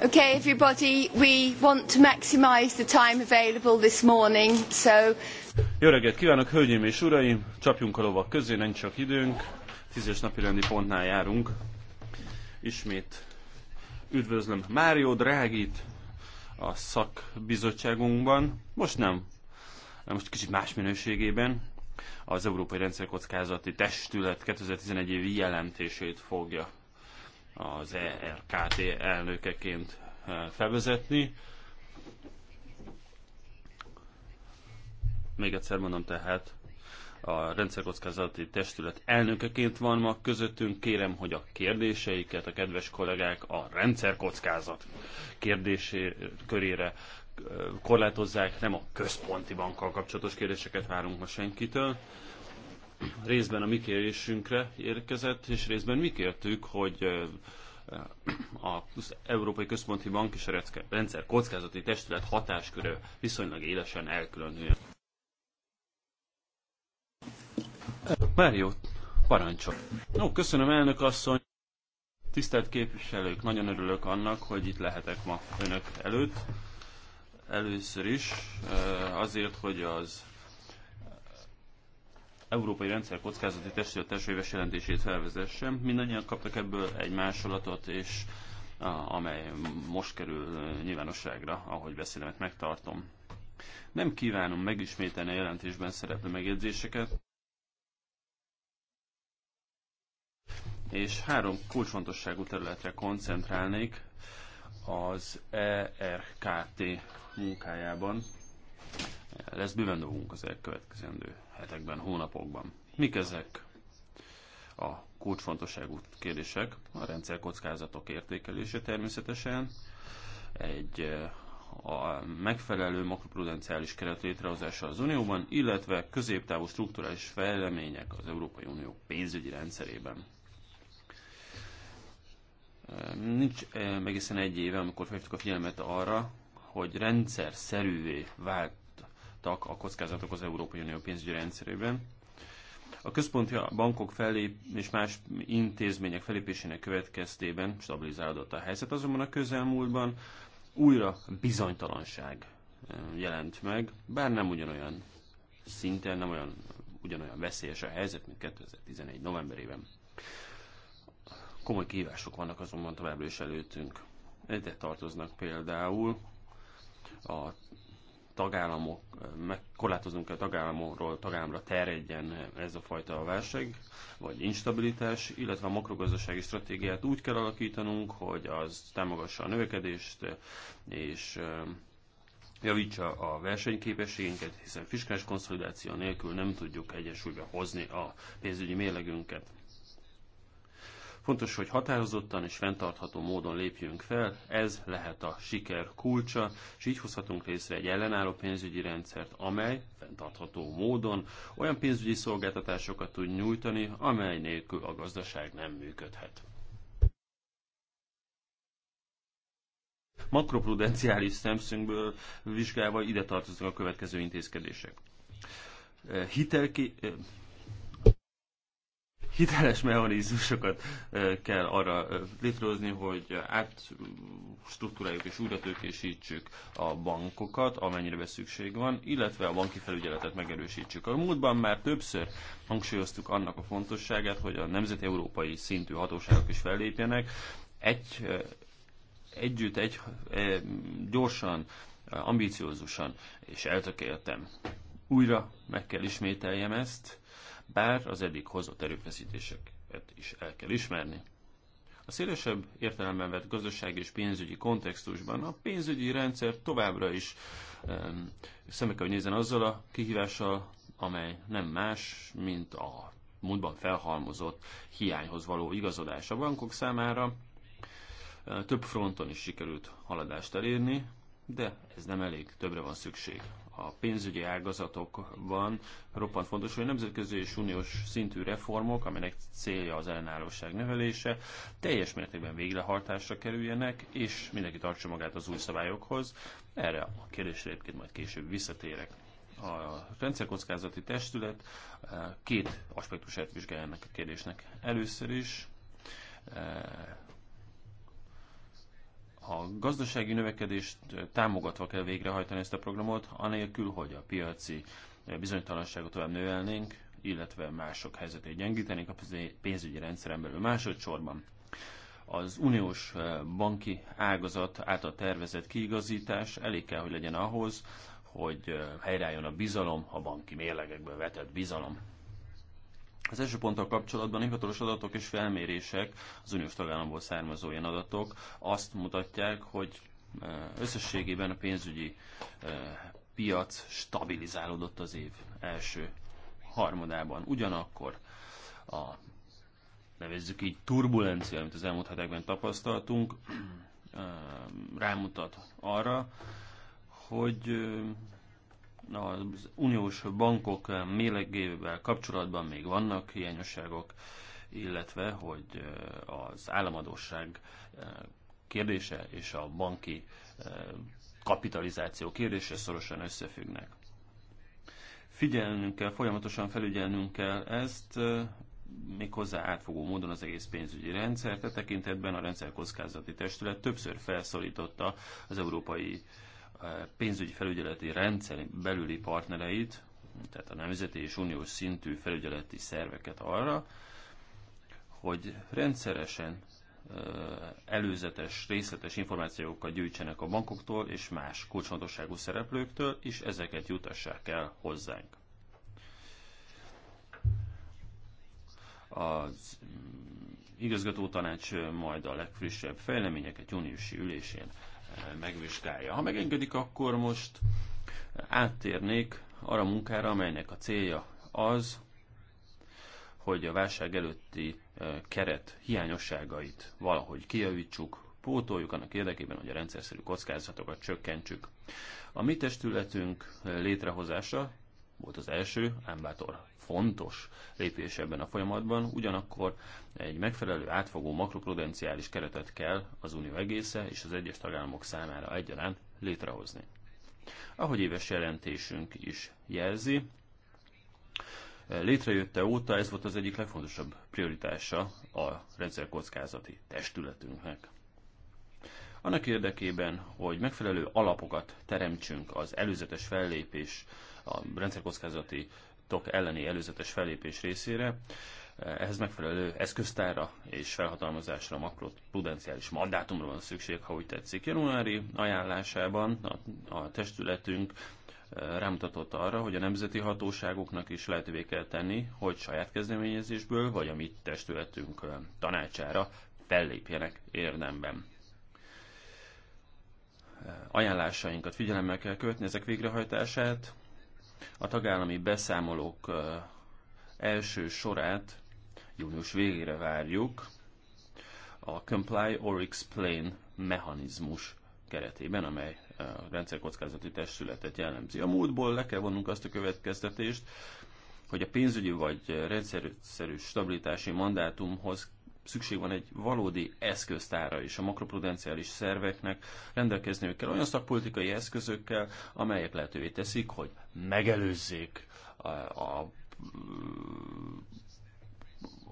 Okay, everybody, we want to maximize the time available this morning, so... Jó reggelt kívánok, hölgyeim és uraim! Csapjunk a lovak közé, nincs csak időnk. Tízes napi rendi pontnál járunk. Ismét üdvözlöm Mário Drágit a szakbizottságunkban. Most nem, most kicsit más minőségében. Az Európai Rendszerkockázati Testület 2011 évi jelentését fogja az ERKT elnökeként eh, felvezetni. Még egyszer mondom tehát, a rendszerkockázati testület elnökeként van ma közöttünk. Kérem, hogy a kérdéseiket a kedves kollégák a rendszerkockázat kérdésé körére eh, korlátozzák, nem a központi bankkal kapcsolatos kérdéseket várunk ma senkitől részben a mi kérésünkre érkezett, és részben mi kértük, hogy az Európai Központi Bank és a Rendszer Kockázati Testület hatásköre viszonylag élesen elkülönül. jó, parancsol. No, köszönöm elnök asszony. Tisztelt képviselők, nagyon örülök annak, hogy itt lehetek ma önök előtt. Először is azért, hogy az Európai Rendszer Kockázati Testület testvéves jelentését felvezessem. Mindannyian kaptak ebből egy másolatot, és amely most kerül nyilvánosságra, ahogy beszélemet megtartom. Nem kívánom megismételni a jelentésben szereplő megjegyzéseket, és három kulcsfontosságú területre koncentrálnék az ERKT munkájában. Lesz bőven dolgunk az elkövetkezendő hetekben, hónapokban. Mik ezek a kulcsfontosságú kérdések? A rendszer kockázatok értékelése természetesen, egy eh, a megfelelő makroprudenciális keret létrehozása az Unióban, illetve középtávú strukturális fejlemények az Európai Unió pénzügyi rendszerében. Eh, nincs eh, egészen egy éve, amikor felhívtuk a figyelmet arra, hogy rendszer szerűvé vált kimaradtak a kockázatok az Európai Unió pénzügyi rendszerében. A központi bankok felé és más intézmények felépésének következtében stabilizálódott a helyzet, azonban a közelmúltban újra bizonytalanság eh, jelent meg, bár nem ugyanolyan szinten, nem olyan, ugyanolyan veszélyes a helyzet, mint 2011 novemberében. Komoly kihívások vannak azonban továbbra is előttünk. Egyet tartoznak például a tagállamok, meg korlátoznunk kell tagállamokról tagállamra terjedjen ez a fajta válság, vagy instabilitás, illetve a makrogazdasági stratégiát úgy kell alakítanunk, hogy az támogassa a növekedést, és javítsa a versenyképességünket, hiszen fiskális konszolidáció nélkül nem tudjuk egyensúlyba hozni a pénzügyi mérlegünket. Fontos, hogy határozottan és fenntartható módon lépjünk fel, ez lehet a siker kulcsa, és így hozhatunk részre egy ellenálló pénzügyi rendszert, amely fenntartható módon olyan pénzügyi szolgáltatásokat tud nyújtani, amely nélkül a gazdaság nem működhet. Makroprudenciális szemszögből vizsgálva ide tartoznak a következő intézkedések. Eh, Hitelki, eh, hiteles mechanizmusokat kell arra létrehozni, hogy átstruktúráljuk és újra tőkésítsük a bankokat, amennyire szükség van, illetve a banki felügyeletet megerősítsük. A múltban már többször hangsúlyoztuk annak a fontosságát, hogy a nemzeti európai szintű hatóságok is fellépjenek, egy, együtt, egy, gyorsan, ambíciózusan és eltökéltem. Újra meg kell ismételjem ezt, bár az eddig hozott erőfeszítéseket is el kell ismerni. A szélesebb értelemben vett gazdaság és pénzügyi kontextusban a pénzügyi rendszer továbbra is um, szembe kell, nézzen azzal a kihívással, amely nem más, mint a múltban felhalmozott hiányhoz való igazodás a bankok számára. E, több fronton is sikerült haladást elérni, de ez nem elég, többre van szükség a pénzügyi ágazatokban roppant fontos, hogy nemzetközi és uniós szintű reformok, aminek célja az ellenállóság növelése, teljes mértékben végrehajtásra kerüljenek, és mindenki tartsa magát az új szabályokhoz. Erre a kérdésre egyébként majd később visszatérek. A rendszerkockázati testület eh, két aspektusát vizsgálja ennek a kérdésnek. Először is eh, a gazdasági növekedést támogatva kell végrehajtani ezt a programot, anélkül, hogy a piaci bizonytalanságot tovább növelnénk, illetve mások helyzetét gyengítenénk a pénzügyi rendszeren belül. Másodszorban az uniós banki ágazat által tervezett kiigazítás elég kell, hogy legyen ahhoz, hogy helyreálljon a bizalom, a banki mérlegekből vetett bizalom. Az első ponttal kapcsolatban hivatalos adatok és felmérések, az uniós tagállamból származó ilyen adatok azt mutatják, hogy összességében a pénzügyi piac stabilizálódott az év első harmadában. Ugyanakkor a nevezzük így turbulencia, amit az elmúlt hetekben tapasztaltunk, rámutat arra, hogy az uniós bankok mélegével kapcsolatban még vannak hiányosságok, illetve hogy az államadóság kérdése és a banki kapitalizáció kérdése szorosan összefüggnek. Figyelnünk kell, folyamatosan felügyelnünk kell ezt, méghozzá átfogó módon az egész pénzügyi rendszer, E tekintetben a rendszer kockázati testület többször felszólította az európai uh, pénzügyi felügyeleti rendszer belüli partnereit, tehát a nemzeti és uniós szintű felügyeleti szerveket arra, hogy rendszeresen előzetes, részletes információkat gyűjtsenek a bankoktól és más kulcsfontosságú szereplőktől, és ezeket jutassák el hozzánk. Az igazgató tanács majd a legfrissebb fejleményeket júniusi ülésén megvizsgálja. Ha megengedik, akkor most áttérnék arra a munkára, amelynek a célja az, hogy a válság előtti e, keret hiányosságait valahogy kijavítsuk, pótoljuk annak érdekében, hogy a rendszerszerű kockázatokat csökkentsük. A mi testületünk e, létrehozása volt az első, Ámbátor fontos lépés ebben a folyamatban, ugyanakkor egy megfelelő átfogó makroprudenciális keretet kell az unió egésze és az egyes tagállamok számára egyaránt létrehozni. Ahogy éves jelentésünk is jelzi, létrejötte óta ez volt az egyik legfontosabb prioritása a rendszerkockázati testületünknek. Annak érdekében, hogy megfelelő alapokat teremtsünk az előzetes fellépés a rendszerkockázati tok elleni előzetes fellépés részére, ehhez megfelelő eszköztára és felhatalmazásra, makroprudenciális mandátumra van szükség, ha úgy tetszik. Januári ajánlásában a, a testületünk eh, rámutatott arra, hogy a nemzeti hatóságoknak is lehetővé kell tenni, hogy saját kezdeményezésből, vagy a mi testületünk eh, tanácsára fellépjenek érdemben. Eh, ajánlásainkat figyelemmel kell követni ezek végrehajtását, a tagállami beszámolók első sorát június végére várjuk a Comply or Explain mechanizmus keretében, amely a rendszerkockázati testületet jellemzi. A múltból le kell vonnunk azt a következtetést, hogy a pénzügyi vagy rendszerű stabilitási mandátumhoz szükség van egy valódi eszköztára is a makroprudenciális szerveknek, rendelkezniük kell olyan szakpolitikai eszközökkel, amelyek lehetővé teszik, hogy megelőzzék a, a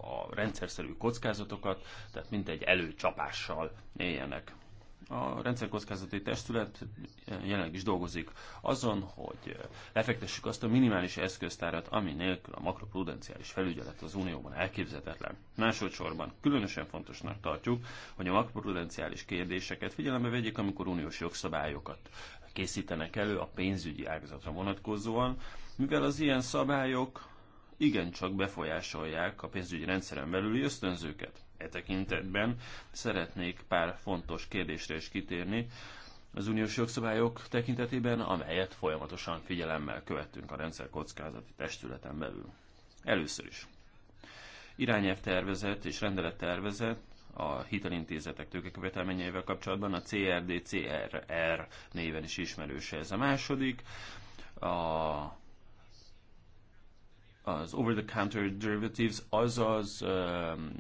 a rendszerszerű kockázatokat, tehát egy előcsapással éljenek a rendszerkockázati testület jelenleg is dolgozik azon, hogy lefektessük azt a minimális eszköztárat, ami nélkül a makroprudenciális felügyelet az Unióban elképzelhetetlen. Másodszorban különösen fontosnak tartjuk, hogy a makroprudenciális kérdéseket figyelembe vegyék, amikor uniós jogszabályokat készítenek elő a pénzügyi ágazatra vonatkozóan, mivel az ilyen szabályok igencsak befolyásolják a pénzügyi rendszeren belüli ösztönzőket e tekintetben. Szeretnék pár fontos kérdésre is kitérni az uniós jogszabályok tekintetében, amelyet folyamatosan figyelemmel követtünk a rendszer kockázati testületen belül. Először is. Irányelvtervezet és rendelettervezet a hitelintézetek tőkekövetelményeivel kapcsolatban a CRD-CRR néven is ismerős ez a második. A az over-the-counter derivatives, azaz um,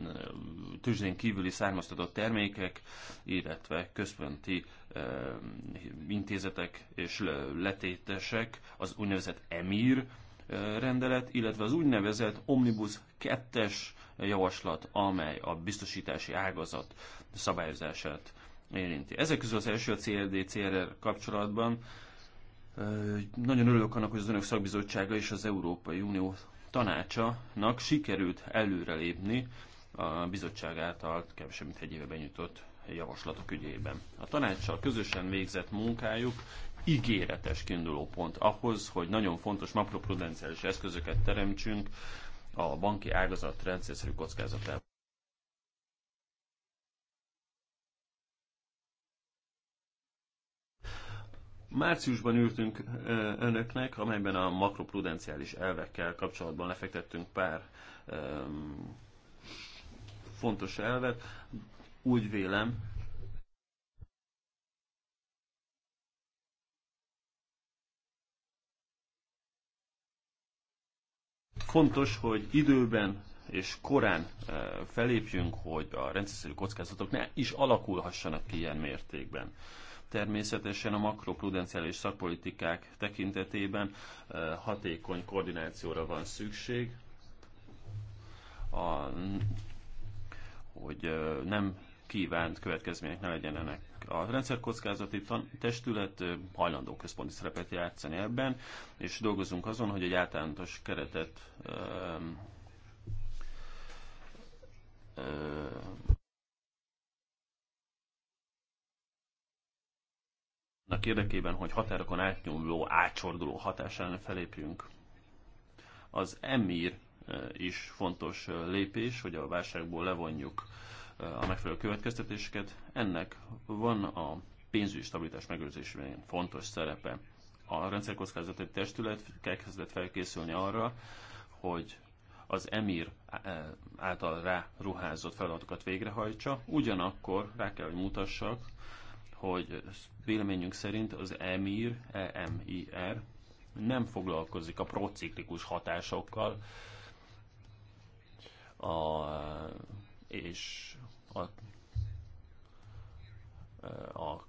tőzsdén kívüli származtatott termékek, illetve központi um, intézetek és letétesek, az úgynevezett EMIR uh, rendelet, illetve az úgynevezett Omnibus 2-es javaslat, amely a biztosítási ágazat szabályozását érinti. Ezek közül az első a crd crr kapcsolatban, uh, nagyon örülök annak, hogy az önök szakbizottsága és az Európai Unió tanácsanak sikerült előrelépni a bizottság által kevesebb mint egy éve benyújtott javaslatok ügyében. A tanácssal közösen végzett munkájuk ígéretes kiinduló pont ahhoz, hogy nagyon fontos makroprudenciális eszközöket teremtsünk a banki ágazat rendszerű kockázatában. Márciusban ültünk önöknek, amelyben a makroprudenciális elvekkel kapcsolatban lefektettünk pár um, fontos elvet. Úgy vélem, fontos, hogy időben és korán felépjünk, hogy a rendszerű kockázatok ne is alakulhassanak ki ilyen mértékben. Természetesen a makroprudenciális szakpolitikák tekintetében eh, hatékony koordinációra van szükség, a, hogy eh, nem kívánt következmények ne legyenek. A rendszerkockázati testület eh, hajlandó központi szerepet játszani ebben, és dolgozunk azon, hogy egy általános keretet ö, ö, annak érdekében, hogy határokon átnyúló, átcsorduló hatásán felépjünk. Az emír eh, is fontos eh, lépés, hogy a válságból levonjuk eh, a megfelelő következtetéseket. Ennek van a pénzügyi stabilitás megőrzésében fontos szerepe. A rendszerkockázati testület kezdett felkészülni arra, hogy az emír által ráruházott feladatokat végrehajtsa, ugyanakkor rá kell, hogy mutassak, hogy véleményünk szerint az EMIR, E-M-I-R nem foglalkozik a prociklikus hatásokkal, a, és a, a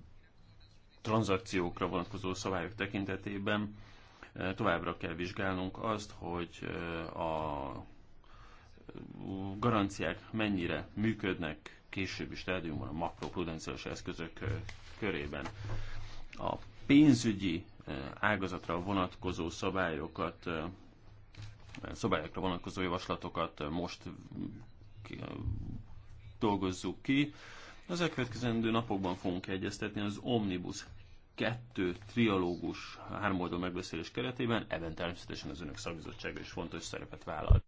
tranzakciókra vonatkozó szabályok tekintetében e, továbbra kell vizsgálnunk azt, hogy e, a garanciák mennyire működnek későbbi stádiumban a makroprudenciális eszközök e, körében. A pénzügyi eh, ágazatra vonatkozó szabályokat, eh, szabályokra vonatkozó javaslatokat eh, most dolgozzuk ki. Az elkövetkezendő napokban fogunk egyeztetni az Omnibus kettő trialógus háromoldal megbeszélés keretében, ebben természetesen az önök szakbizottsága is fontos szerepet vállal.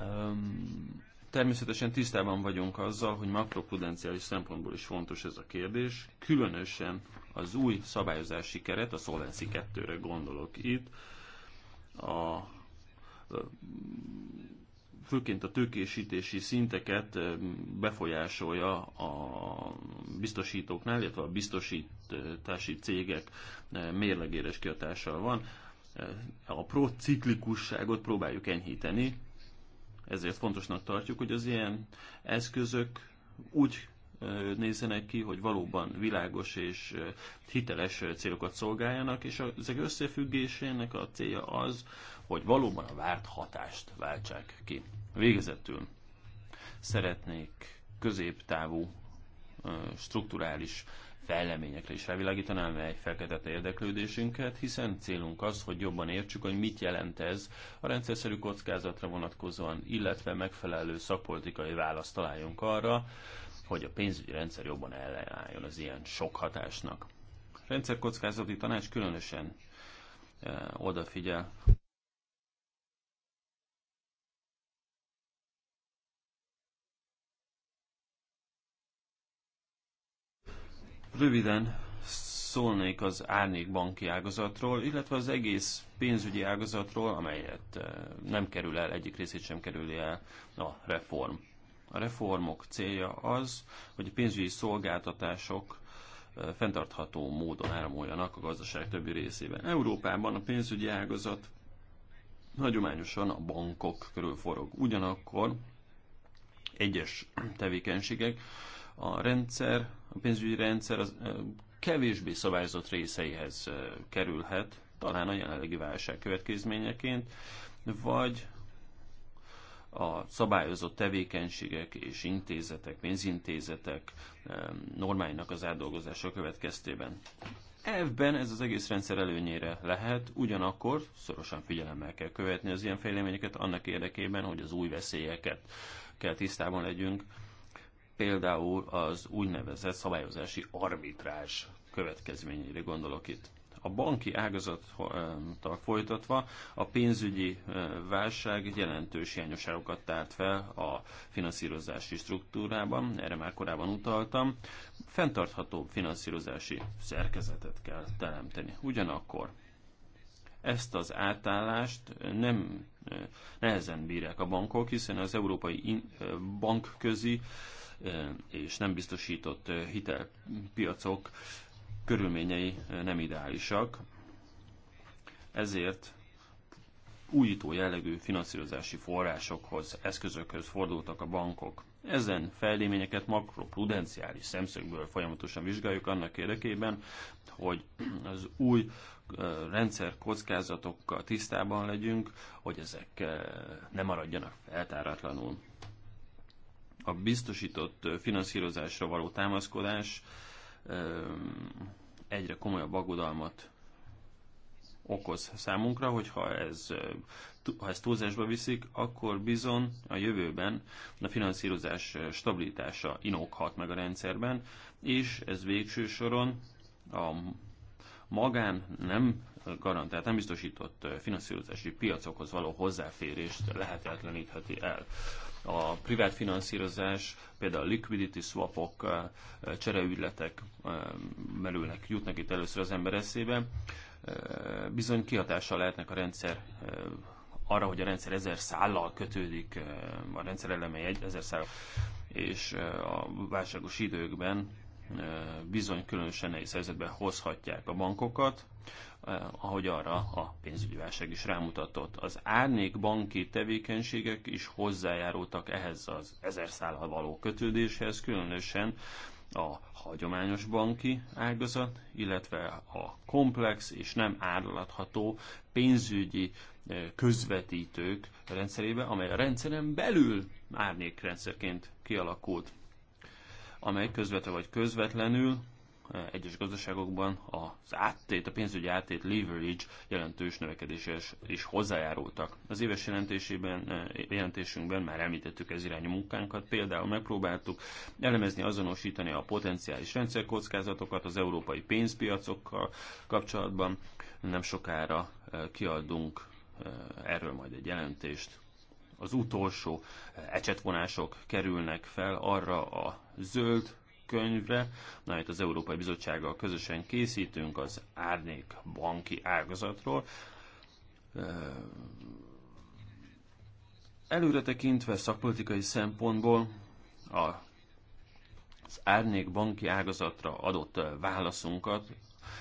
Um, Természetesen tisztában vagyunk azzal, hogy makroprudenciális szempontból is fontos ez a kérdés, különösen az új szabályozási keret, a Solvency 2-re gondolok itt, a, főként a tőkésítési szinteket befolyásolja a biztosítóknál, illetve a biztosítási cégek mérlegéres kiatással van. A prociklikusságot próbáljuk enyhíteni, ezért fontosnak tartjuk, hogy az ilyen eszközök úgy nézzenek ki, hogy valóban világos és hiteles célokat szolgáljanak, és ezek összefüggésének a célja az, hogy valóban a várt hatást váltsák ki. Végezetül szeretnék középtávú, strukturális fejleményekre is felvilágítaná, mely felkeltette érdeklődésünket, hiszen célunk az, hogy jobban értsük, hogy mit jelent ez a rendszerszerű kockázatra vonatkozóan, illetve megfelelő szakpolitikai választ találjunk arra, hogy a pénzügyi rendszer jobban ellenálljon az ilyen sok hatásnak. A rendszerkockázati tanács különösen eh, odafigyel Röviden szólnék az banki ágazatról, illetve az egész pénzügyi ágazatról, amelyet eh, nem kerül el, egyik részét sem kerül el a reform. A reformok célja az, hogy a pénzügyi szolgáltatások eh, fenntartható módon áramoljanak a gazdaság többi részében. Európában a pénzügyi ágazat hagyományosan a bankok körül forog. Ugyanakkor egyes tevékenységek a rendszer, a pénzügyi rendszer az kevésbé szabályzott részeihez kerülhet, talán a jelenlegi válság következményeként, vagy a szabályozott tevékenységek és intézetek, pénzintézetek normáinak az átdolgozása következtében. Elvben ez az egész rendszer előnyére lehet, ugyanakkor szorosan figyelemmel kell követni az ilyen fejleményeket annak érdekében, hogy az új veszélyeket kell tisztában legyünk, például az úgynevezett szabályozási arbitrás következményére gondolok itt. A banki ágazattal folytatva a pénzügyi válság jelentős hiányosságokat tárt fel a finanszírozási struktúrában, erre már korábban utaltam. fenntartható finanszírozási szerkezetet kell teremteni. Ugyanakkor ezt az átállást nem nehezen bírják a bankok, hiszen az európai bankközi és nem biztosított hitelpiacok körülményei nem ideálisak. Ezért újító jellegű finanszírozási forrásokhoz, eszközökhöz fordultak a bankok. Ezen fejléményeket makroprudenciális szemszögből folyamatosan vizsgáljuk annak érdekében, hogy az új rendszer kockázatokkal tisztában legyünk, hogy ezek ne maradjanak feltáratlanul a biztosított finanszírozásra való támaszkodás egyre komolyabb aggodalmat okoz számunkra, hogyha ez, ha ezt túlzásba viszik, akkor bizony a jövőben a finanszírozás stabilitása inokhat meg a rendszerben, és ez végső soron a magán nem garantált, nem biztosított finanszírozási piacokhoz való hozzáférést lehetetlenítheti el a privát finanszírozás, például a liquidity swapok, -ok, csereügyletek merülnek, jutnak itt először az ember eszébe, bizony kihatással lehetnek a rendszer arra, hogy a rendszer ezer szállal kötődik, a rendszer elemei egy ezer szállal, és a válságos időkben bizony különösen nehéz helyzetbe hozhatják a bankokat, ahogy arra a pénzügyi válság is rámutatott. Az árnék banki tevékenységek is hozzájárultak ehhez az ezer szállal való kötődéshez, különösen a hagyományos banki ágazat, illetve a komplex és nem árlatható pénzügyi közvetítők rendszerébe, amely a rendszeren belül rendszerként kialakult amely közvetve vagy közvetlenül eh, egyes gazdaságokban az áttét, a pénzügyi áttét leverage jelentős növekedéshez is hozzájárultak. Az éves jelentésében, eh, jelentésünkben már említettük ez irányú munkánkat, például megpróbáltuk elemezni, azonosítani a potenciális rendszerkockázatokat az európai pénzpiacokkal kapcsolatban. Nem sokára eh, kiadunk erről majd egy jelentést az utolsó eh, ecsetvonások kerülnek fel arra a zöld könyvre, amit az Európai Bizottsággal közösen készítünk az árnék banki ágazatról. Eh, Előre tekintve szakpolitikai szempontból a az árnék banki ágazatra adott eh, válaszunkat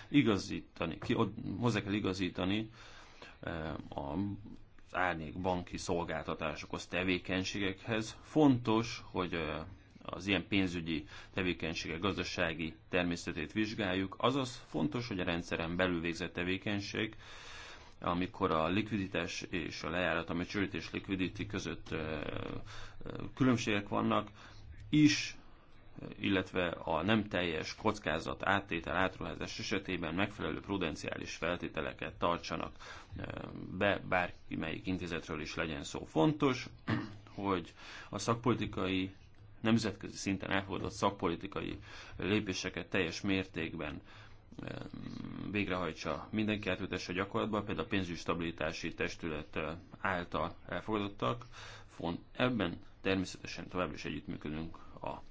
igazítani, ki, hozzá kell igazítani a árnyék banki szolgáltatásokhoz, tevékenységekhez. Fontos, hogy az ilyen pénzügyi tevékenységek gazdasági természetét vizsgáljuk, azaz fontos, hogy a rendszeren belül végzett tevékenység, amikor a likviditás és a lejárat, a maturity és között különbségek vannak, is illetve a nem teljes kockázat áttétel átruházás esetében megfelelő prudenciális feltételeket tartsanak be, melyik intézetről is legyen szó. Fontos, hogy a szakpolitikai nemzetközi szinten elfogadott szakpolitikai lépéseket teljes mértékben végrehajtsa mindenki átültesse gyakorlatban, például a pénzügyi stabilitási testület által elfogadottak. Ebben természetesen tovább is együttműködünk a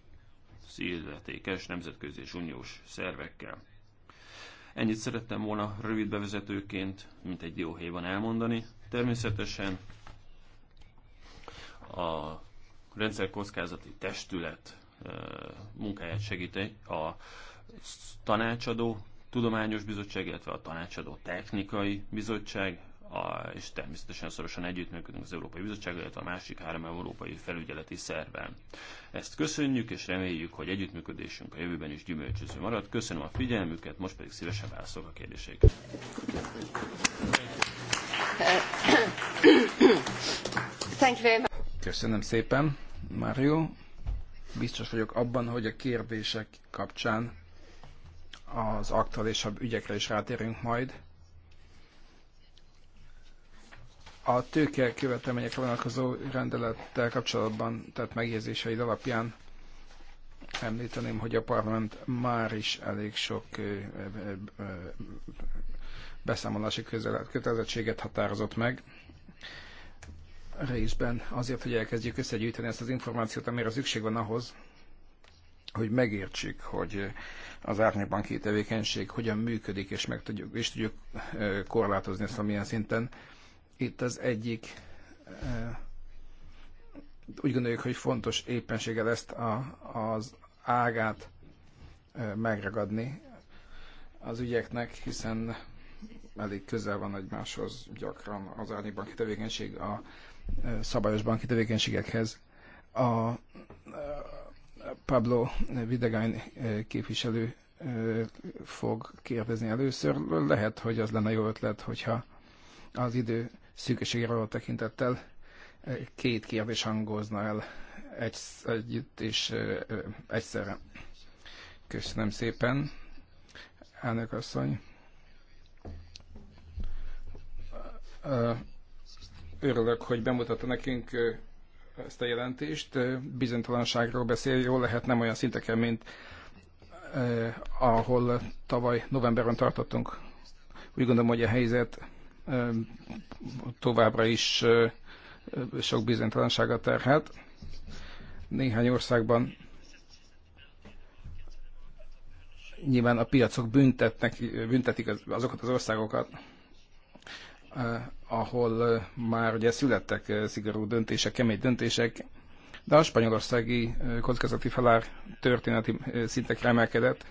az nemzetközi és uniós szervekkel. Ennyit szerettem volna rövid bevezetőként, mint egy dióhéjban elmondani. Természetesen a rendszerkockázati testület munkáját segíti a tanácsadó tudományos bizottság, illetve a tanácsadó technikai bizottság, a, és természetesen szorosan együttműködünk az Európai Bizottsággal, illetve a másik három európai felügyeleti szervvel. Ezt köszönjük, és reméljük, hogy együttműködésünk a jövőben is gyümölcsöző marad. Köszönöm a figyelmüket, most pedig szívesen válaszolok a kérdéseiket. Köszönöm szépen, Mário. Biztos vagyok abban, hogy a kérdések kapcsán az aktuálisabb ügyekre is rátérünk majd A tőke követelményekre vonatkozó rendelettel kapcsolatban tett megjegyzéseid alapján említeném, hogy a parlament már is elég sok beszámolási kötelezettséget határozott meg részben azért, hogy elkezdjük összegyűjteni ezt az információt, amire szükség van ahhoz, hogy megértsük, hogy az árnyékbanki tevékenység hogyan működik, és meg tudjuk, és tudjuk korlátozni ezt valamilyen szinten. Itt az egyik eh, úgy gondoljuk, hogy fontos éppenséggel ezt a, az ágát eh, megragadni az ügyeknek, hiszen elég közel van egymáshoz gyakran az árnyék banki tevékenység a eh, szabályos banki tevékenységekhez. A Pablo Videgány képviselő fog kérdezni először. Lehet, hogy az lenne jó ötlet, hogyha az idő való tekintettel két kérdés hangozna el egy, együtt és egyszerre. Köszönöm szépen, elnök asszony. Örülök, hogy bemutatta nekünk ezt a jelentést. Bizonytalanságról beszél, jól lehet nem olyan szinteken, mint ahol tavaly novemberben tartottunk. Úgy gondolom, hogy a helyzet továbbra is sok bizonytalansága terhet. Néhány országban nyilván a piacok büntetnek, büntetik azokat az országokat, ahol már ugye születtek szigorú döntések, kemény döntések, de a spanyolországi kockázati felár történeti szintekre emelkedett,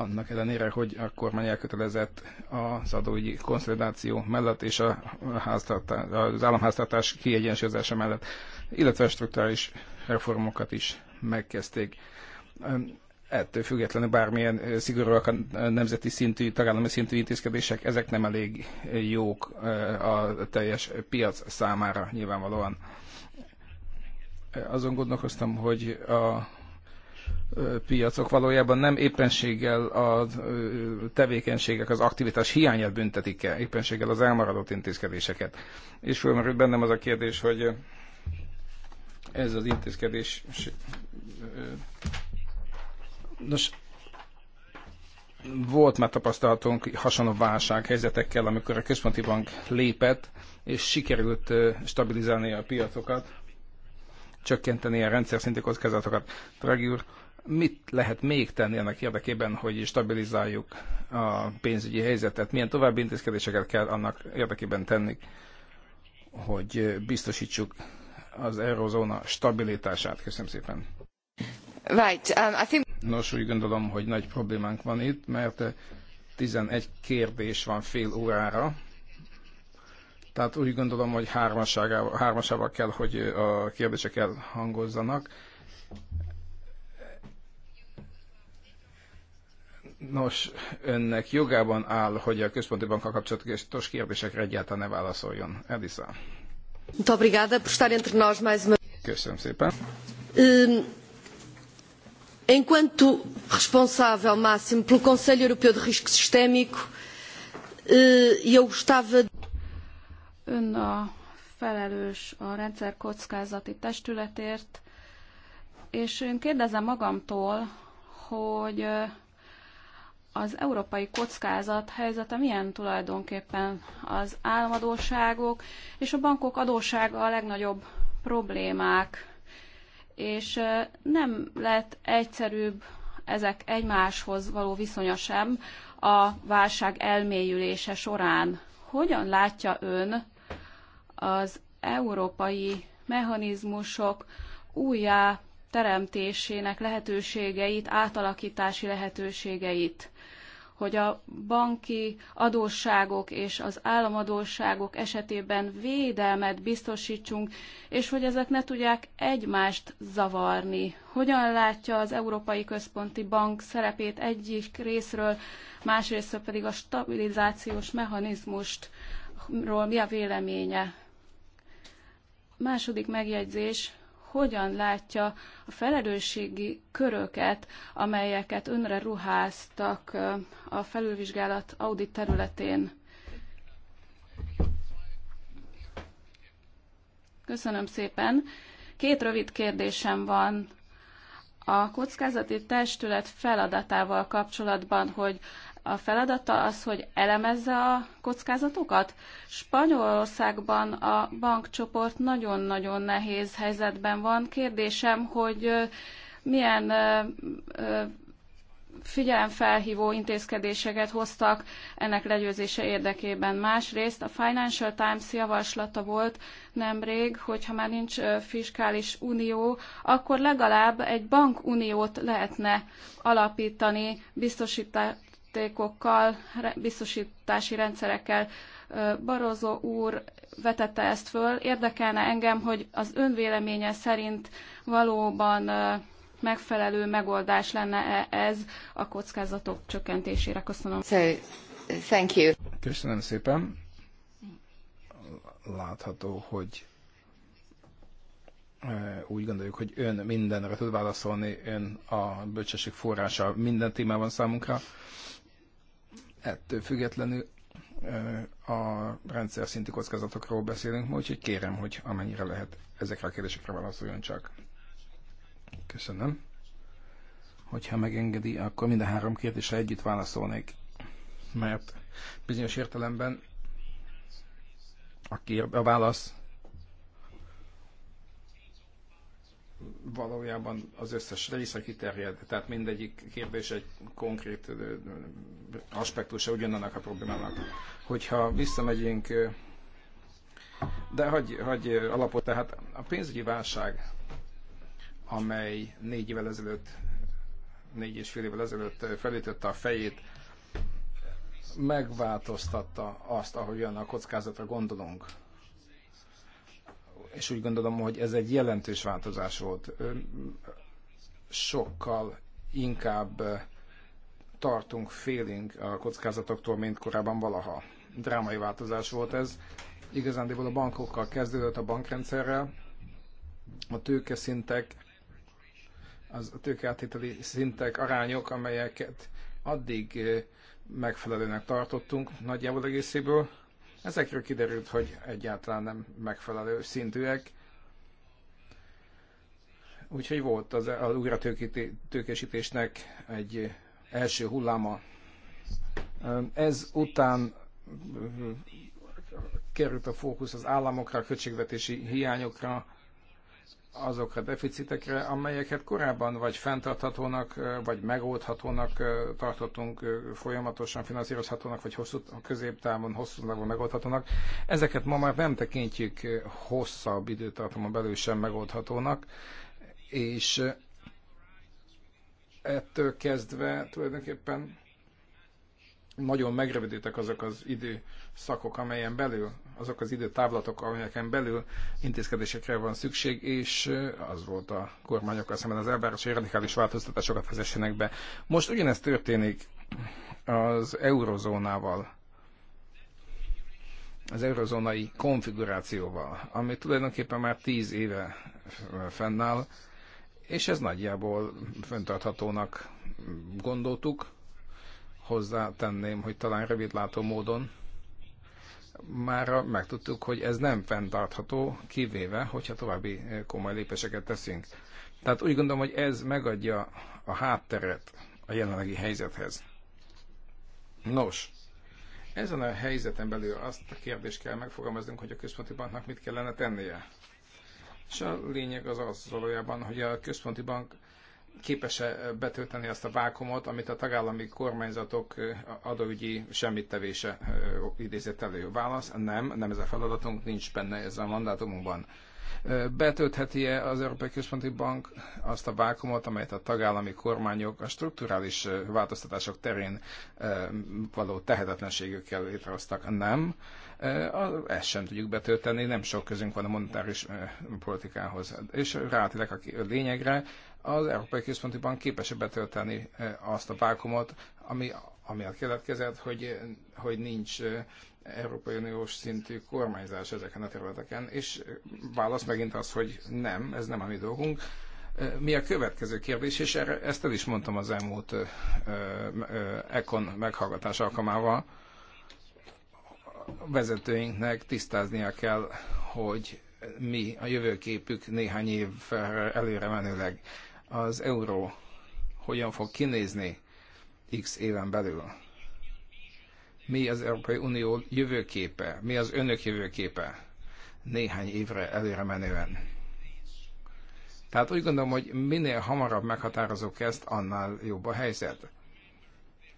annak ellenére, hogy a kormány elkötelezett az adói konszolidáció mellett és a az államháztartás kiegyensúlyozása mellett, illetve a reformokat is megkezdték. Ettől függetlenül bármilyen szigorúak a nemzeti szintű, tagállami szintű intézkedések, ezek nem elég jók eh, a teljes piac számára nyilvánvalóan. Azon gondolkoztam, hogy a piacok valójában nem éppenséggel a tevékenységek, az aktivitás hiányát büntetik el, éppenséggel az elmaradott intézkedéseket. És fölmerült bennem az a kérdés, hogy ez az intézkedés... Nos, volt már tapasztalatunk hasonló válsághelyzetekkel, amikor a központi bank lépett, és sikerült stabilizálni a piacokat, csökkenteni a rendszer szintű kockázatokat. Dragi úr, Mit lehet még tenni ennek érdekében, hogy stabilizáljuk a pénzügyi helyzetet? Milyen további intézkedéseket kell annak érdekében tenni, hogy biztosítsuk az eurozóna stabilitását? Köszönöm szépen. Right, um, I think... Nos, úgy gondolom, hogy nagy problémánk van itt, mert 11 kérdés van fél órára. Tehát úgy gondolom, hogy hármasával kell, hogy a kérdések elhangozzanak. Nos, önnek jogában áll, hogy a központi bankkal kapcsolatos kérdésekre egyáltalán ne válaszoljon. Elisa. Köszönöm szépen. Enquanto responsável máximo pelo Conselho Europeu de Risco Sistémico, eh, eu gostava... Ön a felelős a rendszer kockázati testületért, és én kérdezem magamtól, hogy eh, az európai kockázat helyzete milyen tulajdonképpen az államadóságok és a bankok adósága a legnagyobb problémák, és nem lett egyszerűbb ezek egymáshoz való viszonya sem a válság elmélyülése során. Hogyan látja ön az európai mechanizmusok újjá teremtésének lehetőségeit, átalakítási lehetőségeit? hogy a banki adósságok és az államadósságok esetében védelmet biztosítsunk, és hogy ezek ne tudják egymást zavarni. Hogyan látja az Európai Központi Bank szerepét egyik részről, másrészt pedig a stabilizációs mechanizmust, ról mi a véleménye? Második megjegyzés, hogyan látja a felelősségi köröket, amelyeket önre ruháztak a felülvizsgálat audit területén. Köszönöm szépen. Két rövid kérdésem van a kockázati testület feladatával kapcsolatban, hogy a feladata az, hogy elemezze a kockázatokat. Spanyolországban a bankcsoport nagyon-nagyon nehéz helyzetben van. Kérdésem, hogy milyen figyelemfelhívó intézkedéseket hoztak ennek legyőzése érdekében. Másrészt a Financial Times javaslata volt nemrég, hogy ha már nincs fiskális unió, akkor legalább egy bankuniót lehetne alapítani, biztosítékokkal, biztosítási rendszerekkel. Barozó úr vetette ezt föl. Érdekelne engem, hogy az Ön véleménye szerint valóban megfelelő megoldás lenne -e ez a kockázatok csökkentésére. Köszönöm. So, thank you. Köszönöm szépen. Látható, hogy úgy gondoljuk, hogy ön mindenre tud válaszolni, ön a bölcsesség forrása minden témában számunkra. Ettől függetlenül a rendszer szintű kockázatokról beszélünk ma, úgyhogy kérem, hogy amennyire lehet ezekre a kérdésekre válaszoljon csak. Köszönöm. Hogyha megengedi, akkor minden három kérdésre együtt válaszolnék, mert bizonyos értelemben a, kérd- a válasz valójában az összes része kiterjed, tehát mindegyik kérdés egy konkrét aspektusa ugyanannak a problémának. Hogyha visszamegyünk, de hagy, hagy alapot, tehát a pénzügyi válság, amely négy évvel ezelőtt, négy és fél évvel ezelőtt felütötte a fejét, megváltoztatta azt, ahogyan a kockázatra gondolunk és úgy gondolom, hogy ez egy jelentős változás volt. Sokkal inkább tartunk, félünk a kockázatoktól, mint korábban valaha. Drámai változás volt ez. Igazándiból a bankokkal kezdődött a bankrendszerrel, a tőke szintek, az a tőkeáttételi szintek, arányok, amelyeket addig megfelelőnek tartottunk nagyjából egészéből, Ezekről kiderült, hogy egyáltalán nem megfelelő szintűek. Úgyhogy volt az, az újratőkésítésnek egy első hulláma. Ez után került a fókusz az államokra, a költségvetési hiányokra, azokra a deficitekre, amelyeket korábban vagy fenntarthatónak, vagy megoldhatónak tartottunk, folyamatosan finanszírozhatónak, vagy hosszú, középtávon, hosszú távon megoldhatónak. Ezeket ma már nem tekintjük hosszabb időtartamon belül sem megoldhatónak, és ettől kezdve tulajdonképpen nagyon megrövidítek azok az időszakok, amelyen belül, azok az időtávlatok, amelyeken belül intézkedésekre van szükség, és az volt a kormányokkal szemben az elvárás, hogy radikális változtatásokat vezessenek be. Most ugyanezt történik az eurozónával, az eurozónai konfigurációval, ami tulajdonképpen már tíz éve fennáll, és ez nagyjából föntarthatónak gondoltuk, hozzátenném, hogy talán rövidlátó módon már megtudtuk, hogy ez nem fenntartható, kivéve, hogyha további eh, komoly lépéseket teszünk. Tehát úgy gondolom, hogy ez megadja a hátteret a jelenlegi helyzethez. Nos, ezen a helyzeten belül azt a kérdést kell megfogalmaznunk, hogy a központi banknak mit kellene tennie. És a lényeg az az valójában, hogy a központi bank képes-e betölteni azt a vákumot, amit a tagállami kormányzatok adóügyi semmittevése idézett elő? Válasz, nem, nem ez a feladatunk, nincs benne ez a mandátumunkban. Betöltheti-e az Európai Központi Bank azt a vákumot, amelyet a tagállami kormányok a strukturális változtatások terén való tehetetlenségükkel létrehoztak? Nem. Ezt sem tudjuk betölteni, nem sok közünk van a monetáris politikához. És rátélek a lényegre, az Európai Központi Bank képes betölteni e, azt a vákumot, ami a keletkezett, hogy, e, hogy nincs e, Európai Uniós szintű kormányzás ezeken a területeken, és válasz megint az, hogy nem, ez nem a mi dolgunk. Mi a következő kérdés, és erre, ezt el is mondtam az elmúlt Econ meghallgatás alkalmával, vezetőinknek tisztáznia kell, hogy mi a jövőképük néhány év előre menőleg az euró hogyan fog kinézni x éven belül. Mi az Európai Unió jövőképe, mi az önök jövőképe néhány évre előre menően. Tehát úgy gondolom, hogy minél hamarabb meghatározok ezt, annál jobb a helyzet.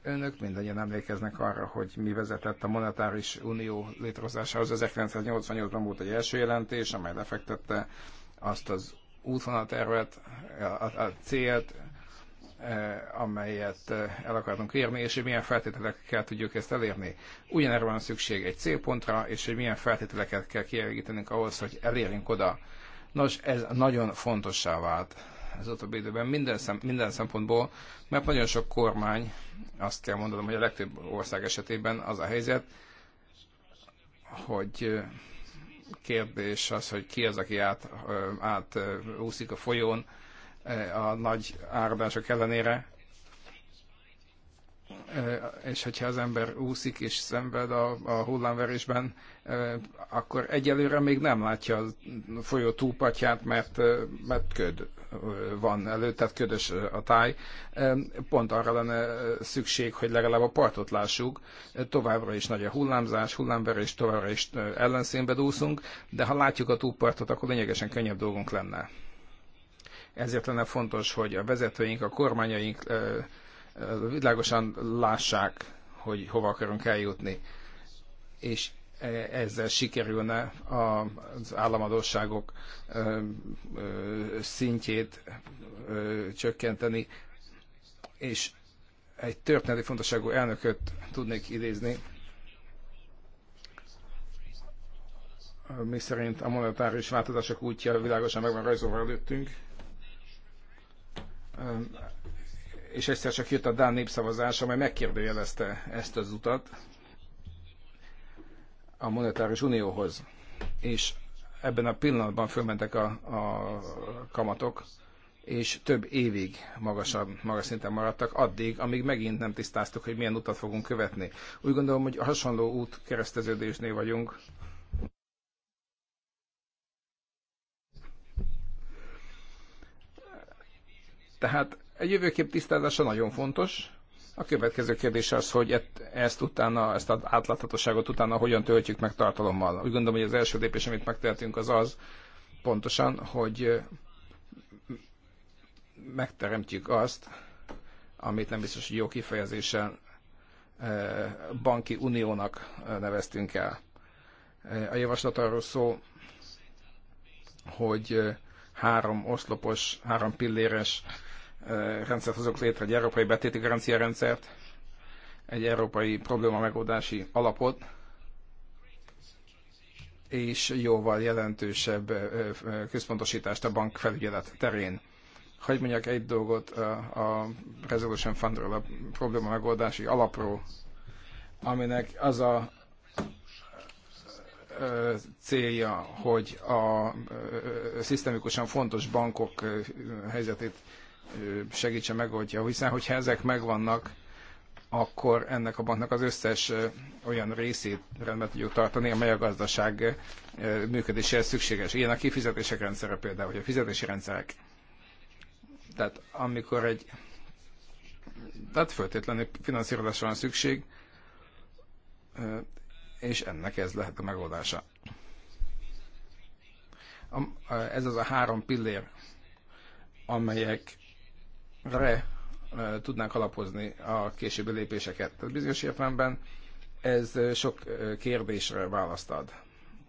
Önök mindannyian emlékeznek arra, hogy mi vezetett a Monetáris Unió létrehozásához. 1988-ban volt egy első jelentés, amely lefektette azt az útvonaltervet, a, a célt, e, amelyet e, el akarunk érni, és hogy milyen feltételekkel tudjuk ezt elérni. Ugyanerre van szükség egy célpontra, és hogy milyen feltételeket kell kielégítenünk ahhoz, hogy elérjünk oda. Nos, ez nagyon fontossá vált az utóbbi időben minden, szem, minden szempontból, mert nagyon sok kormány, azt kell mondanom, hogy a legtöbb ország esetében az a helyzet, hogy kérdés az, hogy ki az, aki át, a folyón a nagy áradások ellenére. És hogyha az ember úszik és szenved a, a hullámverésben, akkor egyelőre még nem látja a folyó túlpatját, mert, mert köd van előtt, tehát ködös a táj. Pont arra lenne szükség, hogy legalább a partot lássuk. Továbbra is nagy a hullámzás, hullámverés, továbbra is ellenszénbe dúszunk, de ha látjuk a túlpartot, akkor lényegesen könnyebb dolgunk lenne. Ezért lenne fontos, hogy a vezetőink, a kormányaink világosan lássák, hogy hova akarunk eljutni. És E, ezzel sikerülne az államadóságok e, e, szintjét csökkenteni, és egy történeti fontosságú elnököt tudnék idézni, mi szerint a monetáris változások útja világosan meg van rajzolva előttünk. És egyszer csak jött a Dán népszavazás, amely megkérdőjelezte ezt az utat a monetáris unióhoz, és ebben a pillanatban fölmentek a, a kamatok, és több évig magasabb, magas szinten maradtak, addig, amíg megint nem tisztáztuk, hogy milyen utat fogunk követni. Úgy gondolom, hogy hasonló út kereszteződésnél vagyunk. Tehát egy jövőkép tisztázása nagyon fontos, a következő kérdés az, hogy e- ezt utána, ezt az átláthatóságot utána hogyan töltjük meg tartalommal. Úgy gondolom, hogy az első lépés, amit megtehetünk, az az pontosan, hogy megteremtjük azt, amit nem biztos, hogy jó kifejezéssel banki uniónak neveztünk el. A javaslat arról szó, hogy három oszlopos, három pilléres rendszert hozok létre, egy európai betéti garancia rendszert, egy európai probléma megoldási alapot, és jóval jelentősebb központosítást a bank felügyelet terén. Hogy mondjak egy dolgot a Resolution Fundról, a probléma megoldási alapról, aminek az a célja, hogy a szisztemikusan fontos bankok helyzetét segítse megoldja, hiszen hogyha ezek megvannak, akkor ennek a banknak az összes olyan részét rendben tudjuk tartani, amely a gazdaság működéséhez szükséges. Ilyen a kifizetések rendszere például, vagy a fizetési rendszerek. Tehát amikor egy tehát föltétlenül finanszírozásra van szükség, és ennek ez lehet a megoldása. Ez az a három pillér, amelyek re eh, tudnánk alapozni a későbbi lépéseket. Tehát bizonyos értelemben ez eh, sok eh, kérdésre választ ad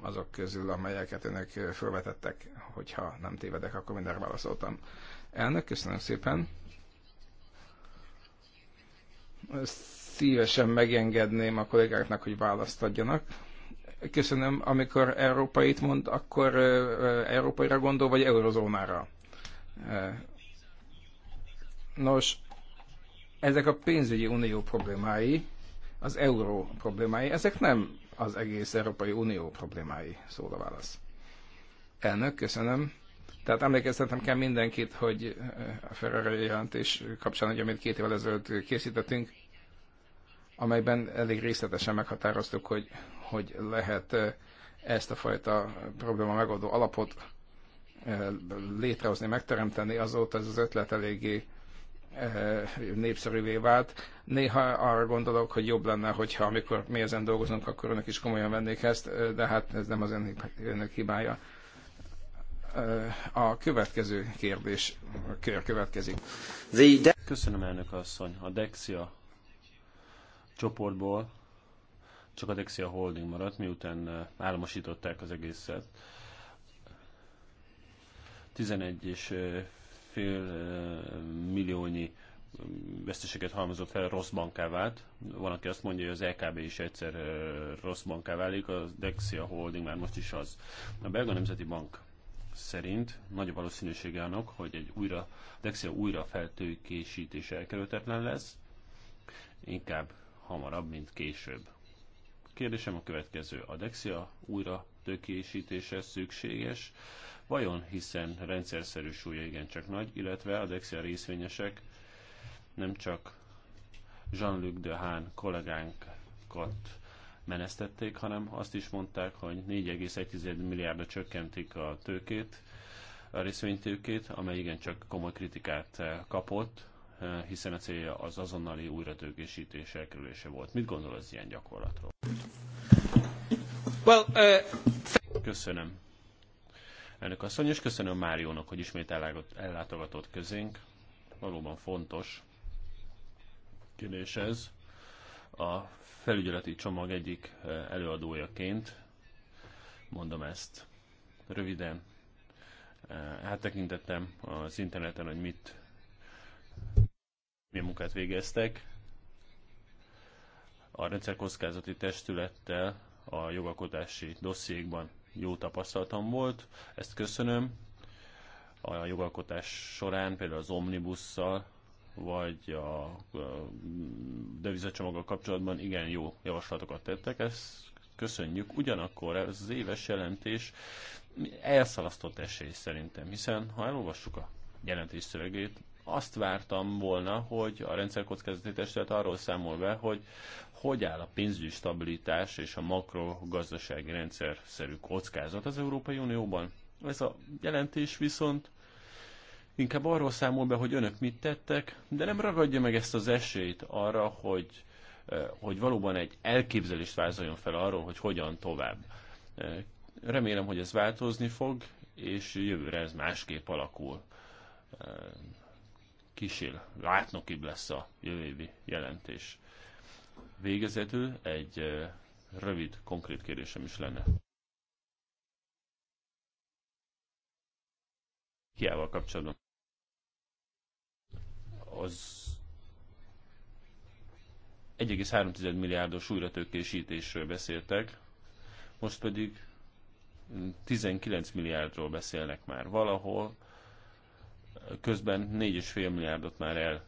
azok közül, amelyeket önök felvetettek, hogyha nem tévedek, akkor mindenre válaszoltam. Elnök, köszönöm szépen. Szívesen megengedném a kollégáknak, hogy választ adjanak. Köszönöm, amikor európait mond, akkor európaira gondol, vagy eurozónára? Nos, ezek a pénzügyi unió problémái, az euró problémái, ezek nem az egész Európai Unió problémái, szól a válasz. Elnök, köszönöm. Tehát emlékeztetem kell mindenkit, hogy eh, a Ferrari jelentés kapcsán, hogy amit két évvel ezelőtt készítettünk, amelyben elég részletesen meghatároztuk, hogy, hogy lehet eh, ezt a fajta probléma megoldó alapot eh, létrehozni, megteremteni, azóta ez az ötlet eléggé Eh, népszerűvé vált. Néha arra gondolok, hogy jobb lenne, hogyha amikor mi ezen dolgozunk, akkor önök is komolyan vennék ezt, eh, de hát ez nem az önök, hibája. Eh, a következő kérdés kör következik. Köszönöm, elnök asszony. A Dexia csoportból csak a Dexia Holding maradt, miután államosították az egészet. 11 és fél milliónyi veszteséget halmozott fel, rossz banká vált. Van, aki azt mondja, hogy az LKB e is egyszer rossz banká válik, a Dexia Holding már most is az. A Belga Nemzeti Bank szerint nagy valószínűsége annak, hogy egy újra, Dexia újra feltőkésítés elkerülhetetlen lesz, inkább hamarabb, mint később. Kérdésem a következő. A Dexia újra tőkésítése szükséges, Vajon hiszen rendszerszerű súlya igencsak nagy, illetve az Excel részvényesek nem csak Jean-Luc Dehaene kollégánkat menesztették, hanem azt is mondták, hogy 4,1 milliárdra csökkentik a tőkét, a részvénytőkét, amely igencsak komoly kritikát eh, kapott, eh, hiszen a célja az azonnali újratőkésítés elkerülése volt. Mit gondol az ilyen gyakorlatról? Well, uh... Köszönöm. Elnök asszony, és köszönöm Máriónak, hogy ismét ellátogatott közénk. Valóban fontos kérdés ez. A felügyeleti csomag egyik eh, előadójaként mondom ezt röviden. Eh, hát tekintettem az interneten, hogy mit milyen munkát végeztek. A rendszerkockázati testülettel a jogalkotási dossziékban jó tapasztalatom volt, ezt köszönöm. A jogalkotás során például az omnibusszal, vagy a, a devizacsomaggal kapcsolatban igen jó javaslatokat tettek, ezt köszönjük. Ugyanakkor ez az éves jelentés elszalasztott esély szerintem, hiszen ha elolvassuk a jelentés szövegét, azt vártam volna, hogy a rendszerkockázati testület arról számol be, hogy hogy áll a pénzügyi stabilitás és a makrogazdasági szerű kockázat az Európai Unióban. Ez a jelentés viszont inkább arról számol be, hogy önök mit tettek, de nem ragadja meg ezt az esélyt arra, hogy, eh, hogy valóban egy elképzelést vázoljon fel arról, hogy hogyan tovább. Eh, remélem, hogy ez változni fog, és jövőre ez másképp alakul. Eh, kísér, látnokibb lesz a jövő évi jelentés. Végezetül egy rövid, konkrét kérdésem is lenne. Kiával kapcsolatban. Az 1,3 milliárdos újratőkésítésről beszéltek, most pedig 19 milliárdról beszélnek már valahol, közben 4,5 milliárdot már el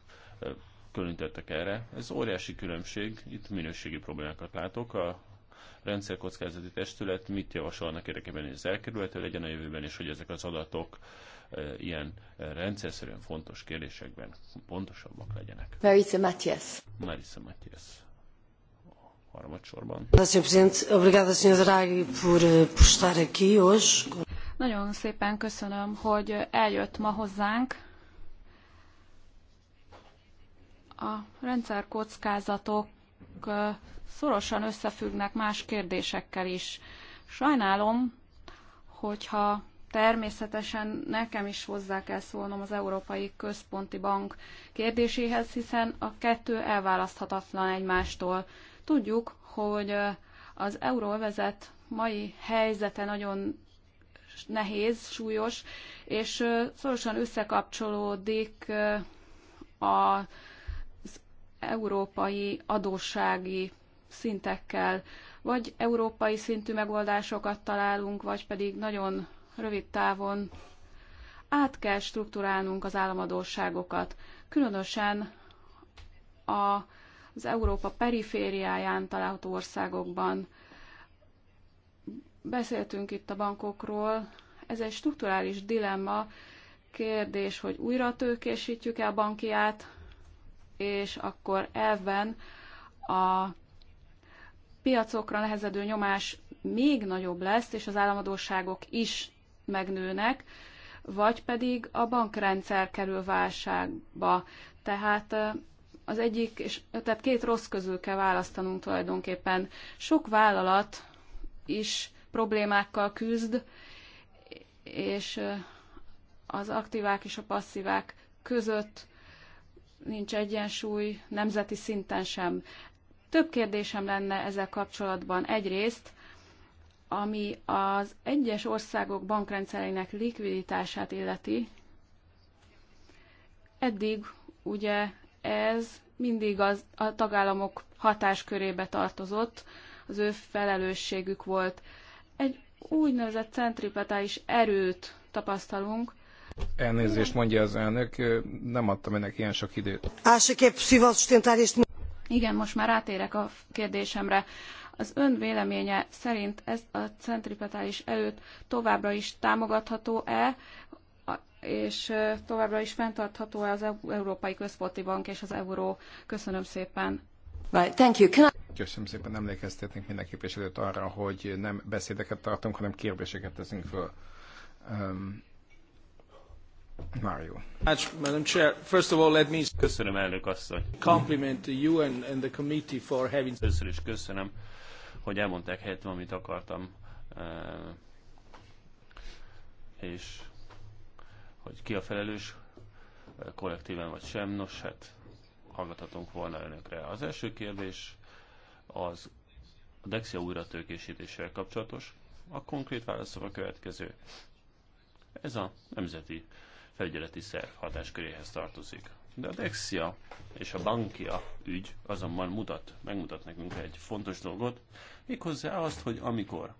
különítettek erre. Ez óriási különbség, itt minőségi problémákat látok. A rendszerkockázati testület mit javasol annak érdekében, hogy ez elkerülhető legyen a jövőben, és hogy ezek az adatok ilyen rendszerszerűen fontos kérdésekben pontosabbak legyenek. Marisa Matias. Marisa Matias. Harmadsorban. Sr. Presidente, obrigada, Sr. Draghi, por, eh, por estar aqui hoje. Nagyon szépen köszönöm, hogy eljött ma hozzánk. A rendszerkockázatok szorosan összefüggnek más kérdésekkel is. Sajnálom, hogyha természetesen nekem is hozzá kell szólnom az Európai Központi Bank kérdéséhez, hiszen a kettő elválaszthatatlan egymástól. Tudjuk, hogy az euróvezet mai helyzete nagyon nehéz, súlyos, és szorosan összekapcsolódik az európai adóssági szintekkel. Vagy európai szintű megoldásokat találunk, vagy pedig nagyon rövid távon át kell struktúrálnunk az államadóságokat. Különösen a, az Európa perifériáján található országokban Beszéltünk itt a bankokról, ez egy strukturális dilemma, kérdés, hogy újra tőkésítjük-e a bankiát, és akkor elven a piacokra nehezedő nyomás még nagyobb lesz, és az államadóságok is megnőnek, vagy pedig a bankrendszer kerül válságba. Tehát az egyik, és, tehát két rossz közül kell választanunk tulajdonképpen. Sok vállalat is problémákkal küzd, és az aktívák és a passzívák között nincs egyensúly nemzeti szinten sem. Több kérdésem lenne ezzel kapcsolatban. Egyrészt, ami az egyes országok bankrendszerének likviditását illeti, eddig ugye ez mindig az, a tagállamok hatáskörébe tartozott, az ő felelősségük volt egy úgynevezett centripetális erőt tapasztalunk. Elnézést mondja az elnök, nem adtam ennek ilyen sok időt. Igen, most már átérek a kérdésemre. Az ön véleménye szerint ez a centripetális erőt továbbra is támogatható-e, és továbbra is fenntartható-e az Európai Központi Bank és az euró? Köszönöm szépen. Right, thank you. Can I... Köszönöm szépen, emlékeztetnénk minden képviselőt arra, hogy nem beszédeket tartunk, hanem kérdéseket teszünk föl. Um, Mario. Madam Chair, first of all, let me... Köszönöm, elnök asszony. Compliment to you and, and the committee for having... Először is köszönöm, hogy elmondták helyettem, amit akartam. Uh, és hogy ki a felelős, kollektíven vagy sem, nos hát hallgathatunk volna önökre. Az első kérdés az a Dexia újratőkésítésével kapcsolatos, a konkrét válaszok a következő. Ez a nemzeti felügyeleti szerv hatásköréhez tartozik. De a Dexia és a Bankia ügy azonban mutat, megmutat nekünk egy fontos dolgot, méghozzá azt, hogy amikor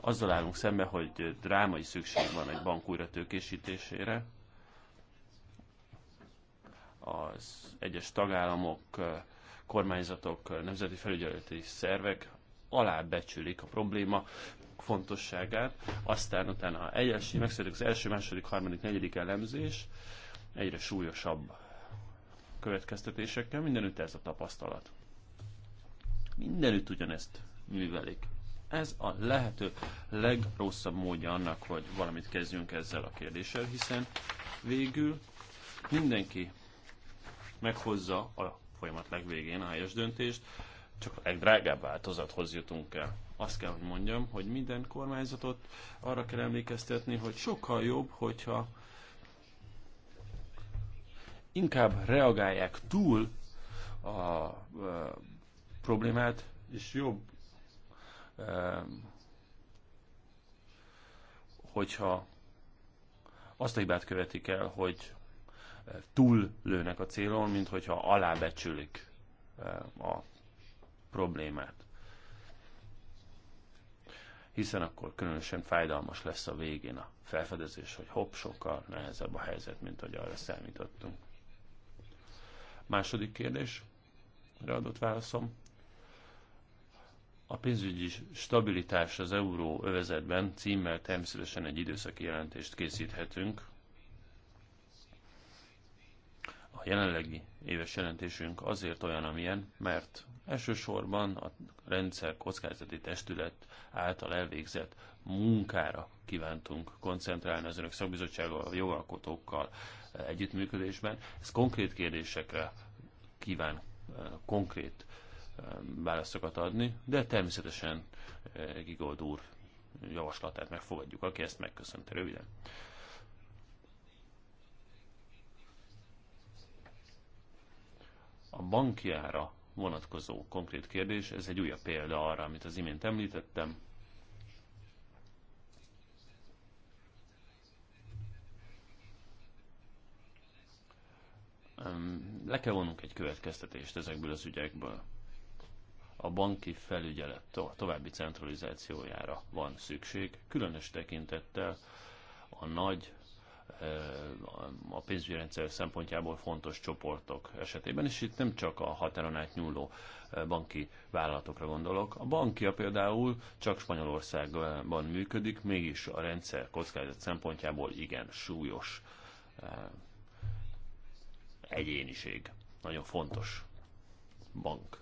azzal állunk szembe, hogy drámai szükség van egy bank újratőkésítésére, az egyes tagállamok, kormányzatok, nemzeti felügyeleti szervek alábecsülik a probléma fontosságát, aztán utána egyes, megszületik az első, második, harmadik, negyedik elemzés, egyre súlyosabb következtetésekkel, mindenütt ez a tapasztalat. Mindenütt ugyanezt művelik. Ez a lehető legrosszabb módja annak, hogy valamit kezdjünk ezzel a kérdéssel, hiszen végül mindenki meghozza a folyamat legvégén a helyes döntést, csak a legdrágább változathoz jutunk el. Azt kell, hogy mondjam, hogy minden kormányzatot arra kell emlékeztetni, hogy sokkal jobb, hogyha inkább reagálják túl a, problémát, és jobb, e, hogyha azt a hibát követik el, hogy túl lőnek a célon, mint hogyha alábecsülik eh, a problémát. Hiszen akkor különösen fájdalmas lesz a végén a felfedezés, hogy hopp, sokkal nehezebb a helyzet, mint hogy arra számítottunk. Második kérdés, adott válaszom. A pénzügyi stabilitás az euró övezetben címmel természetesen egy időszaki jelentést készíthetünk, A jelenlegi éves jelentésünk azért olyan, amilyen, mert elsősorban a rendszer kockázati testület által elvégzett munkára kívántunk koncentrálni az önök szakbizottsággal, a jogalkotókkal eh, együttműködésben. Ez konkrét kérdésekre kíván eh, konkrét eh, válaszokat adni, de természetesen Gigold úr javaslatát megfogadjuk, aki ezt megköszönte röviden. A bankjára vonatkozó konkrét kérdés, ez egy újabb példa arra, amit az imént említettem. Le kell vonunk egy következtetést ezekből az ügyekből. A banki felügyelet további centralizációjára van szükség, különös tekintettel a nagy a pénzügyi rendszer szempontjából fontos csoportok esetében, és itt nem csak a határon átnyúló banki vállalatokra gondolok. A bankia például csak Spanyolországban működik, mégis a rendszer kockázat szempontjából igen súlyos egyéniség, nagyon fontos bank,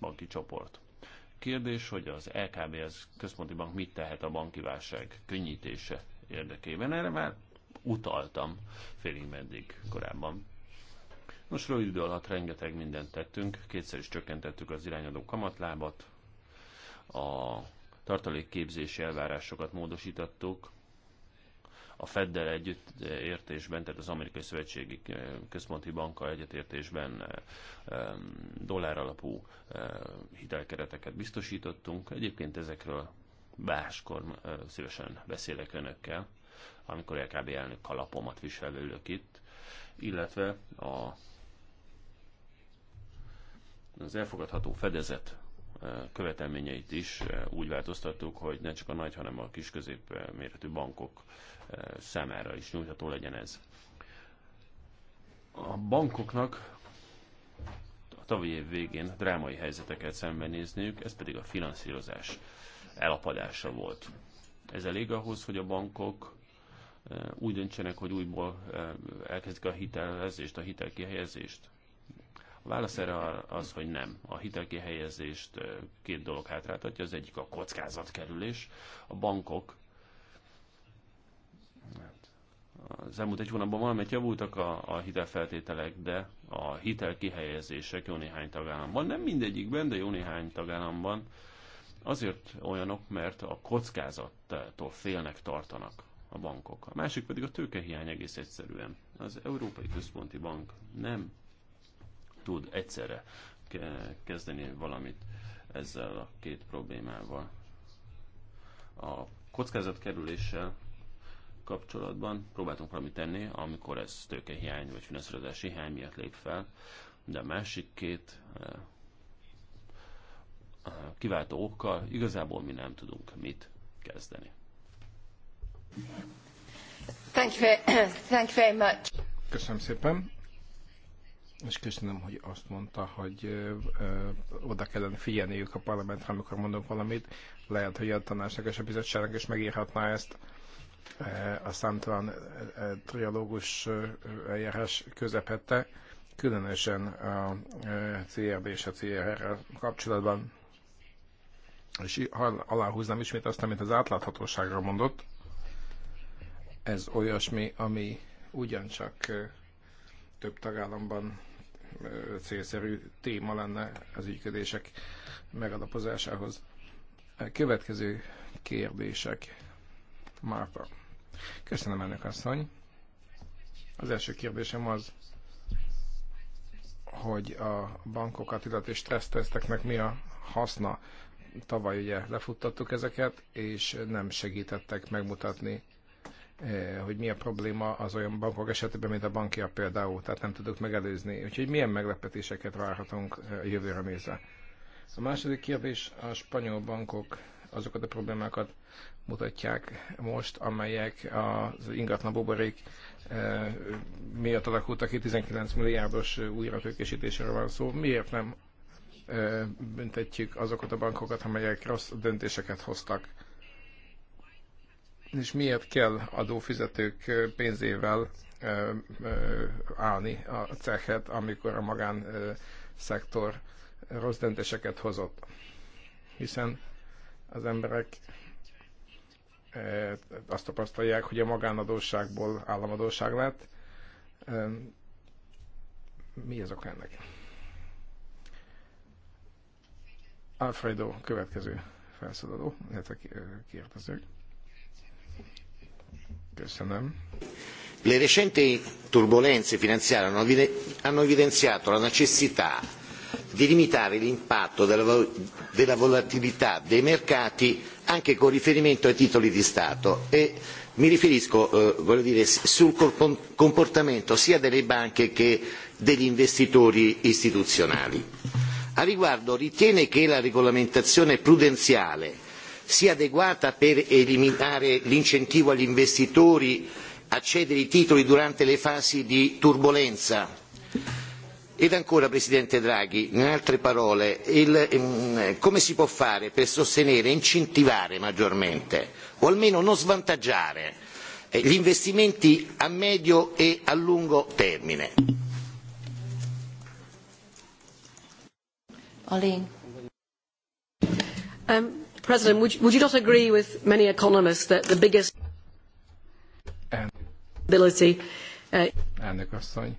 banki csoport. Kérdés, hogy az LKB, az központi bank mit tehet a banki válság könnyítése érdekében. Erre már utaltam félig meddig korábban. Nos, rövid idő alatt rengeteg mindent tettünk, kétszer is csökkentettük az irányadó kamatlábat, a tartalékképzési elvárásokat módosítottuk, a Feddel együttértésben, tehát az Amerikai Szövetségi Központi Banka egyetértésben eh, dollár alapú eh, hitelkereteket biztosítottunk. Egyébként ezekről máskor eh, szívesen beszélek önökkel amikor LKB elnök kalapomat viselve ülök itt, illetve a, az elfogadható fedezet e, követelményeit is e, úgy változtattuk, hogy ne csak a nagy, hanem a kis e, méretű bankok számára is nyújtható legyen ez. A bankoknak a tavalyi év végén drámai helyzeteket szembenézniük, ez pedig a finanszírozás elapadása volt. Ez elég ahhoz, hogy a bankok úgy döntsenek, hogy újból elkezdik a hitelezést, a hitelkihelyezést? A válasz erre az, hogy nem. A hitelkihelyezést két dolog hátráltatja. Az egyik a kockázatkerülés. A bankok hát, az elmúlt egy hónapban valamit javultak a, a hitelfeltételek, de a hitelkihelyezések jó néhány tagállamban, nem mindegyikben, de jó néhány tagállamban azért olyanok, mert a kockázattól félnek tartanak a bankok. A másik pedig a tőkehiány egész egyszerűen. Az Európai Központi Bank nem tud egyszerre kezdeni valamit ezzel a két problémával. A kockázatkerüléssel kapcsolatban próbáltunk valamit tenni, amikor ez tőkehiány vagy finanszírozási hiány miatt lép fel, de a másik két eh, eh, kiváltó okkal igazából mi nem tudunk mit kezdeni. Thank you, very, thank you very much. Köszönöm szépen. És köszönöm, hogy azt mondta, hogy ö, ö, oda kellene figyelniük a parlamentre, amikor mondunk valamit. Lehet, hogy a tanácsnak és a bizottságnak is megírhatná ezt a számtalan trialógus eljárás közepette, különösen a CRB és a CRR kapcsolatban. És aláhúznám ismét azt, amit az átláthatóságra mondott, ez olyasmi, ami ugyancsak több tagállamban célszerű téma lenne az ügyködések megalapozásához. Következő kérdések. Márta. Köszönöm, elnök asszony. Az első kérdésem az, hogy a bankokat, illetve stresszteszteknek mi a haszna. Tavaly ugye lefuttattuk ezeket, és nem segítettek megmutatni Eh, hogy mi a probléma az olyan bankok esetében, mint a bankia például, tehát nem tudok megelőzni. Úgyhogy milyen meglepetéseket várhatunk eh, a jövőre nézve. A második kérdés a spanyol bankok azokat a problémákat mutatják most, amelyek az ingatlan buborék eh, miatt alakultak ki, 19 milliárdos újratőkésítésről van szó. Miért nem büntetjük azokat a bankokat, amelyek rossz döntéseket hoztak? és miért kell adófizetők pénzével állni a cehet, amikor a szektor rossz döntéseket hozott. Hiszen az emberek azt tapasztalják, hogy a magánadóságból államadóság lett. Mi az oka ennek? Alfredo következő felszólaló, illetve kérdezők. Köszönöm. Le recenti turbulenze finanziarie hanno evidenziato la necessità di limitare l'impatto della volatilità dei mercati anche con riferimento ai titoli di Stato e mi riferisco eh, voglio dire, sul comportamento sia delle banche che degli investitori istituzionali. A riguardo ritiene che la regolamentazione prudenziale sia adeguata per eliminare l'incentivo agli investitori a cedere i titoli durante le fasi di turbolenza. Ed ancora, Presidente Draghi, in altre parole, il, ehm, come si può fare per sostenere e incentivare maggiormente, o almeno non svantaggiare, eh, gli investimenti a medio e a lungo termine? Um, President, would, would you not agree with many economists that the biggest ability... Uh, Elnök asszony,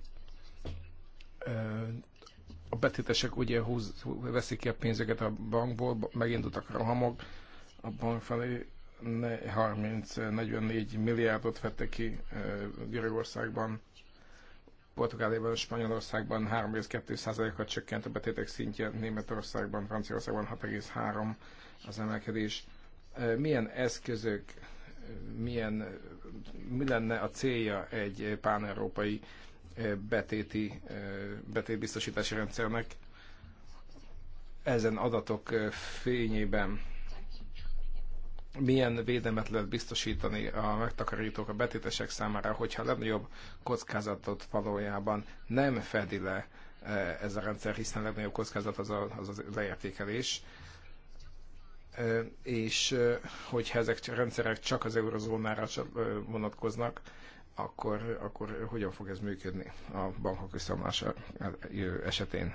a betétesek ugye húz, veszik ki a pénzeket a bankból, megindultak a rohamok, a bank felé 30-44 milliárdot vette ki Görögországban, Portugáliában, Spanyolországban 3,2%-kal csökkent a betétek szintje, Németországban, Franciaországban az emelkedés. Milyen eszközök, milyen, mi lenne a célja egy pán-európai betéti, betétbiztosítási rendszernek ezen adatok fényében? milyen védelmet lehet biztosítani a megtakarítók, a betétesek számára, hogyha a legnagyobb kockázatot valójában nem fedi le ez a rendszer, hiszen a legnagyobb kockázat az a, az a leértékelés és hogyha ezek a rendszerek csak az eurozónára vonatkoznak, akkor, akkor hogyan fog ez működni a bankok összeomlása esetén?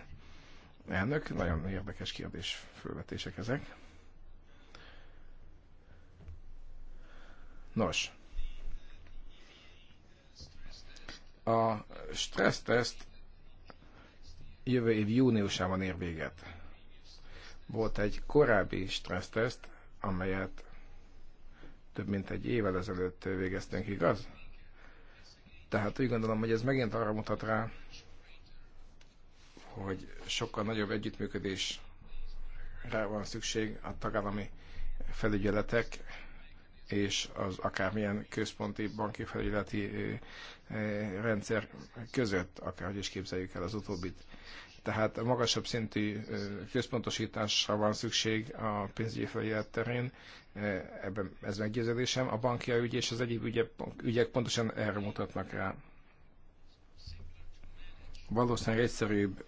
Elnök, nagyon érdekes kérdés, fölvetések ezek. Nos, a stressztest jövő év júniusában ér véget. Volt egy korábbi stresszteszt, amelyet több mint egy évvel ezelőtt végeztünk, igaz? Tehát úgy gondolom, hogy ez megint arra mutat rá, hogy sokkal nagyobb együttműködésre van szükség a tagállami felügyeletek és az akármilyen központi banki felügyeleti rendszer között, akárhogy is képzeljük el az utóbbit. Tehát magasabb szintű központosításra van szükség a pénzügyi felügyelet terén, ebben ez meggyőződésem. A bankja ügy és az egyéb ügyek, ügyek pontosan erre mutatnak rá. Valószínűleg egyszerűbb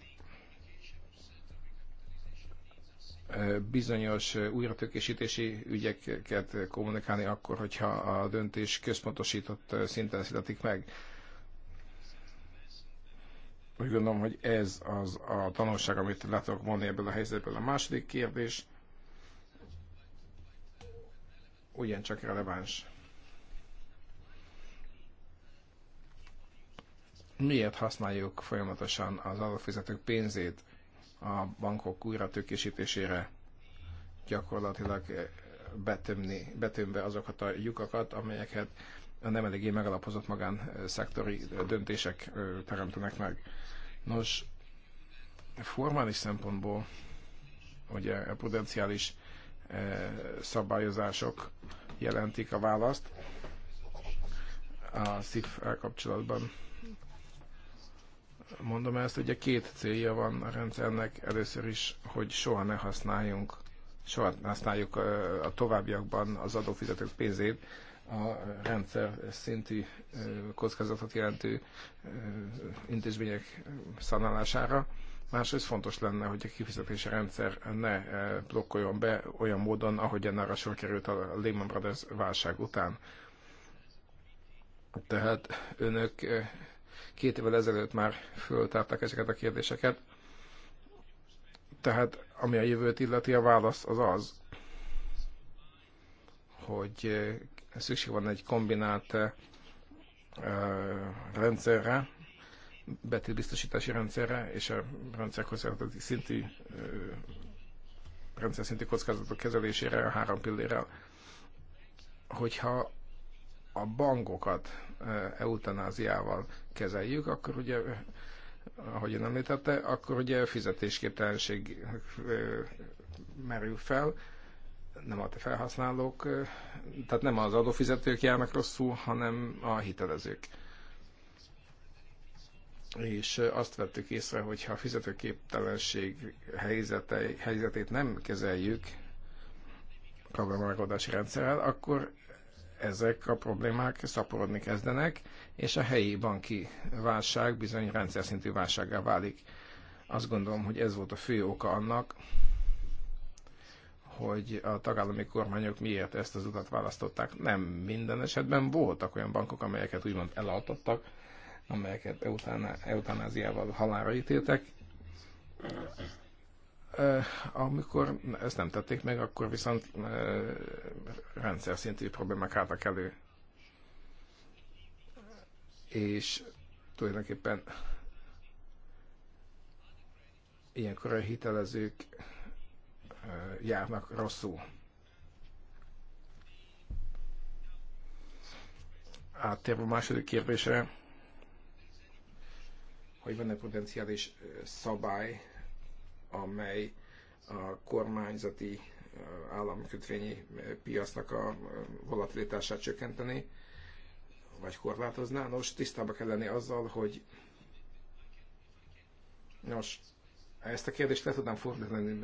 bizonyos újratökésítési ügyeket kommunikálni akkor, hogyha a döntés központosított szinten születik meg úgy gondolom, hogy ez az a tanulság, amit látok mondani ebből a helyzetből. A második kérdés ugyancsak releváns. Miért használjuk folyamatosan az adófizetők pénzét a bankok újratőkésítésére gyakorlatilag betömni, betömve azokat a lyukakat, amelyeket a nem eléggé megalapozott magánszektori döntések teremtenek meg. Nos, formális szempontból ugye a potenciális szabályozások jelentik a választ a szif kapcsolatban. Mondom ezt, ugye két célja van a rendszernek. Először is, hogy soha ne használjunk, soha ne használjuk a továbbiakban az adófizetők pénzét a rendszer szintű kockázatot jelentő intézmények szanálására. Másrészt fontos lenne, hogy a kifizetési rendszer ne blokkoljon be olyan módon, ahogy ennára sor került a Lehman Brothers válság után. Tehát önök két évvel ezelőtt már föltárták ezeket a kérdéseket. Tehát ami a jövőt illeti, a válasz az az, hogy szükség van egy kombinált eh, eh, rendszerre, betétbiztosítási rendszerre és a rendszer kockázati szintű eh, rendszer szintű kockázatok kezelésére a három pillérrel. Hogyha a bankokat eutanáziával kezeljük, akkor ugye ahogy ön említette, akkor ugye fizetésképtelenség merül fel, nem a felhasználók, tehát nem az adófizetők járnak rosszul, hanem a hitelezők. És azt vettük észre, hogy ha a fizetőképtelenség helyzete, helyzetét nem kezeljük problémálkodási rendszerrel, akkor ezek a problémák szaporodni kezdenek, és a helyi banki válság bizony rendszer szintű válsággá válik. Azt gondolom, hogy ez volt a fő oka annak, hogy a tagállami kormányok miért ezt az utat választották. Nem minden esetben voltak olyan bankok, amelyeket úgymond elaltottak, amelyeket eutanáziával halára ítéltek. Amikor ezt nem tették meg, akkor viszont rendszer szintű problémák álltak elő. És tulajdonképpen ilyenkor a hitelezők járnak rosszul. Áttérve a második kérdésre, hogy van-e potenciális szabály, amely a kormányzati államkötvényi piacnak a volatilitását csökkenteni, vagy korlátozná. Nos, tisztába kell lenni azzal, hogy Nos, ezt a kérdést le tudnám fordítani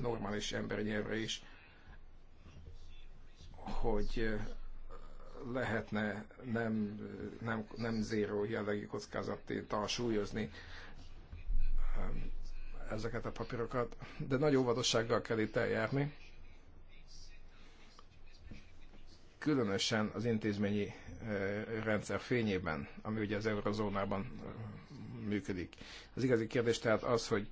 normális emberi nyelvre is, hogy lehetne nem, nem, nem zéró jellegű kockázatét súlyozni ezeket a papírokat, de nagy óvatossággal kell itt eljárni. Különösen az intézményi rendszer fényében, ami ugye az eurozónában működik. Az igazi kérdés tehát az, hogy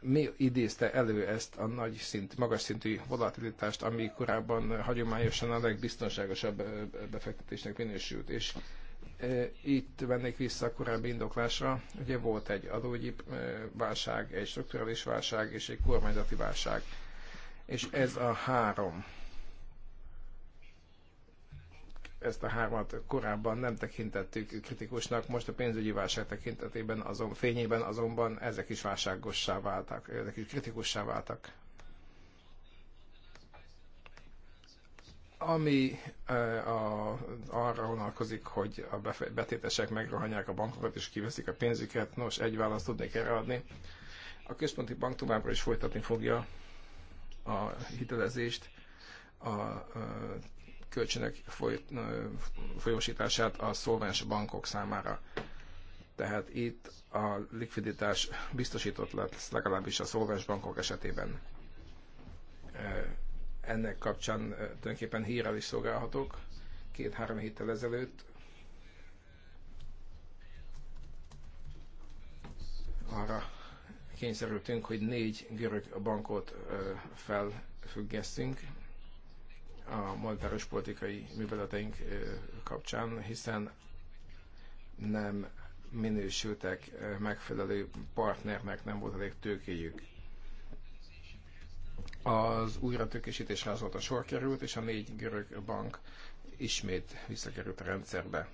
mi idézte elő ezt a nagy szint, magas szintű volatilitást, ami korábban hagyományosan a legbiztonságosabb befektetésnek minősült. És e, itt vennék vissza a korábbi indoklásra, ugye volt egy adógyi válság, egy strukturális válság és egy kormányzati válság. És ez a három ezt a hármat korábban nem tekintettük kritikusnak, most a pénzügyi válság tekintetében, azon fényében azonban ezek is válságossá váltak, ezek is kritikussá váltak. Ami e, a, arra vonalkozik, hogy a betétesek megrohanják a bankokat és kiveszik a pénzüket, nos, egy választ tudnék erre adni. A központi bank továbbra is folytatni fogja a hitelezést, a e, kölcsönök folyósítását a szolvens bankok számára. Tehát itt a likviditás biztosított lesz legalábbis a szolvens bankok esetében. Ennek kapcsán tulajdonképpen hírrel is szolgálhatok. Két-három héttel ezelőtt arra kényszerültünk, hogy négy görög bankot felfüggesztünk, a monetáros politikai műveleteink kapcsán, hiszen nem minősültek megfelelő partnernek, nem volt elég tőkéjük. Az újratőkésítésre azóta sor került, és a négy görög bank ismét visszakerült a rendszerbe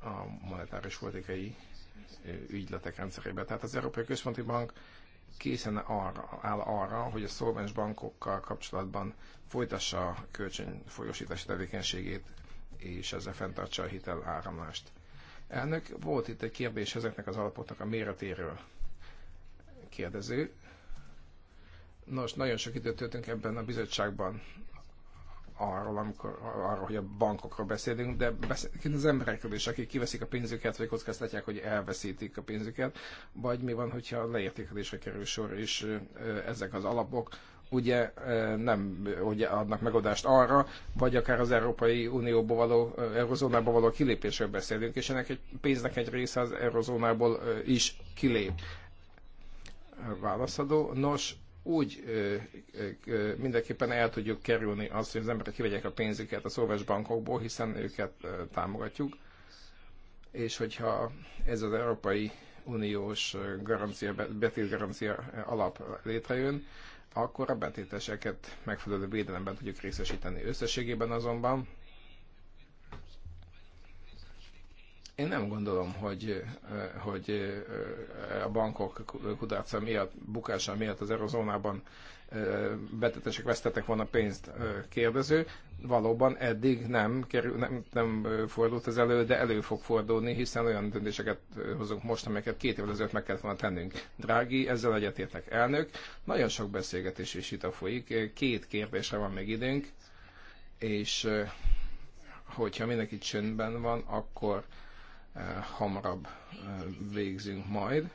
a monetáris politikai ügyletek rendszerébe. Tehát az Európai Központi Bank készen arra, áll arra, hogy a szolvens bankokkal kapcsolatban folytassa a kölcsönfolyósítási tevékenységét, és ezzel fenntartsa a hitel áramlást. Elnök, volt itt egy kérdés ezeknek az alapoknak a méretéről. Kérdező. Nos, nagyon sok időt töltünk ebben a bizottságban arról, amikor, arról, hogy a bankokról beszélünk, de beszélünk az emberekről is, akik kiveszik a pénzüket, vagy kockáztatják, hogy elveszítik a pénzüket, vagy mi van, hogyha leértékelésre kerül sor, és ezek az alapok ugye nem ugye adnak megoldást arra, vagy akár az Európai unióból való, Eurozónába való kilépésről beszélünk, és ennek egy pénznek egy része az Eurozónából is kilép. Válaszadó. Nos, úgy ö, ö, mindenképpen el tudjuk kerülni azt, hogy az emberek kivegyek a pénzüket a szóves bankokból, hiszen őket ö, támogatjuk. És hogyha ez az Európai Uniós garancia, betétgarancia alap létrejön, akkor a betéteseket megfelelő védelemben tudjuk részesíteni. Összességében azonban Én nem gondolom, hogy, hogy a bankok kudarca miatt, bukása miatt az erozónában betetesek vesztettek volna pénzt kérdező. Valóban eddig nem, kerül, nem, nem fordult ez elő, de elő fog fordulni, hiszen olyan döntéseket hozunk most, amelyeket két évvel ezelőtt meg kellett volna tennünk. Drági, ezzel egyetértek elnök. Nagyon sok beszélgetés is itt a folyik. Két kérdésre van még időnk, és hogyha mindenki csöndben van, akkor hamarabb végzünk majd.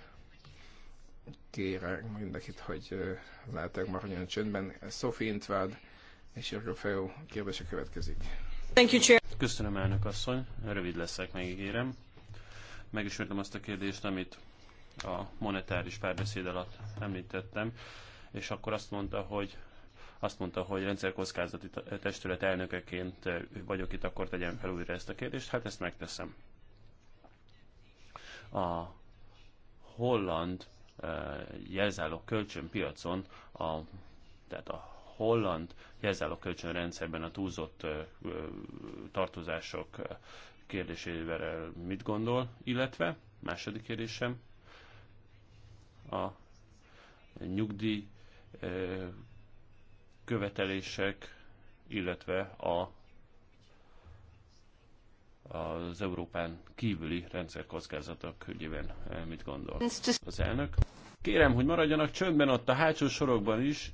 Kérek mindenkit, hogy lehetek maradjon csöndben. Sofi Intvád és Jörgő Fejó kérdése következik. Thank you, Chair. Köszönöm, elnök asszony. Rövid leszek, megígérem. Megismertem azt a kérdést, amit a monetáris párbeszéd alatt említettem, és akkor azt mondta, hogy azt mondta, hogy rendszerkockázati testület elnökeként vagyok itt, akkor tegyem fel újra ezt a kérdést. Hát ezt megteszem. A holland eh, jelzálók kölcsönpiacon, a, tehát a holland jelzálók kölcsönrendszerben a túlzott eh, tartozások eh, kérdésével mit gondol, illetve második kérdésem, a nyugdíj követelések, illetve a az Európán kívüli rendszerkockázatok ügyében eh, mit gondol az elnök. Kérem, hogy maradjanak csöndben ott a hátsó sorokban is,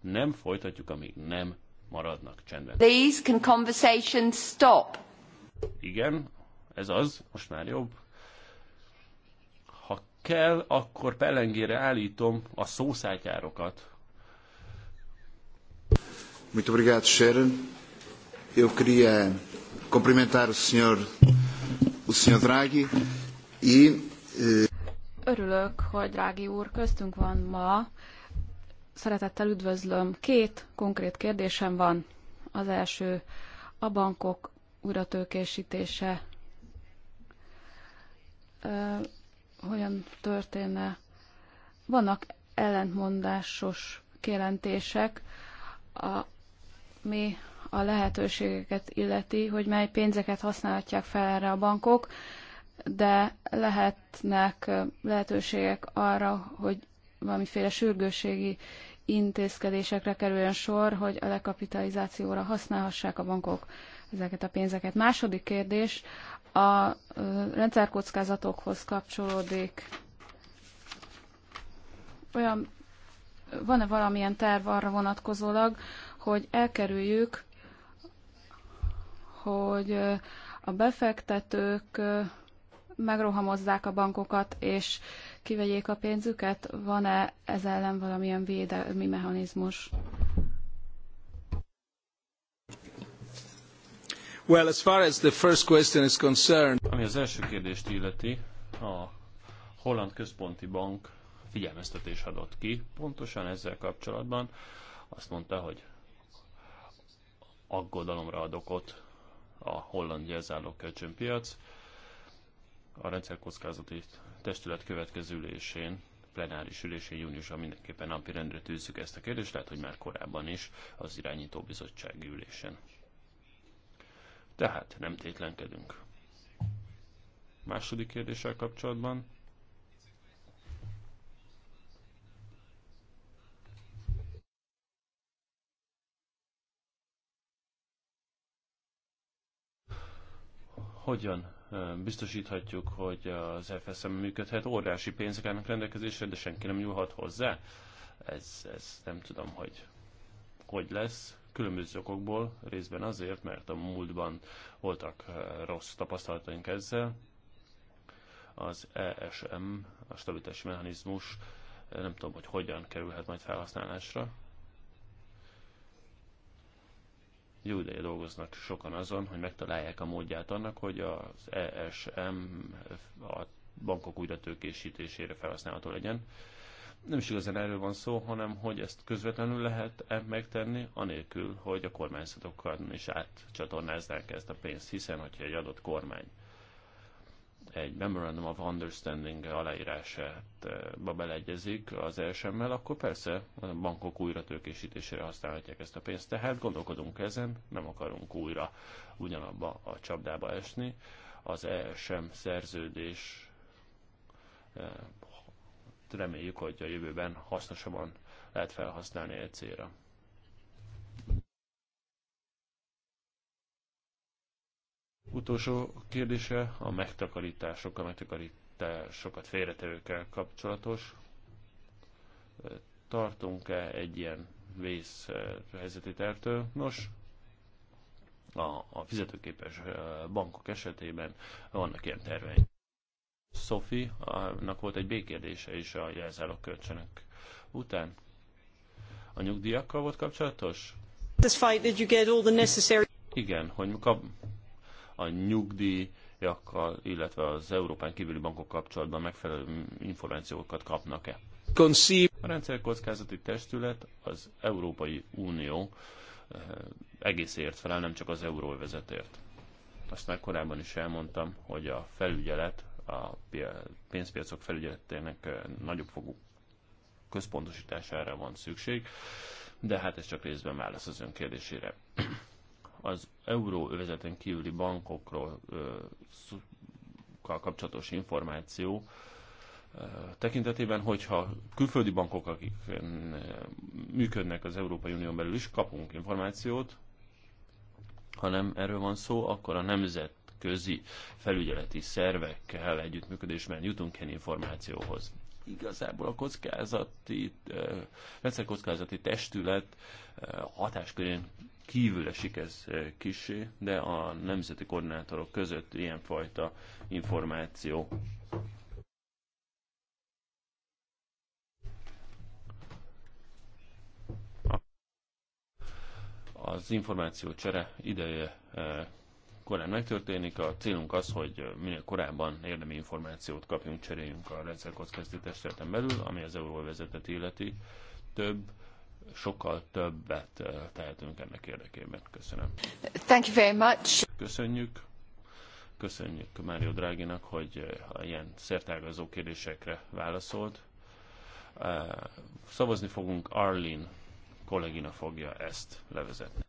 nem folytatjuk, amíg nem maradnak csendben. These can conversations stop. Igen, ez az, most már jobb. Ha kell, akkor pellengére állítom a szószátyárokat. Muito obrigado, Sharon. Eu queria cumprimentar o senhor, o senhor Draghi e... Eh, Örülök, hogy Drági úr köztünk van ma. Szeretettel üdvözlöm. Két konkrét kérdésem van. Az első a bankok újratőkésítése. hogyan történne? Vannak ellentmondásos kijelentések. A mi a lehetőségeket illeti, hogy mely pénzeket használhatják fel erre a bankok, de lehetnek lehetőségek arra, hogy valamiféle sürgőségi intézkedésekre kerüljön sor, hogy a lekapitalizációra használhassák a bankok ezeket a pénzeket. Második kérdés a rendszerkockázatokhoz kapcsolódik. Olyan, van-e valamilyen terv arra vonatkozólag, hogy elkerüljük hogy a befektetők megrohamozzák a bankokat, és kivegyék a pénzüket? Van-e ez ellen valamilyen védelmi mechanizmus? Well, as far as the first question is concerned... Ami az első kérdést illeti, a Holland Központi Bank figyelmeztetés adott ki pontosan ezzel kapcsolatban. Azt mondta, hogy aggodalomra ad okot a holland jelzálók kölcsönpiac. A rendszerkockázati testület következő ülésén plenáris ülésén júniusban mindenképpen rendre tűzzük ezt a kérdést, lehet, hogy már korábban is az irányító bizottsági ülésen. Tehát nem tétlenkedünk. Második kérdéssel kapcsolatban hogyan biztosíthatjuk, hogy az FSM működhet, óriási pénzek állnak rendelkezésre, de senki nem nyúlhat hozzá. Ez, ez nem tudom, hogy hogy lesz, különböző okokból, részben azért, mert a múltban voltak rossz tapasztalataink ezzel. Az ESM, a stabilitási mechanizmus, nem tudom, hogy hogyan kerülhet majd felhasználásra. jó ideje dolgoznak sokan azon, hogy megtalálják a módját annak, hogy az ESM a bankok újra tőkésítésére felhasználható legyen. Nem is igazán erről van szó, hanem hogy ezt közvetlenül lehet -e megtenni, anélkül, hogy a kormányzatokkal is átcsatornáznánk ezt a pénzt, hiszen hogyha egy adott kormány egy Memorandum of Understanding aláírását eh, beleegyezik az ESM-mel, akkor persze a bankok újra tőkésítésére használhatják ezt a pénzt. Tehát gondolkodunk ezen, nem akarunk újra ugyanabba a csapdába esni. Az ESM szerződés eh, reméljük, hogy a jövőben hasznosabban lehet felhasználni egy célra. Utolsó kérdése a megtakarítások, a megtakarításokat félretevőkkel kapcsolatos. Tartunk-e egy ilyen vész vészhelyzeti tervtől? Nos, a, a fizetőképes bankok esetében vannak ilyen terveink. sophie annak volt egy békérdése is a jelzálog kölcsönök után. A nyugdíjakkal volt kapcsolatos? Igen, hogy kap, a nyugdíjakkal, illetve az Európán kívüli bankok kapcsolatban megfelelő információkat kapnak-e? A rendszerkockázati testület az Európai Unió eh, egészért felel, nem csak az euróvezetért. Azt már korábban is elmondtam, hogy a felügyelet, a pénzpiacok felügyeletének eh, nagyobb fogú központosítására van szükség, de hát ez csak részben válasz az ön kérdésére az euróövezeten kívüli bankokról kapcsolatos információ tekintetében, hogyha külföldi bankok, akik működnek az Európai Unión belül is, kapunk információt, ha nem erről van szó, akkor a nemzetközi felügyeleti szervekkel együttműködésben jutunk ilyen információhoz igazából a kockázati, rendszerkockázati testület hatáskörén kívül esik ez kisé, de a nemzeti koordinátorok között ilyenfajta információ az információ csere ideje korán megtörténik. A célunk az, hogy minél korábban érdemi információt kapjunk, cseréljünk a rendszerkockázati testületen belül, ami az euróvezetet illeti. Több sokkal többet eh, tehetünk ennek érdekében. Köszönöm. Thank you very much. Köszönjük. Köszönjük Mário Dráginak, hogy eh, ilyen szertágazó kérdésekre válaszolt. Eh, szavazni fogunk, Arlin kollégina fogja ezt levezetni.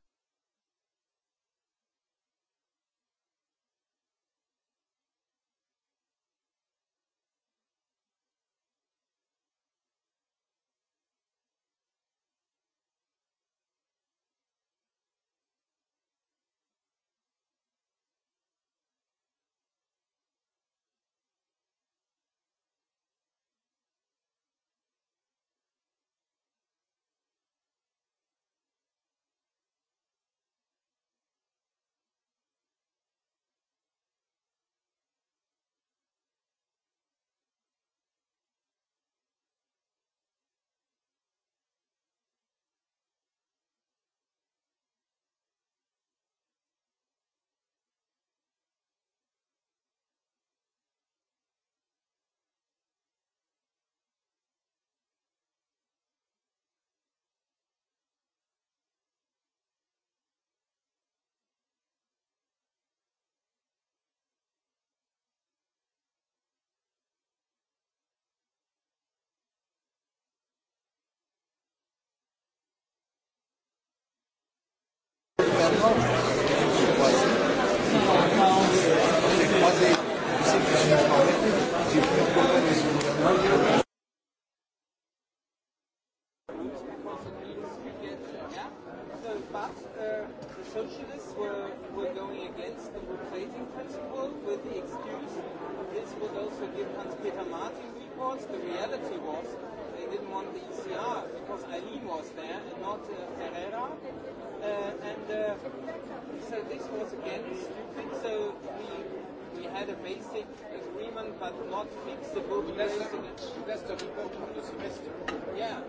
so this was again stupid. So we we had a basic agreement, but not fixable. We that's, the report of the semester. Yeah.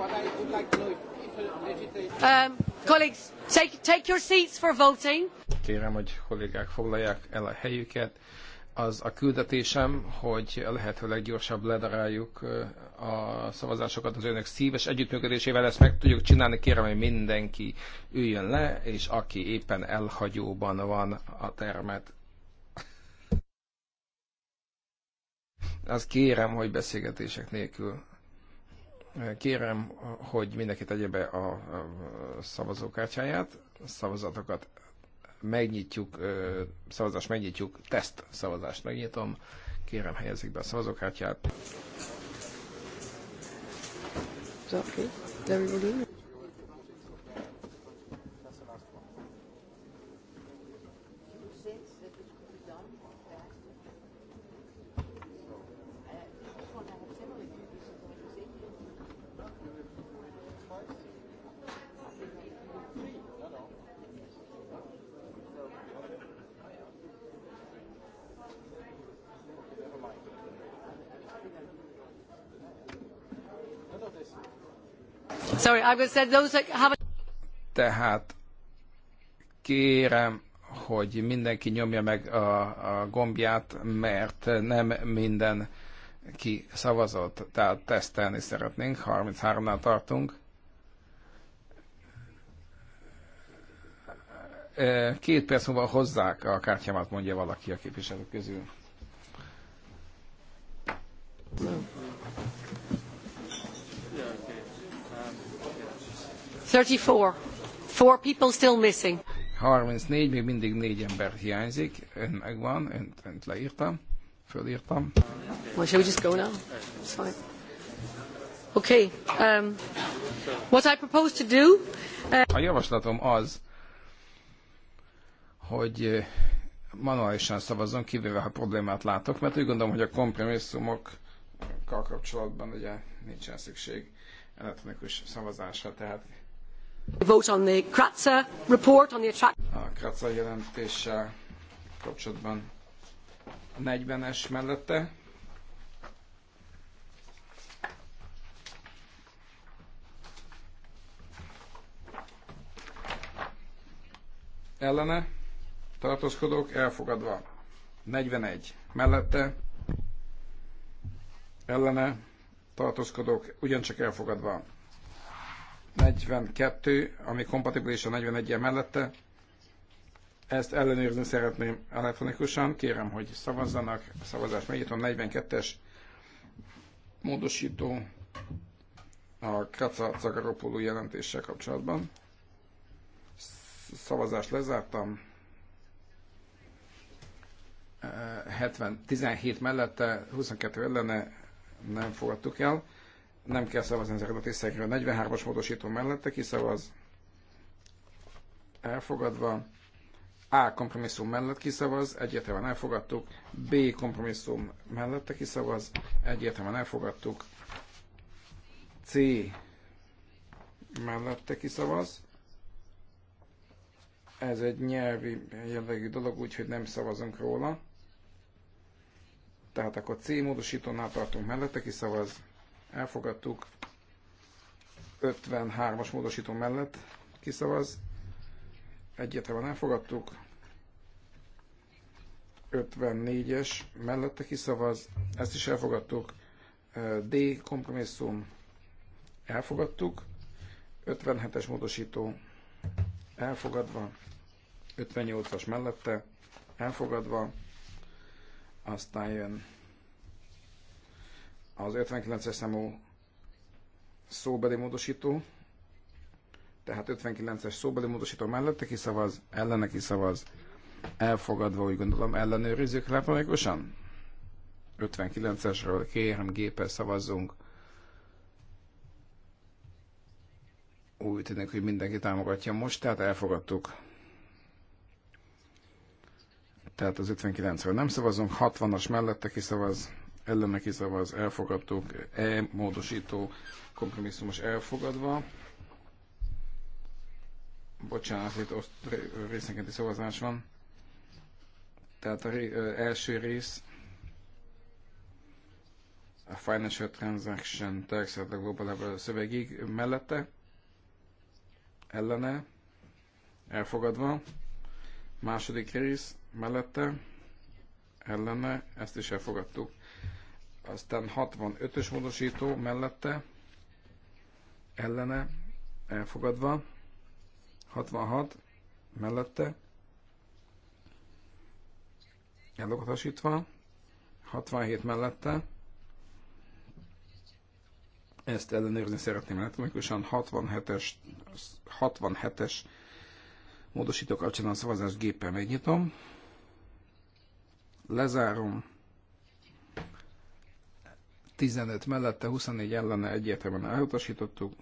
What I would like to know if, people a um, colleagues, take take your seats for voting. Kérem, hogy kollégák foglalják el a helyüket az a küldetésem, hogy a lehető leggyorsabb ledaráljuk a szavazásokat az önök szíves együttműködésével, ezt meg tudjuk csinálni, kérem, hogy mindenki üljön le, és aki éppen elhagyóban van a termet, az kérem, hogy beszélgetések nélkül kérem, hogy mindenki tegye be a szavazókártyáját, szavazatokat megnyitjuk, szavazást megnyitjuk, teszt szavazást megnyitom. Kérem, helyezzék be a szavazókártyát. Okay. Tehát kérem, hogy mindenki nyomja meg a, a gombját, mert nem minden ki szavazott. Tehát tesztelni szeretnénk, 33-nál tartunk. Két perc múlva hozzák a kártyámat, mondja valaki a képviselők közül. Nem. 34. még mindig négy ember hiányzik. Ön megvan, önt, önt leírtam, fölírtam. Well, shall we just go now? It's fine. Okay. Um, what I propose to do... Uh... A javaslatom az, hogy uh, manuálisan szavazzon, kivéve ha problémát látok, mert úgy gondolom, hogy a kompromisszumokkal kapcsolatban ugye nincsen szükség elektronikus szavazásra, tehát a Kratza jelentéssel kapcsolatban a 40-es mellette. Ellene tartózkodók elfogadva. 41 mellette. Ellene tartózkodók ugyancsak elfogadva. 42, ami kompatibilis a 41 mellette. Ezt ellenőrizni szeretném elektronikusan. Kérem, hogy szavazzanak. A szavazás a 42-es módosító a Kraca Cagaropoló jelentéssel kapcsolatban. Szavazást lezártam. 70, eh, 17 mellette, 22 ellene nem fogadtuk el. Nem kell szavazni ezeket a A 43-as módosító mellette kiszavaz. Elfogadva. A kompromisszum mellett kiszavaz, egyértelműen elfogadtuk. B kompromisszum mellette kiszavaz, egyértelműen elfogadtuk. C mellette kiszavaz. Ez egy nyelvi jellegű dolog, úgyhogy nem szavazunk róla. Tehát akkor C módosítónál tartunk mellette kiszavaz elfogadtuk. 53-as módosító mellett kiszavaz, egyértelműen elfogadtuk. 54-es mellette kiszavaz, ezt is elfogadtuk. D kompromisszum elfogadtuk. 57-es módosító elfogadva, 58-as mellette elfogadva, aztán jön az 59-es számú szóbeli módosító, tehát 59-es szóbeli módosító mellette kiszavaz, ellene kiszavaz, elfogadva úgy gondolom ellenőrizzük elektronikusan. 59-esről kérem géppel szavazzunk. Úgy tűnik, hogy mindenki támogatja most, tehát elfogadtuk. Tehát az 59-ről nem szavazunk, 60-as mellette kiszavaz, ellene az elfogadtuk, E módosító kompromisszumos elfogadva. Bocsánat, itt oszt, részenkénti szavazás van. Tehát a ré, ö, első rész a Financial Transaction Tax a the Global Level szövegig mellette, ellene, elfogadva. Második rész mellette, ellene, ezt is elfogadtuk. Aztán 65-ös módosító mellette, ellene, elfogadva. 66 mellette, elutasítva. 67 mellette, ezt ellenőrizni szeretném elektronikusan, 67-es 67-es módosítók kapcsán a szavazást géppel megnyitom, lezárom, 15 mellette, 24 ellene egyértelműen elutasítottuk.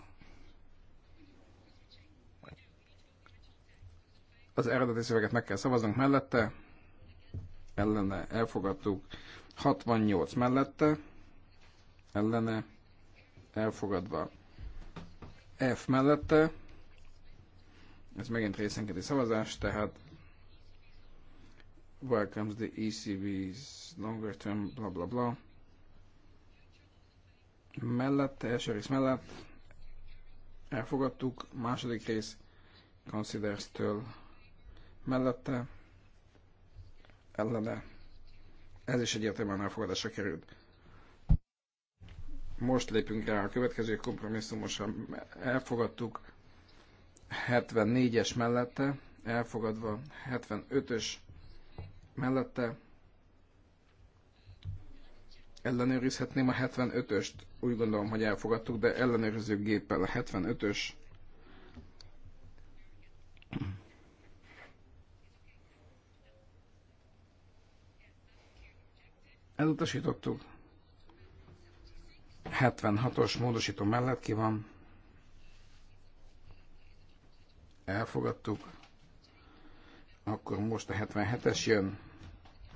Az eredeti szöveget meg kell szavaznunk mellette, ellene elfogadtuk, 68 mellette, ellene elfogadva. F mellette, ez megint részenkedi szavazás, tehát welcomes the ECB's longer term blah blah blah mellett, első rész mellett elfogadtuk, második rész Considers-től mellette, ellene. Ez is egyértelműen elfogadásra került. Most lépünk rá a következő kompromisszumosan, Elfogadtuk 74-es mellette, elfogadva 75-ös mellette, ellenőrizhetném a 75-öst, úgy gondolom, hogy elfogadtuk, de ellenőrző géppel a 75-ös. Elutasítottuk. 76-os módosító mellett ki van. Elfogadtuk. Akkor most a 77-es jön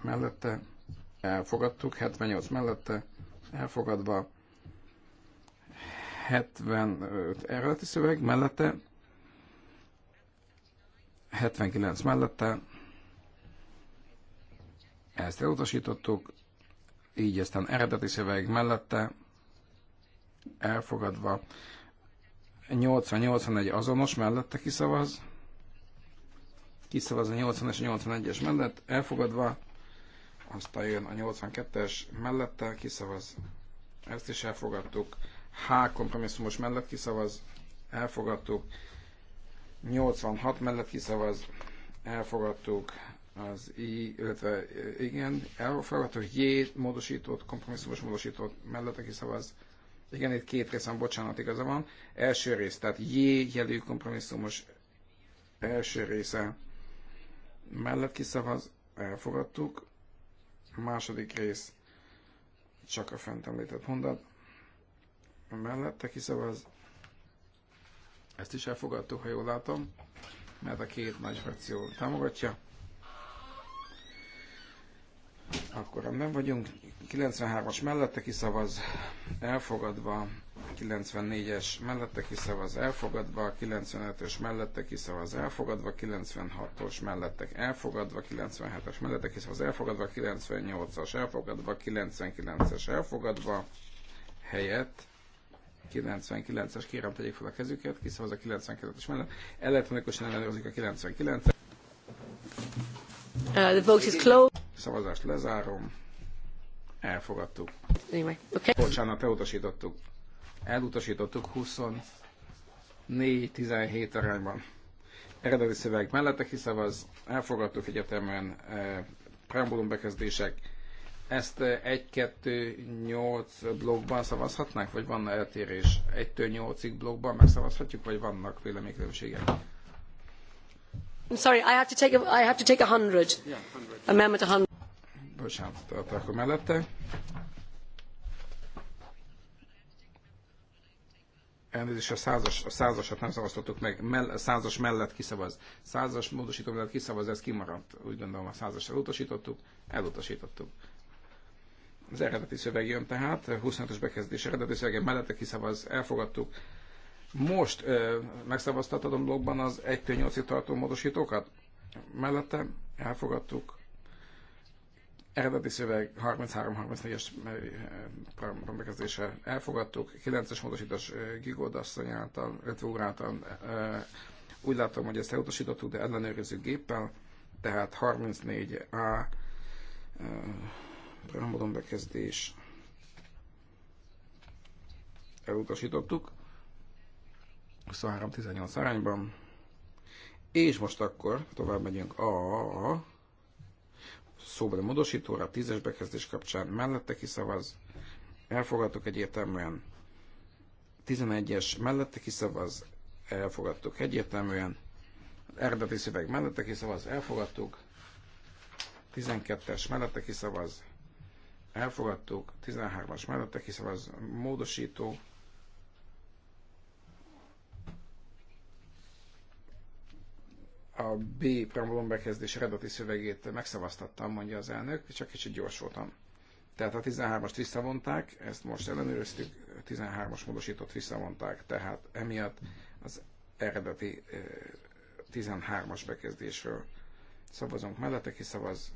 mellette elfogadtuk, 78 mellette elfogadva, 75 eredeti szöveg mellette, 79 mellette, ezt elutasítottuk, így aztán eredeti szöveg mellette, elfogadva, 80-81 azonos mellette kiszavaz, kiszavaz a 80 és 81-es mellett, elfogadva, aztán jön a 82-es mellette kiszavaz, ezt is elfogadtuk, H kompromisszumos mellett kiszavaz, elfogadtuk, 86 mellett kiszavaz, elfogadtuk, az I, illetve igen, elfogadtuk, J módosított, kompromisszumos módosított mellette kiszavaz, igen, itt két részem, bocsánat, igaza van. Első rész, tehát J jelű kompromisszumos első része mellett kiszavaz, elfogadtuk. Második rész csak a fent említett mondat. Mellette kiszavaz. Ezt is elfogadtuk, ha jól látom, mert a két nagy frakció támogatja. Akkor nem vagyunk. 93-as mellette kiszavaz. Elfogadva 94-es mellette kiszavaz elfogadva, 95-ös mellette kiszavaz elfogadva, 96-os mellette elfogadva, 97-es mellette kiszavaz elfogadva, 98-as elfogadva, 99-es elfogadva, helyett 99-es, kérem tegyék fel a kezüket, kiszavaz a 99-es mellett, elektronikusan ellenőrzik a 99 -es. Uh, the vote is closed. Szavazást lezárom. Elfogadtuk. Anyway, okay. Bocsánat, elutasítottuk elutasítottuk 24-17 arányban. Eredeti szöveg mellette kiszavaz, elfogadtuk egyetemen e, preambulum bekezdések. Ezt 1-2-8 eh, blogban szavazhatnánk, vagy van eltérés? 1 8-ig blogban megszavazhatjuk, vagy vannak véleménykülönbségek? I'm sorry, I have to take a, I have to take a hundred. Yeah, hundred. Amendment a hundred. Bocsánat, akkor mellette elnézést, a százas, a százasat nem szavaztatok meg, Mell, a százas mellett kiszavaz. Százas módosító mellett kiszavaz, ez kimaradt. Úgy gondolom a százas elutasítottuk, elutasítottuk. Az eredeti szöveg jön tehát, 25-ös bekezdés eredeti szövege mellette kiszavaz, elfogadtuk. Most ö, blogban az 1-8-ig tartó módosítókat? Mellette elfogadtuk, Eredeti szöveg 33-34-es eh, bekezdése elfogadtuk, 9-es módosítás eh, Gigold asszony által, illetve úr által. Eh, úgy látom, hogy ezt elutasítottuk, de ellenőrizzük géppel, tehát 34A programodon bekezdés elutasítottuk 23-18 arányban. És most akkor tovább megyünk a szóbeli módosítóra a tízes bekezdés kapcsán mellette kiszavaz, elfogadtuk egyértelműen. 11-es mellette kiszavaz, elfogadtuk egyértelműen. Az eredeti szöveg mellette kiszavaz, elfogadtuk. 12-es mellette kiszavaz, elfogadtuk. 13-as mellette kiszavaz, módosító a B preambulum bekezdés eredeti szövegét megszavaztattam, mondja az elnök, csak kicsit gyors voltam. Tehát a 13-ast visszavonták, ezt most ellenőriztük, 13-as módosított visszavonták, tehát emiatt az eredeti 13-as eh, bekezdésről szavazunk. Mellette kiszavaz,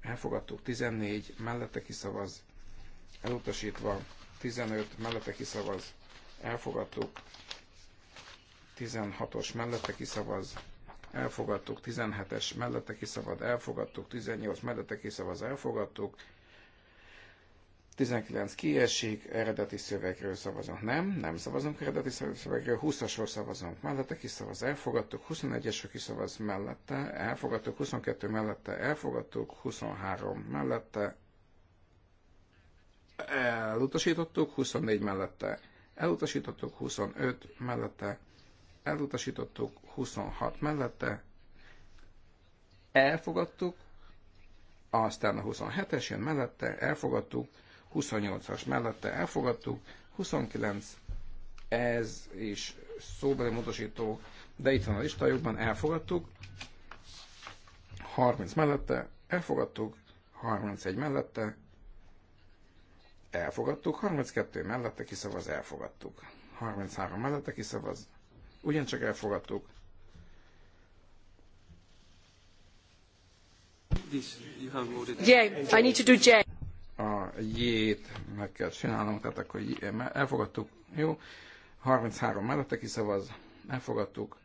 elfogadtuk 14, mellette kiszavaz, elutasítva 15, mellette kiszavaz, elfogadtuk 16-os mellette kiszavaz, elfogadtuk, 17-es mellette kiszavaz, elfogadtuk, 18 mellette kiszavaz, elfogadtuk, 19 kiesik, eredeti szövegről szavazunk. Nem, nem szavazunk eredeti szövegről, 20-asról szavazunk mellette, kiszavaz, elfogadtuk, 21-esről kiszavaz mellette, elfogadtuk, 22 mellette, elfogadtuk, 23 mellette, elutasítottuk, 24 mellette, elutasítottuk, 25 mellette, elutasítottuk, 26 mellette, elfogadtuk, aztán a 27-es jön mellette, elfogadtuk, 28-as mellette elfogadtuk, 29, ez is szóbeli módosító, de itt van a listájukban, elfogadtuk, 30 mellette elfogadtuk, 31 mellette elfogadtuk, 32 mellette kiszavaz, elfogadtuk. 33 mellette kiszavaz, ugyancsak elfogadtuk. Yeah, I need to do J. A J-t meg kell csinálnom, tehát akkor elfogadtuk. Jó. 33 mellette kiszavaz, elfogadtuk.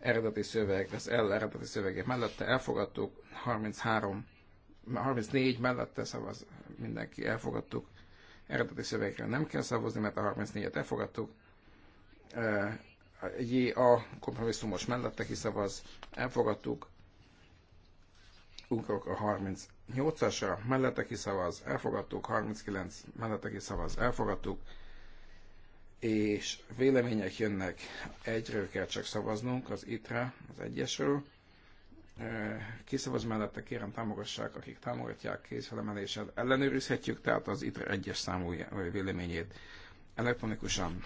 Eredeti szöveg, az L eredeti szövegét mellette elfogadtuk. 33, 34 mellette szavaz mindenki, elfogadtuk. Eredeti szövegre nem kell szavazni, mert a 34-et elfogadtuk a kompromisszumos mellette kiszavaz, elfogadtuk. Ugrok a 38-asra, mellette kiszavaz, elfogadtuk, 39 mellette kiszavaz, elfogadtuk, és vélemények jönnek, egyről kell csak szavaznunk, az ITRE, az egyesről. Kiszavaz mellette kérem támogassák, akik támogatják kézfelemeléssel. Ellenőrizhetjük tehát az ITRE egyes számú véleményét elektronikusan.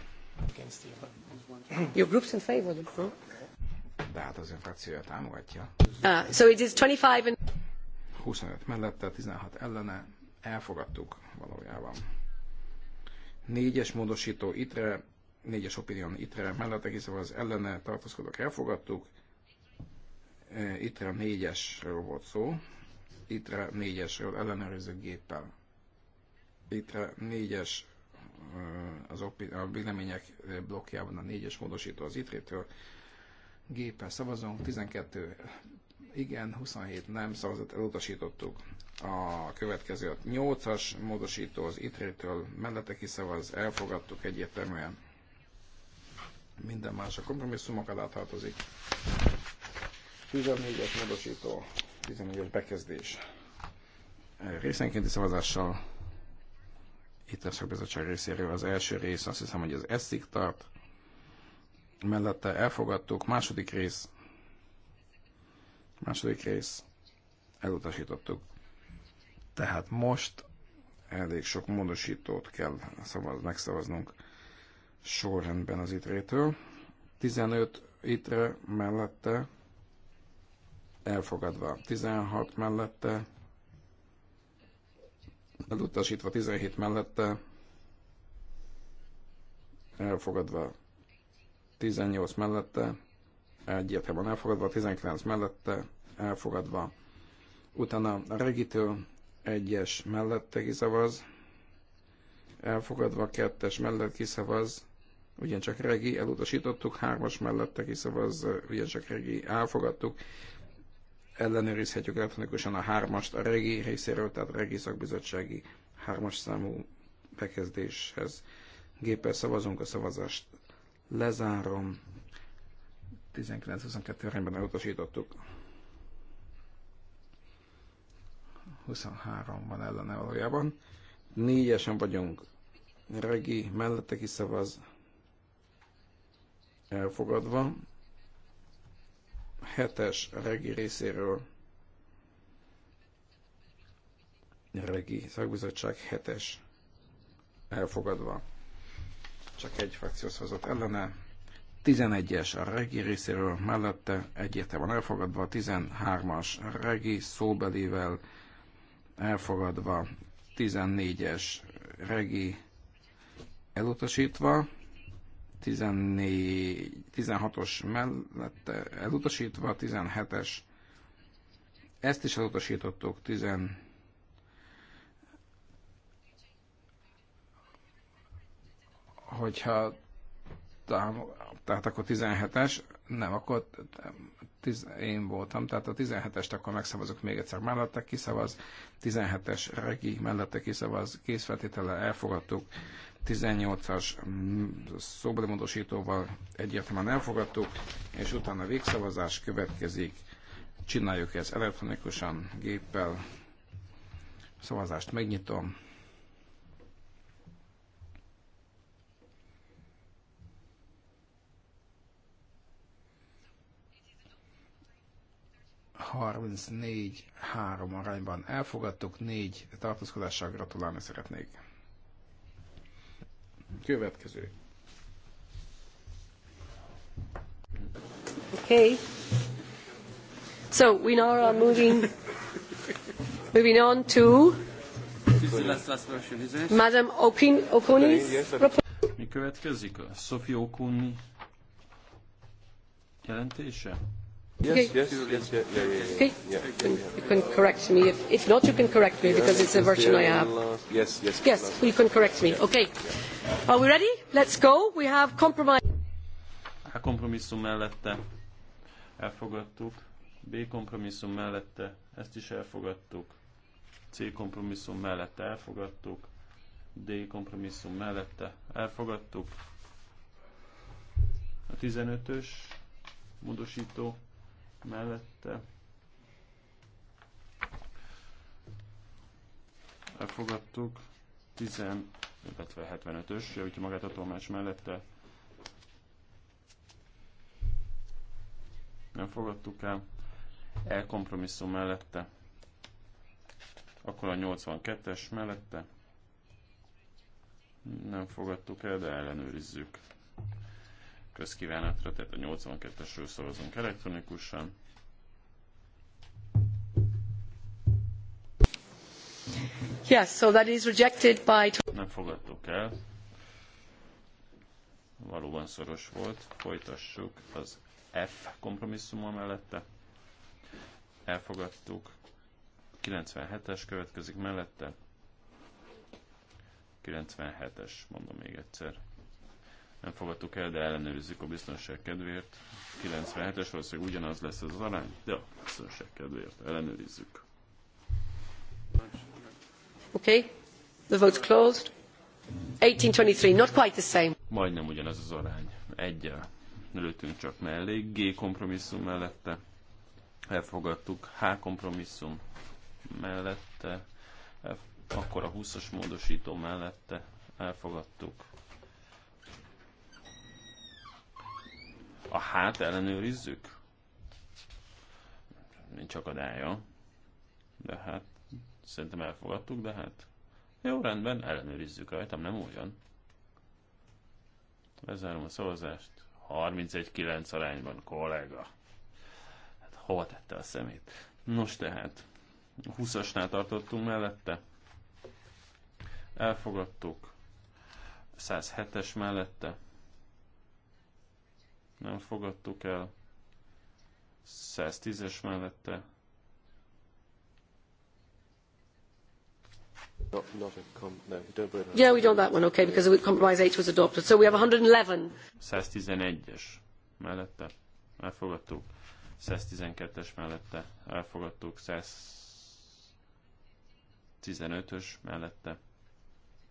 Your group's in favor, no? De hát az ön frakciója támogatja. Uh, so it is 25 and... 25 mellette, 16 ellene, elfogadtuk valójában. Négyes módosító itre, négyes opinion itre, mellette kiszava az ellene tartózkodók elfogadtuk. E, itre négyesről volt szó, itre négyesről ellenőrző géppel. Itre négyes az opi, a vélemények blokkjában a négyes módosító az ITRÉ-től. Géppel szavazunk, 12 igen, 27 nem szavazat elutasítottuk. A következő a 8-as módosító az ITRÉ-től mellette kiszavaz, elfogadtuk egyértelműen. Minden más a kompromisszumok alá tartozik. 14-es módosító, 14-es bekezdés. Részenkénti szavazással itt a szakbizottság részéről az első rész, azt hiszem, hogy az eszik tart, mellette elfogadtuk, második rész, második rész, elutasítottuk. Tehát most elég sok módosítót kell szavaz, megszavaznunk sorrendben az itrétől. 15 itre mellette elfogadva, 16 mellette elutasítva 17 mellette, elfogadva 18 mellette, egyértelműen elfogadva 19 mellette, elfogadva. Utána a regitől egyes mellette kiszavaz, elfogadva kettes mellett kiszavaz, ugyancsak regi, elutasítottuk, hármas mellette kiszavaz, ugyancsak regi, elfogadtuk, ellenőrizhetjük elektronikusan a hármast a regi részéről, tehát a regi szakbizottsági hármas számú bekezdéshez géppel szavazunk, a szavazást lezárom. 19-22 arányban elutasítottuk. 23 van ellene valójában. Négyesen vagyunk. Regi mellette kiszavaz. Elfogadva hetes regi részéről. Regi szakbizottság hetes elfogadva. Csak egy frakciós hozott ellene. 11-es a regi részéről mellette egyértelműen elfogadva, 13-as regi szóbelivel elfogadva, 14-es regi elutasítva, 16-os mellett, elutasítva, 17-es, ezt is elutasítottuk, 10, hogyha tehát akkor 17-es, nem, akkor tiz, én voltam, tehát a 17-est akkor megszavazok még egyszer mellette, kiszavaz, 17-es regi mellette kiszavaz, készfeltétele elfogadtuk, 18-as szóbeli egyértelműen elfogadtuk, és utána végszavazás következik. Csináljuk ezt elektronikusan, géppel. Szavazást megnyitom. harmincnégy három arányban elfogadtuk, négy tartózkodással gratulálni szeretnék. Következő. Okay. So we now are moving moving on to Madam Okin Okuni's report. Mi következik a Sophie Okuni jelentése? Yes, yes, yes, yeah, yeah, yeah. Okay. Yeah. You, you can correct me. If, if not, you can correct me because it's a version I have. Last, yes, yes. Yes, you can correct me. Okay. Are we ready? Let's go. We have compromise. A kompromisszum mellette elfogadtuk. B kompromisszum mellette ezt is elfogadtuk. C kompromisszum mellette elfogadtuk. D kompromisszum mellette elfogadtuk. A 15-ös módosító mellette elfogadtuk, 10, illetve 75-ös, javítja magát a tolmács mellette, nem fogadtuk el, elkompromisszum mellette, akkor a 82-es mellette, nem fogadtuk el, de ellenőrizzük közkívánatra, tehát a 82-esről szavazunk elektronikusan. Yes, so that is rejected by... Nem fogadtuk el. Valóban szoros volt. Folytassuk az F kompromisszuma mellette. Elfogadtuk. 97-es következik mellette. 97-es, mondom még egyszer nem fogadtuk el, de ellenőrizzük a biztonság kedvéért. 97-es valószínűleg ugyanaz lesz az arány, de a biztonság kedvéért ellenőrizzük. Okay. The vote's closed. 1823, not quite the same. Majdnem ugyanaz az arány. Egyel Nőttünk csak mellé. G kompromisszum mellette elfogadtuk. H kompromisszum mellette, akkor a 20-as módosító mellette elfogadtuk A hát ellenőrizzük? Nincs akadálya. De hát, szerintem elfogadtuk, de hát... Jó, rendben, ellenőrizzük rajtam, nem olyan. Lezárom a szavazást. 31-9 arányban, kollega. Hát hova tette a szemét? Nos tehát, 20-asnál tartottunk mellette. Elfogadtuk. 107-es mellette nem fogadtuk el. 110-es mellette. Not, not a com- no, we don't yeah, we don't that one, okay, because the compromise 8 was adopted. So we have 111. 111-es mellette elfogadtuk. 112-es mellette elfogadtuk. 115-ös mellette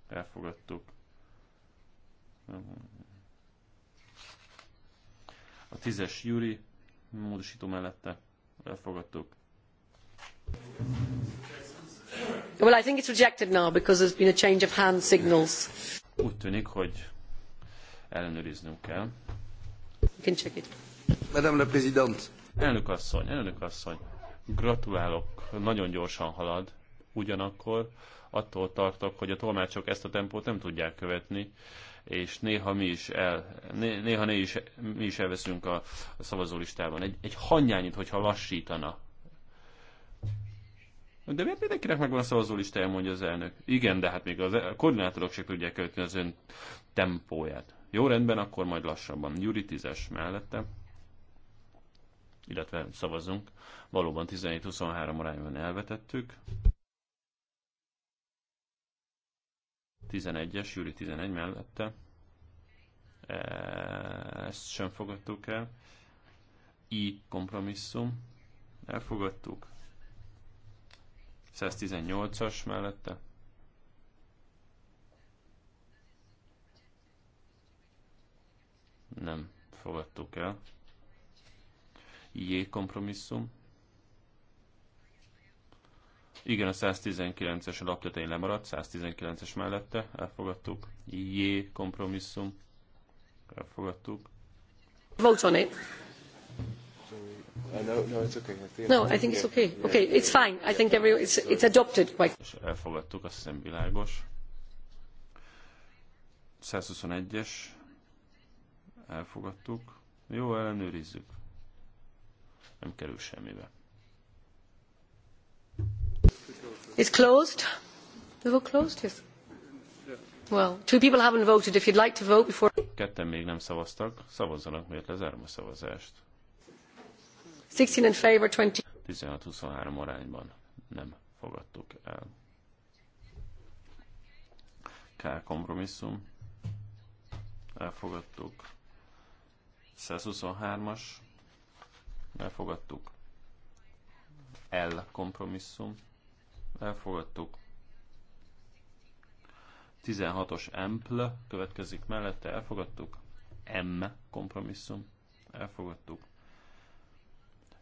elfogadtuk. A tízes Júri módosító mellette elfogadtuk. Well, I think it's rejected now because there's been a change of hand signals. Úgy tűnik, hogy ellenőriznünk kell. You can check it. Madame la Présidente. Elnök asszony, elnök asszony. Gratulálok, nagyon gyorsan halad. Ugyanakkor attól tartok, hogy a tolmácsok ezt a tempót nem tudják követni és néha mi is, el, néha né is, mi is elveszünk a, a szavazólistában. Egy, egy hanyányit hogyha lassítana. De miért mindenkinek megvan a szavazólistája, mondja az elnök. Igen, de hát még az, e- a koordinátorok se tudják követni az ön tempóját. Jó rendben, akkor majd lassabban. Gyuri tízes mellette illetve szavazunk Valóban 17-23 arányban elvetettük. 11-es, júli 11 mellette. E, ezt sem fogadtuk el. I kompromisszum. Elfogadtuk. 118-as mellette. Nem fogadtuk el. J kompromisszum. Igen, a 119-es a laptetején lemaradt, 119-es mellette elfogadtuk. Jé, kompromisszum. Elfogadtuk. Vote on it. Uh, no, I think it's okay. Okay, it's fine. I think every, it's, it's adopted. quite. És elfogadtuk, azt hiszem világos. 121-es. Elfogadtuk. Jó, ellenőrizzük. Nem kerül semmibe. It's closed. The vote closed? Yes. Well, two people haven't voted. If you'd like to vote before... Ketten még nem szavaztak. Szavazzanak, miért lezárom a szavazást. 16 in favor, 20... 16-23 arányban nem fogadtuk el. K kompromisszum. Elfogadtuk. 123-as. Elfogadtuk. L kompromisszum elfogadtuk. 16-os empl következik mellette, elfogadtuk. M kompromisszum, elfogadtuk.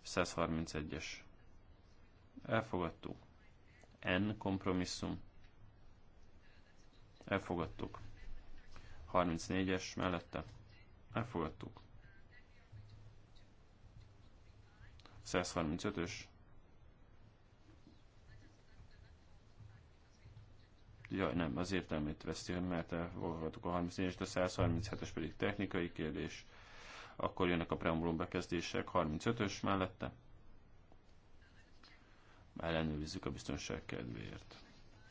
131-es, elfogadtuk. N kompromisszum, elfogadtuk. 34-es mellette, elfogadtuk. 135-ös, Jaj, nem, az értelmét veszti, mert elfogadtuk a 34 es a 137-es pedig technikai kérdés. Akkor jönnek a preambulum bekezdések, 35-ös mellette. Ellenőrizzük a biztonság kedvéért.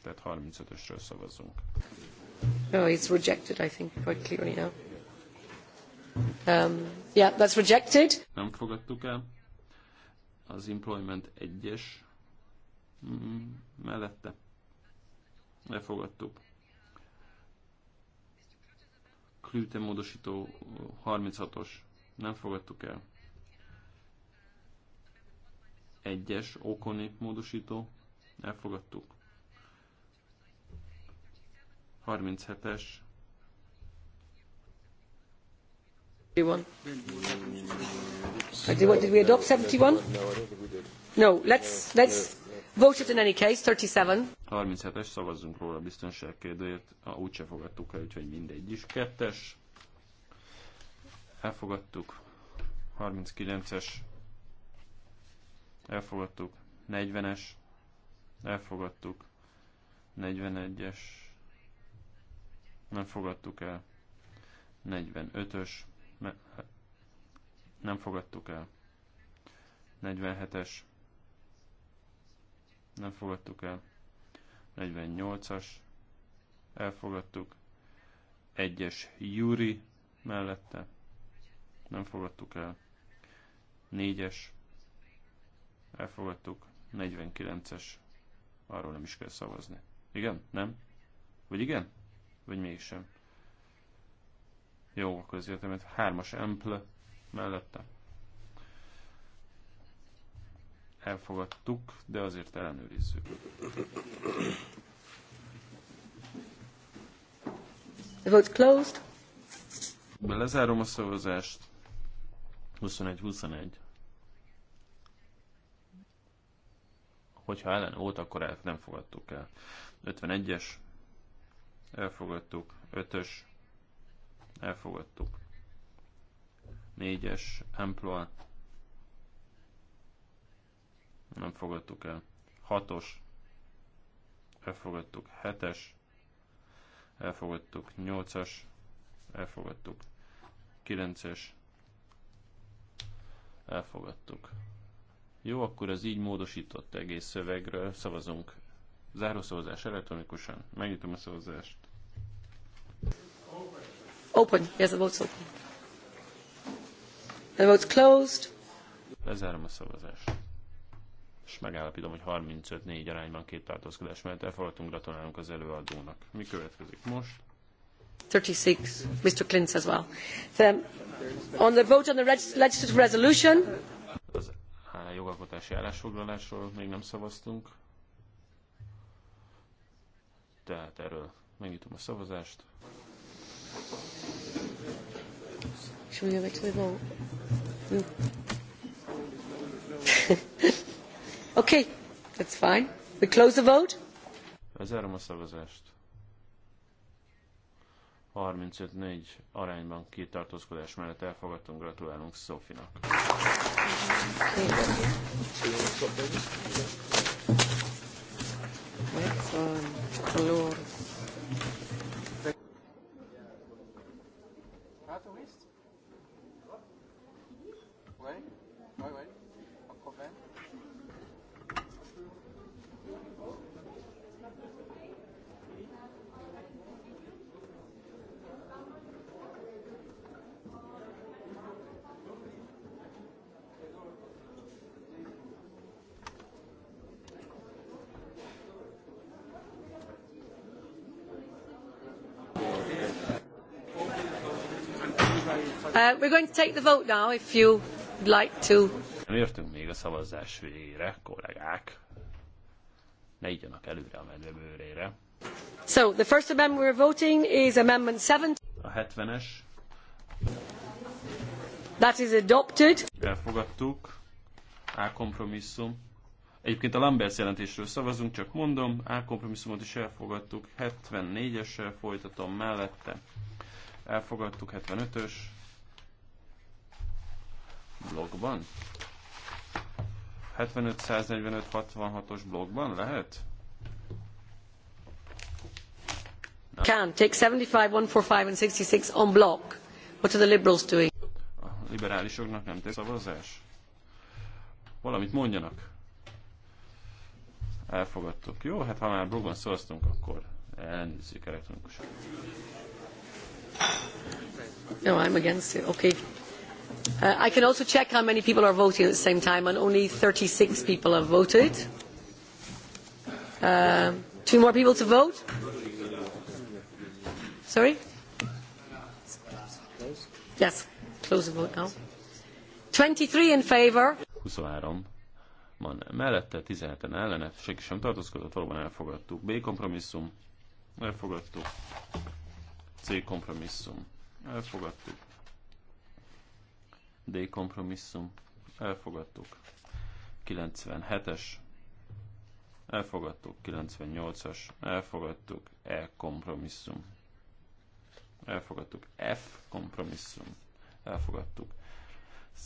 Tehát 35-ösről szavazunk. No, it's rejected, I think, quite clearly now. Um, yeah, that's rejected. Nem fogadtuk el. Az employment 1-es mm, mellette lefogadtuk. Klüte módosító 36-os. Nem fogadtuk el. Egyes Okoni módosító. Elfogadtuk. 37-es. What did we adopt 71? No, let's let's Voted in any case, 37. 37-es, szavazzunk róla a biztonság kérdőért. A, úgyse fogadtuk el, úgyhogy mindegy is. Kettes. Elfogadtuk. 39-es. Elfogadtuk. 40-es. Elfogadtuk. 41-es. Nem fogadtuk el. 45-ös. Nem fogadtuk el. 47-es nem fogadtuk el. 48-as, elfogadtuk. 1-es Yuri mellette, nem fogadtuk el. 4-es, elfogadtuk. 49-es, arról nem is kell szavazni. Igen? Nem? Vagy igen? Vagy mégsem? Jó, akkor az értelmet 3-as Ample mellette elfogadtuk, de azért ellenőrizzük. The vote closed. Belezárom a szavazást. 21-21. Hogyha ellen volt, akkor el, nem fogadtuk el. 51-es. Elfogadtuk. 5-ös. Elfogadtuk. 4-es. Employ nem fogadtuk el. 6-os, elfogadtuk. 7-es, elfogadtuk. 8-as, elfogadtuk. 9-es, elfogadtuk. Jó, akkor az így módosított egész szövegről szavazunk. Zárószavazás elektronikusan. Megnyitom a szavazást. Open. Yes, the vote's open. The vote's closed. Lezárom a szavazást és megállapítom, hogy 35-4 arányban két tartózkodás mellett elfogadtunk, gratulálunk az előadónak. Mi következik most? 36, Mr. Klintz as well. The, on the vote on the legislative resolution. Az jogalkotási állásfoglalásról még nem szavaztunk. Tehát erről megnyitom a szavazást. Should we go back to the vote? Okay, that's fine. We close the vote. Lezárom a szavazást. 35-4 arányban két tartózkodás mellett elfogadtunk. Gratulálunk Szófinak. What's um, on Uh, we're going to take the vote now, if you like to. Nem értünk még a szavazás végére, kollégák. Ne igyanak előre a medve So, the first amendment we're voting is amendment 7. A 70-es. That is adopted. Elfogadtuk. A kompromisszum. Egyébként a Lambert jelentésről szavazunk, csak mondom, A kompromisszumot is elfogadtuk, 74-essel folytatom mellette, elfogadtuk 75-ös, blogban? 75-145-66-os blogban lehet? Can take 75, 145 and 66 on block. What are the liberals doing? A liberálisoknak nem tesz szavazás? Valamit mondjanak. Elfogadtuk. Jó, hát ha már blogban szavaztunk, akkor elnézzük elektronikusan. No, I'm against it. Okay. Uh, I can also check how many people are voting at the same time, and only 36 people have voted. Uh, two more people to vote? Sorry? Yes, close the vote now. 23 in favour. 23 van mellette, 17 ellene, senki sem tartózkodott, valóban elfogadtuk. B kompromisszum, elfogadtuk. C kompromisszum, elfogadtuk. D kompromisszum, elfogadtuk. 97-es, elfogadtuk. 98-as, elfogadtuk. E kompromisszum, elfogadtuk. F kompromisszum, elfogadtuk.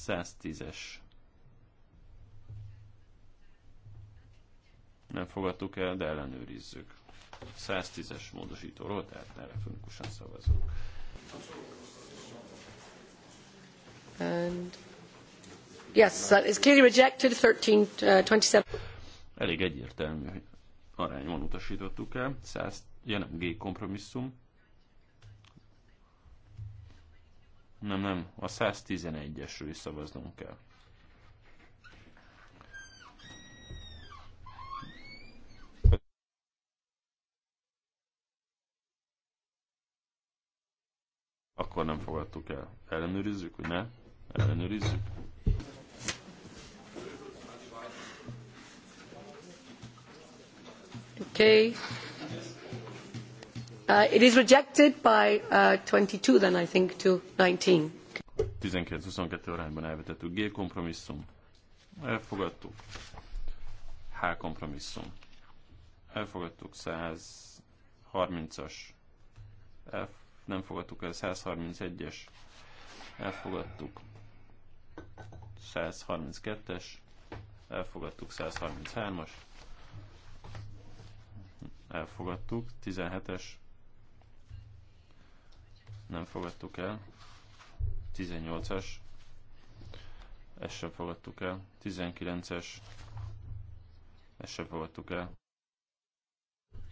110-es, nem fogadtuk el, de ellenőrizzük. 110-es módosítóról, tehát elektronikusan szavazunk. Uh, Elég egyértelmű arányban utasítottuk el. 100, ja G kompromisszum. Nem, nem, a 111-esről is szavaznunk kell. Akkor nem fogadtuk el. Ellenőrizzük, hogy ne? ellenőrizzük. Okay. Uh, it is rejected by uh, 22 then I think to 19. 19-22 arányban elvetettük G kompromisszum. Elfogadtuk. H kompromisszum. Elfogadtuk 130-as. Elf- nem fogadtuk el 131-es. Elfogadtuk 132-es, elfogadtuk 133-as, elfogadtuk 17-es, nem fogadtuk el, 18-as, ezt sem fogadtuk el, 19-es, ezt sem fogadtuk el,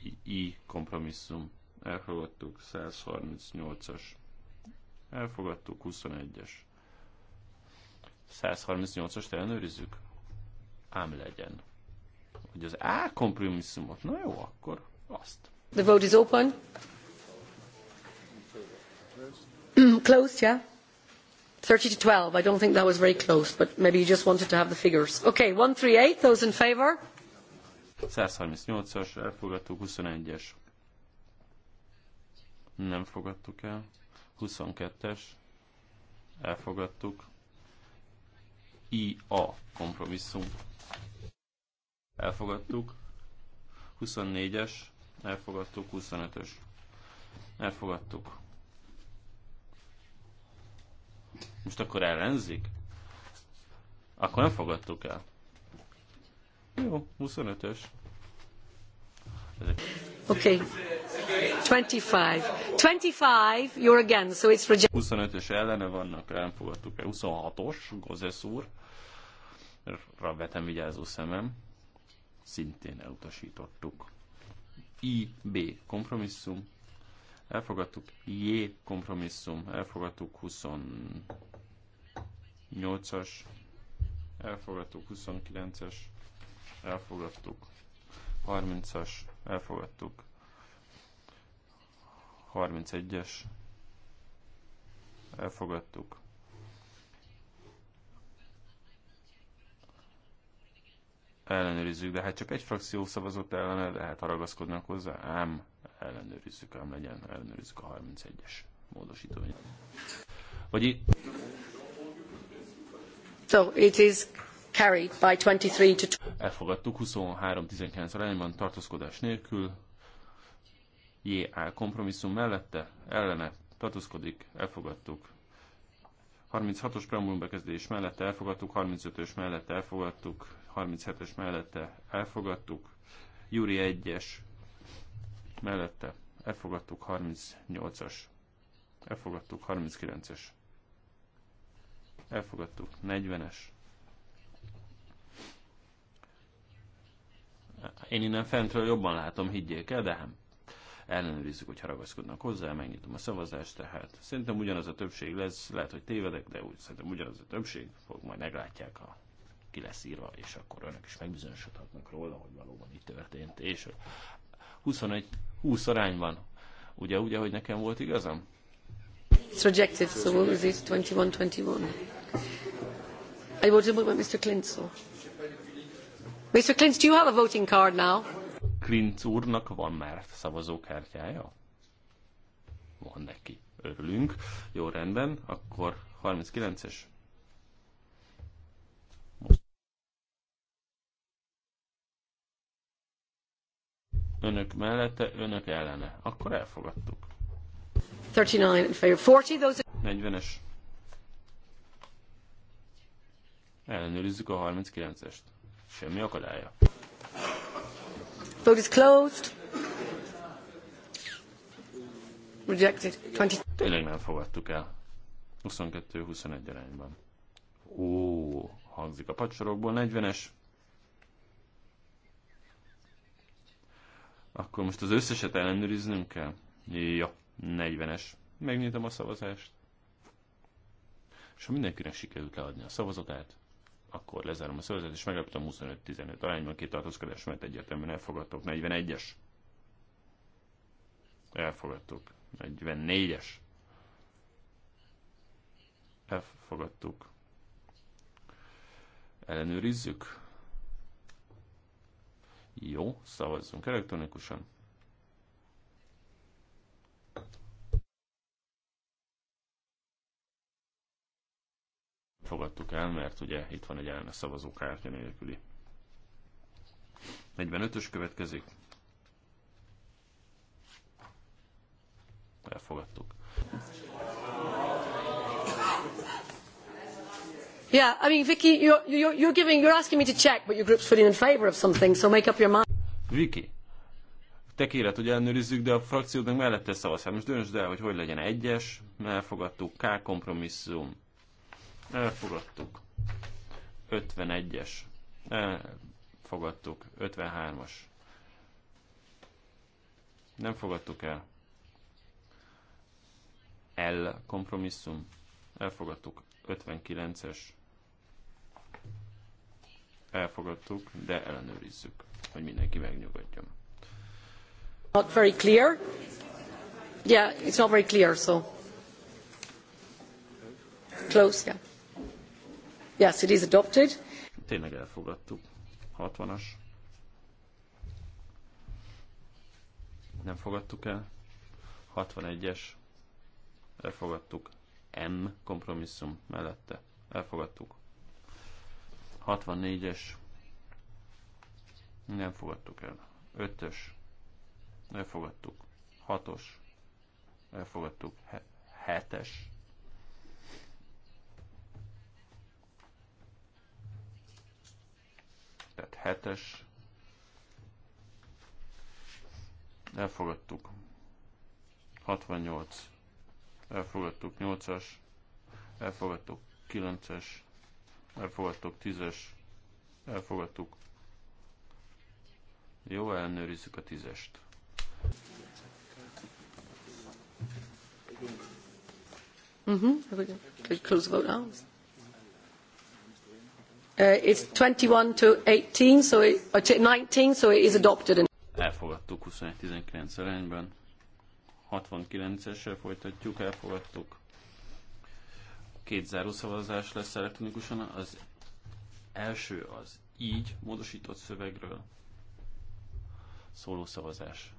I, I kompromisszum, elfogadtuk 138-as, elfogadtuk 21-es 138-ost ellenőrizzük? Ám legyen. Hogy az A kompromisszumot, na jó, akkor azt. The vote is open. Closed, yeah? 30 to 12. I don't think that was very close, but maybe you just wanted to have the figures. Okay, 138, those in favor? 138-as, elfogadtuk 21-es. Nem fogadtuk el. 22-es. Elfogadtuk. IA kompromisszum. Elfogadtuk. 24-es. Elfogadtuk. 25-ös. Elfogadtuk. Most akkor ellenzik? Akkor nem fogadtuk el. Jó, 25-ös. Oké. Okay. 25. 25, you're again, so it's rejected. 25-ös ellene vannak, elfogadtuk el. 26-os, Gozes úr. Rabbetem vigyázó szemem. Szintén elutasítottuk. I, B kompromisszum, elfogadtuk J kompromisszum, elfogadtuk 28-as, elfogadtuk 29-es, elfogadtuk 30-as, elfogadtuk 31-es elfogadtuk. Ellenőrizzük, de hát csak egy frakció szavazott ellene, de hát ragaszkodnak hozzá, ám ellenőrizzük, ám legyen, ellenőrizzük a 31-es módosítóját. Vagy itt... So it is carried by 23 to... Elfogadtuk 23-19 arányban, tartózkodás nélkül, JA kompromisszum mellette ellene tartózkodik, elfogadtuk. 36-os preambulum bekezdés mellette elfogadtuk, 35-ös mellette elfogadtuk, 37-es mellette elfogadtuk, Júri 1-es mellette elfogadtuk, 38-as, elfogadtuk, 39-es, elfogadtuk, 40-es. Én innen fentről jobban látom, higgyék el, de nem ellenőrizzük, hogy ragaszkodnak hozzá, megnyitom a szavazást, tehát szerintem ugyanaz a többség lesz, lehet, hogy tévedek, de úgy szerintem ugyanaz a többség, fog majd meglátják a ki lesz írva, és akkor önök is megbizonyosodhatnak róla, hogy valóban mi történt, és 21-20 arányban, ugye, ugye, hogy nekem volt igazam? It's rejected, so what was it? 21-21. I voted by Mr. Klintz. Mr. Klintz, do you have a voting card now? Klinc úrnak van már szavazókártyája? Van neki. Örülünk. Jó, rendben. Akkor 39-es. Most. Önök mellette, önök ellene. Akkor elfogadtuk. 39 40 40-es. Ellenőrizzük a 39-est. Semmi akadálya. Vote is closed. Rejected. 20. Tényleg nem fogadtuk el. 22-21 arányban. Ó, hangzik a pacsorokból. 40-es. Akkor most az összeset ellenőriznünk kell? Ja, 40-es. Megnyitom a szavazást. És ha mindenkinek sikerült leadni a szavazatát, akkor lezárom a szavazatot, és megállapítom 25-15 arányban két tartózkodás, mert egyértelműen elfogadtok. 41-es. Elfogadtuk. 44-es. Elfogadtuk. Ellenőrizzük. Jó, szavazzunk elektronikusan. fogadtuk el, mert ugye itt van egy elme szavazókártya nélküli. 45-ös következik. Elfogadtuk. Yeah, I mean, Vicky, you're, you're, you're giving, you're asking me to check, but your group's voting in favour of something, so make up your mind. Vicky, te kéred, hogy ellenőrizzük, de a frakciódnak mellette szavaz. Hát most döntsd el, hogy hogy legyen egyes, elfogadtuk, K kompromisszum, elfogadtuk. 51-es, elfogadtuk. 53-as, nem fogadtuk el. El kompromisszum, elfogadtuk. 59-es, elfogadtuk, de ellenőrizzük, hogy mindenki megnyugodjon. Not very clear. Yeah, it's not very clear, so. Close, yeah. Yes, it is adopted. Tényleg elfogadtuk. 60-as. Nem fogadtuk el. 61-es. Elfogadtuk. M kompromisszum mellette. Elfogadtuk. 64-es. Nem fogadtuk el. 5-ös. Elfogadtuk. 6-os. Elfogadtuk. 7-es tehát hetes. Elfogadtuk. 68. Elfogadtuk 8-as. Elfogadtuk 9-es. Elfogadtuk 10-es. Elfogadtuk. Jó, ellenőrizzük a 10-est. Mm-hmm. Close vote out. Uh, it's 21 to 18, so it, or 19, so it is adopted. Elfogadtuk 21-19 arányban. 69-essel folytatjuk, elfogadtuk. Két szavazás lesz elektronikusan. Az első az így módosított szövegről szóló szavazás.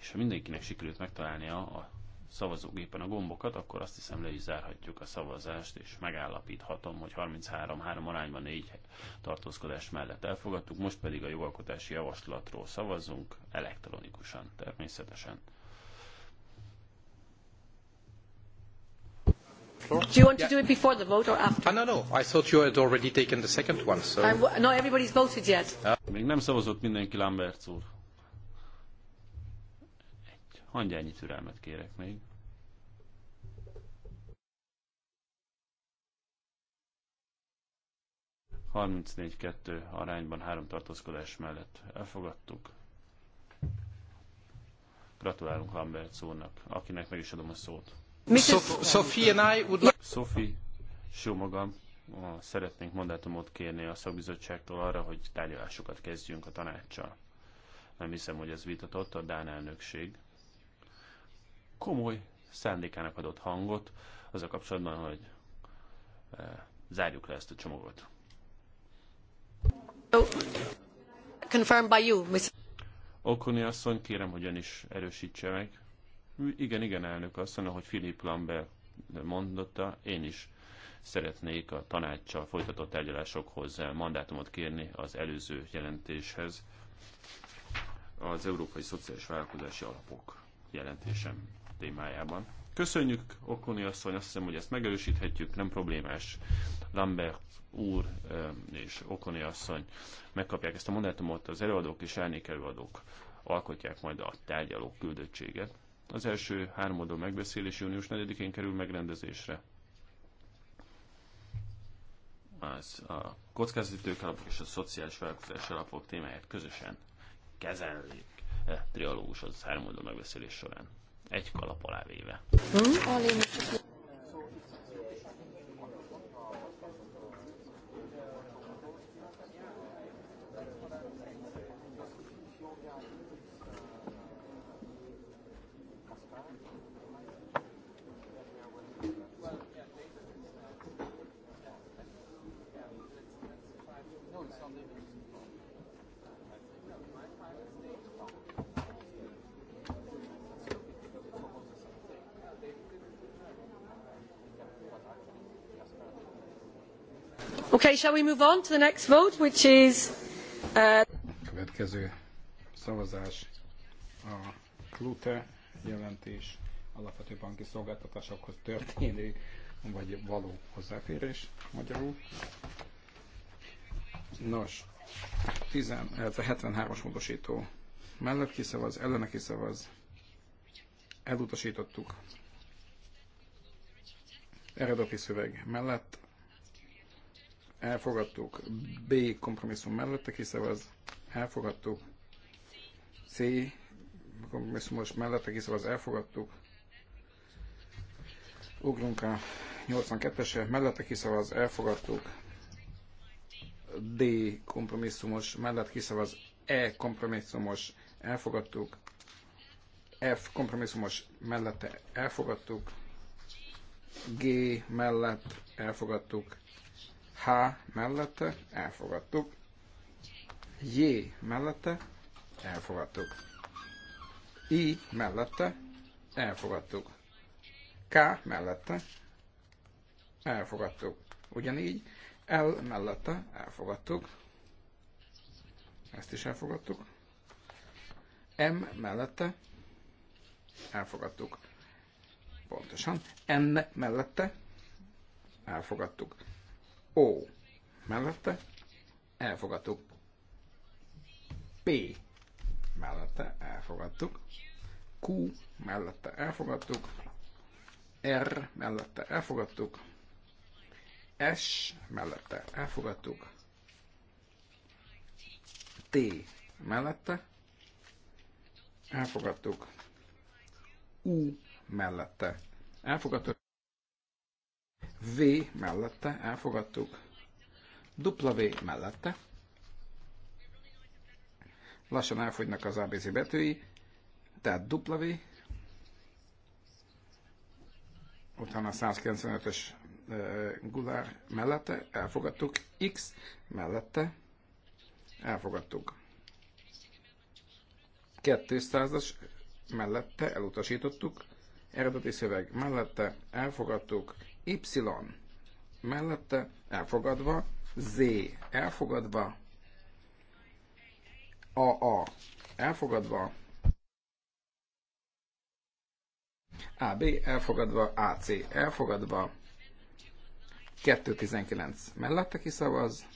És ha mindenkinek sikerült megtalálnia a szavazógépen a gombokat, akkor azt hiszem le is zárhatjuk a szavazást, és megállapíthatom, hogy 33-3 arányban 4 tartózkodás mellett elfogadtuk, most pedig a jogalkotási javaslatról szavazzunk, elektronikusan természetesen. Do you want to do it before the vote or after? Uh, no, no. I thought you had already taken the second one, so... no, everybody's voted yet. Még nem szavazott mindenki, Lambert úr. Hangyányi türelmet kérek még. kettő arányban három tartózkodás mellett elfogadtuk. Gratulálunk Lambert szónak, akinek meg is adom a szót. Sophie and I would like... Sophie, jó magam, szeretnénk mandátumot kérni a szakbizottságtól arra, hogy tárgyalásokat kezdjünk a tanácssal. Nem hiszem, hogy ez vitatott a Dán elnökség komoly szándékának adott hangot az a kapcsolatban, hogy e, zárjuk le ezt a csomagot. Confirmed by you, Mr. Okoni asszony, kérem, hogy ön is erősítse meg. Igen, igen, elnök asszony, ahogy Philip Lambert mondotta, én is szeretnék a tanácssal folytatott tárgyalásokhoz mandátumot kérni az előző jelentéshez, az Európai Szociális Vállalkozási Alapok jelentésem témájában. Köszönjük, Okoni asszony, azt hiszem, hogy ezt megerősíthetjük, nem problémás. Lambert úr és Okoni asszony megkapják ezt a mandátumot, az előadók és előadók alkotják majd a tárgyalók küldöttséget. Az első háromadó megbeszélés június 4-én kerül megrendezésre. Az a kockázatítők alapok és a szociális vállalkozás alapok témáját közösen kezelik e trialógus az háromadó megbeszélés során egy kalap alá véve. Hm? Következő szavazás a Klute jelentés alapvető banki szolgáltatásokhoz történő vagy való hozzáférés magyarul. Nos, 10, 73-as módosító mellett kiszavaz, ellene kiszavaz, elutasítottuk. Eredeti szöveg mellett elfogadtuk. B kompromisszum mellette kiszavaz, elfogadtuk. C kompromisszumos mellette kiszavaz, elfogadtuk. Ugrunk a 82-esre, mellette kiszavaz, elfogadtuk. D kompromisszumos mellett kiszavaz, E kompromisszumos, elfogadtuk. F kompromisszumos mellette elfogadtuk. G mellett elfogadtuk. H mellette elfogadtuk. J mellette elfogadtuk. I mellette elfogadtuk. K mellette elfogadtuk. Ugyanígy L mellette elfogadtuk. Ezt is elfogadtuk. M mellette elfogadtuk. Pontosan. N mellette elfogadtuk. O. Mellette elfogadtuk. P. Mellette elfogadtuk. Q. Mellette elfogadtuk. R. Mellette elfogadtuk. S. Mellette elfogadtuk. T. Mellette elfogadtuk. U. Mellette elfogadtuk. V mellette elfogadtuk. W mellette. Lassan elfogynak az ABC betűi, tehát W, utána a 195-ös gulár mellette elfogadtuk, X mellette elfogadtuk. 200-as mellette elutasítottuk, eredeti szöveg mellette elfogadtuk, Y mellette elfogadva, Z elfogadva, AA elfogadva, AB elfogadva, AC elfogadva, 219 mellette kiszavaz,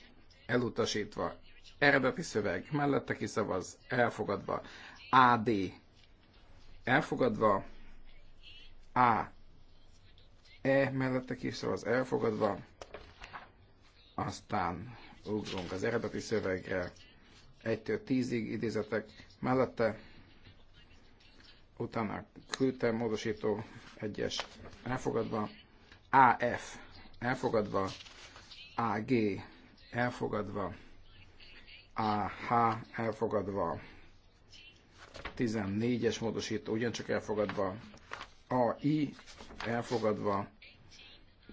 elutasítva, eredeti szöveg mellette kiszavaz, elfogadva, AD elfogadva, A E mellette az elfogadva, aztán ugrunk az eredeti szövegre, 1-től 10-ig idézetek mellette, utána küldtem módosító egyes elfogadva, AF elfogadva, AG elfogadva, AH elfogadva, 14-es módosító ugyancsak elfogadva, AI elfogadva,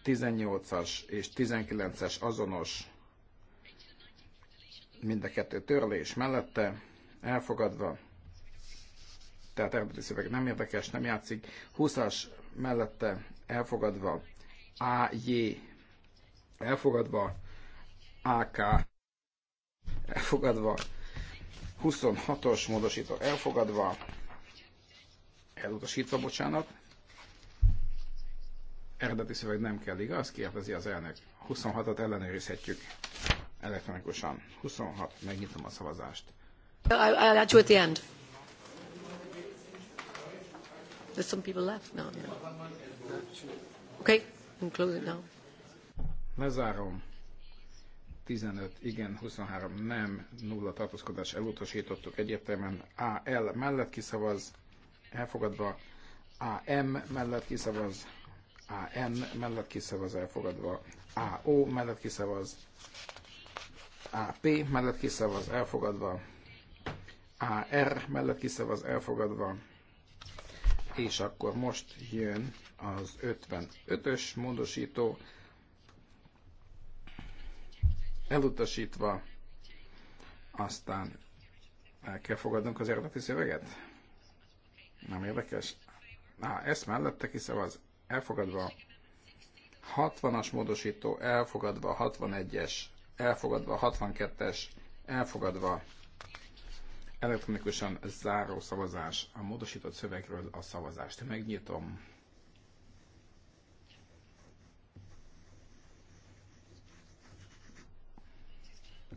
18-as és 19-es azonos mind a kettő törlés mellette, elfogadva, tehát eredeti szöveg nem érdekes, nem játszik, 20-as mellette elfogadva, AJ elfogadva, AK elfogadva, 26-os módosító elfogadva, elutasítva, bocsánat, eredeti szöveg nem kell, igaz? Kérdezi az elnök. 26-at ellenőrizhetjük elektronikusan. 26. Megnyitom a szavazást. at the end. There's some people left now. Yeah. Okay, I'm now. Lezárom. 15, igen, 23, nem, nulla tartózkodás elutasítottuk egyértelműen. AL mellett kiszavaz, elfogadva. AM mellett kiszavaz, AN mellett kiszavaz elfogadva, AO mellett kiszavaz, AP mellett kiszavaz elfogadva, AR mellett kiszavaz elfogadva, és akkor most jön az 55-ös módosító, elutasítva, aztán el kell fogadnunk az eredeti szöveget? Nem érdekes? Na, ezt mellette kiszavaz elfogadva. 60-as módosító elfogadva, 61-es elfogadva, 62-es elfogadva. Elektronikusan záró szavazás a módosított szövegről a szavazást. Megnyitom.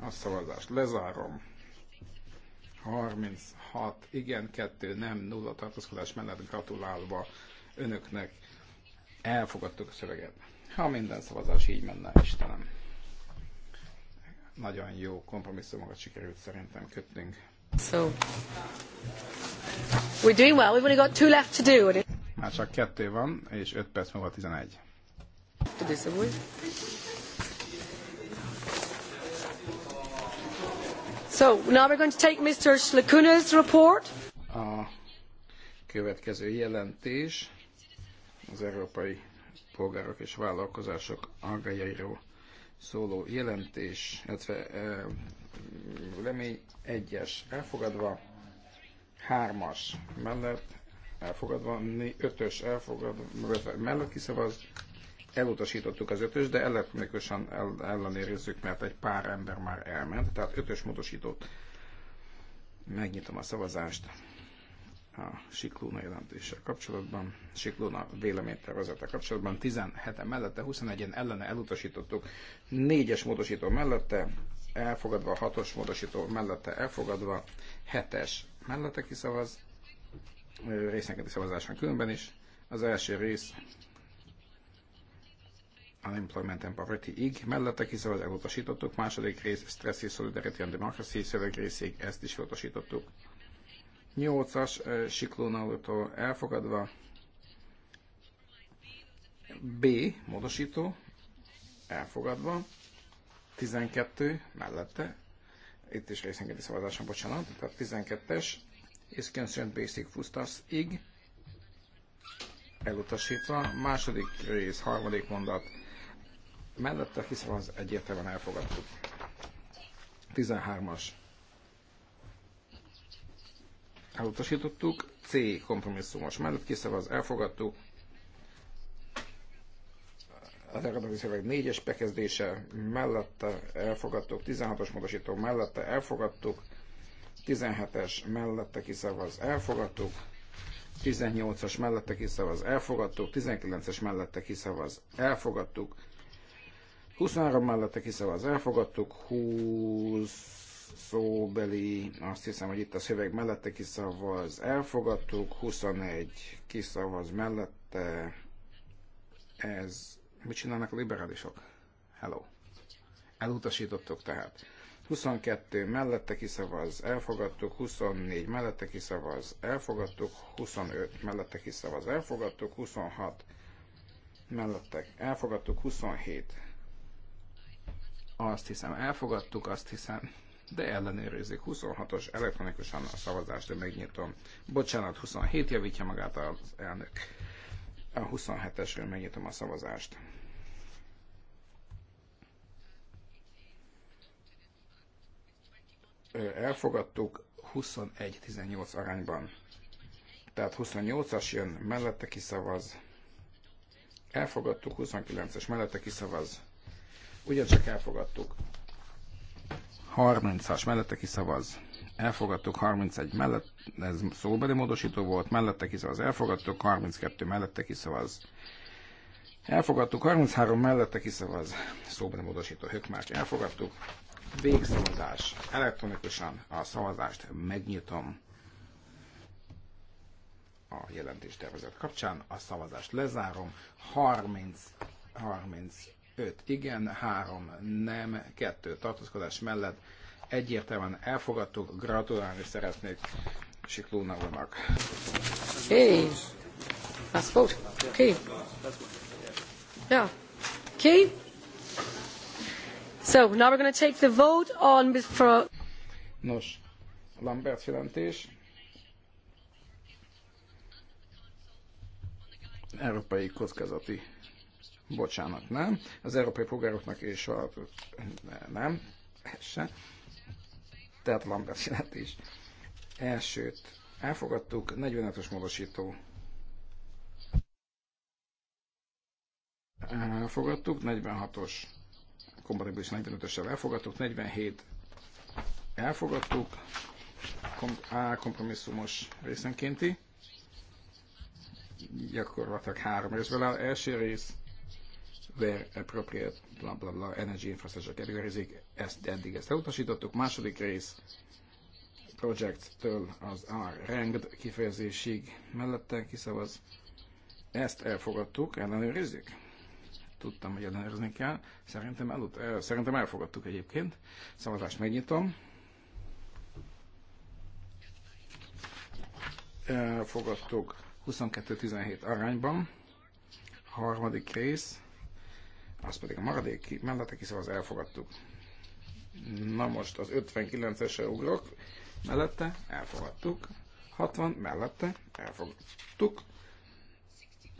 A szavazást lezárom. 36, igen, 2, nem, nulla tartózkodás mellett gratulálva önöknek Elfogadtuk a szöveget. Ha minden szavazás így menne, Istenem. Nagyon jó kompromisszumokat sikerült szerintem kötnünk. So, we're doing well. We've only got two left to do. Már csak kettő van, és öt perc múlva tizenegy. So now we're going to take Mr. Lacuna's report. A következő jelentés az európai polgárok és vállalkozások aggájairól szóló jelentés, illetve lemény egyes elfogadva, hármas mellett elfogadva, ötös elfogadva, mellett kiszavaz, elutasítottuk az ötös, de elektronikusan el, ellenőrizzük, mert egy pár ember már elment, tehát ötös módosított. Megnyitom a szavazást a Siklóna jelentéssel kapcsolatban, Siklóna véleménytervezete kapcsolatban 17-en mellette, 21-en ellene elutasítottuk, 4-es módosító mellette, elfogadva, 6-os módosító mellette, elfogadva, 7-es mellette kiszavaz, részenkedi szavazáson különben is. Az első rész Unemployment and Poverty-ig, mellette kiszavaz elutasítottuk, második rész Stressy Solidarity and Democracy szövegrészig, ezt is elutasítottuk. 8-as Siklónautól elfogadva. B. Módosító. Elfogadva. 12 mellette. Itt is részengedi szavazáson, bocsánat. Tehát 12-es. és concerned basic foodstuffs. Ig. Elutasítva. Második rész, harmadik mondat. Mellette, hiszen az egyértelműen elfogadtuk. 13-as elutasítottuk, C kompromisszumos mellett kiszavaz, elfogadtuk. Az eredeti szöveg 4-es bekezdése mellette elfogadtuk, 16-os módosító mellette elfogadtuk, 17-es mellette kiszavaz, elfogadtuk, 18-as mellette kiszavaz, elfogadtuk, 19-es mellette kiszavaz, elfogadtuk, 23 mellette kiszavaz, elfogadtuk, 20 szóbeli, azt hiszem, hogy itt a szöveg mellette kiszavaz, elfogadtuk, 21 kiszavaz mellette, ez, mit csinálnak a liberálisok? Hello. Elutasítottuk tehát. 22 mellette kiszavaz, elfogadtuk, 24 mellette kiszavaz, elfogadtuk, 25 mellette kiszavaz, elfogadtuk, 26 mellette elfogadtuk, 27 azt hiszem elfogadtuk, azt hiszem de ellenőrizik 26-os elektronikusan a szavazást, de megnyitom. Bocsánat, 27 javítja magát az elnök. A 27-esről megnyitom a szavazást. Elfogadtuk 21-18 arányban. Tehát 28-as jön, mellette kiszavaz. Elfogadtuk, 29-es mellette kiszavaz. Ugyancsak elfogadtuk. 30-as mellette kiszavaz, elfogadtuk 31 mellett, ez szóbeli módosító volt, mellette kiszavaz, elfogadtuk 32 mellette kiszavaz. Elfogadtuk 33 mellette kiszavaz, szóbeli módosító hökmács, elfogadtuk. Végszavazás. Elektronikusan a szavazást megnyitom a jelentéstervezet kapcsán. A szavazást lezárom. 30, 30 5 igen, 3 nem, 2 tartózkodás mellett egyértelműen elfogadtuk, gratulálni szeretnék Siklóna úrnak. Hey, that's good. Okay. Yeah. Okay. So now we're going to take the vote on for... Nos, Lambert jelentés. Európai kockázati bocsánat, nem, az európai polgároknak és a... nem, ez se. Tehát Lambert is. Elsőt elfogadtuk, 45-ös módosító. Elfogadtuk, 46-os kompatibilis 45-ösel elfogadtuk, 47 elfogadtuk, kom, A kompromisszumos részenkénti, gyakorlatilag három részből áll. Első rész where appropriate, bla bla bla, energy infrastructure categorizing, ezt eddig ezt elutasítottuk. Második rész project-től az R ranked kifejezésig mellette kiszavaz. Ezt elfogadtuk, ellenőrizzük. Tudtam, hogy ellenőrizni kell. Szerintem, elut- el, eh, szerintem elfogadtuk egyébként. Szavazást megnyitom. Elfogadtuk 22-17 arányban. Harmadik rész az pedig a maradék mellette kiszavaz elfogadtuk. Na most az 59-esre ugrok, mellette elfogadtuk, 60 mellette elfogadtuk,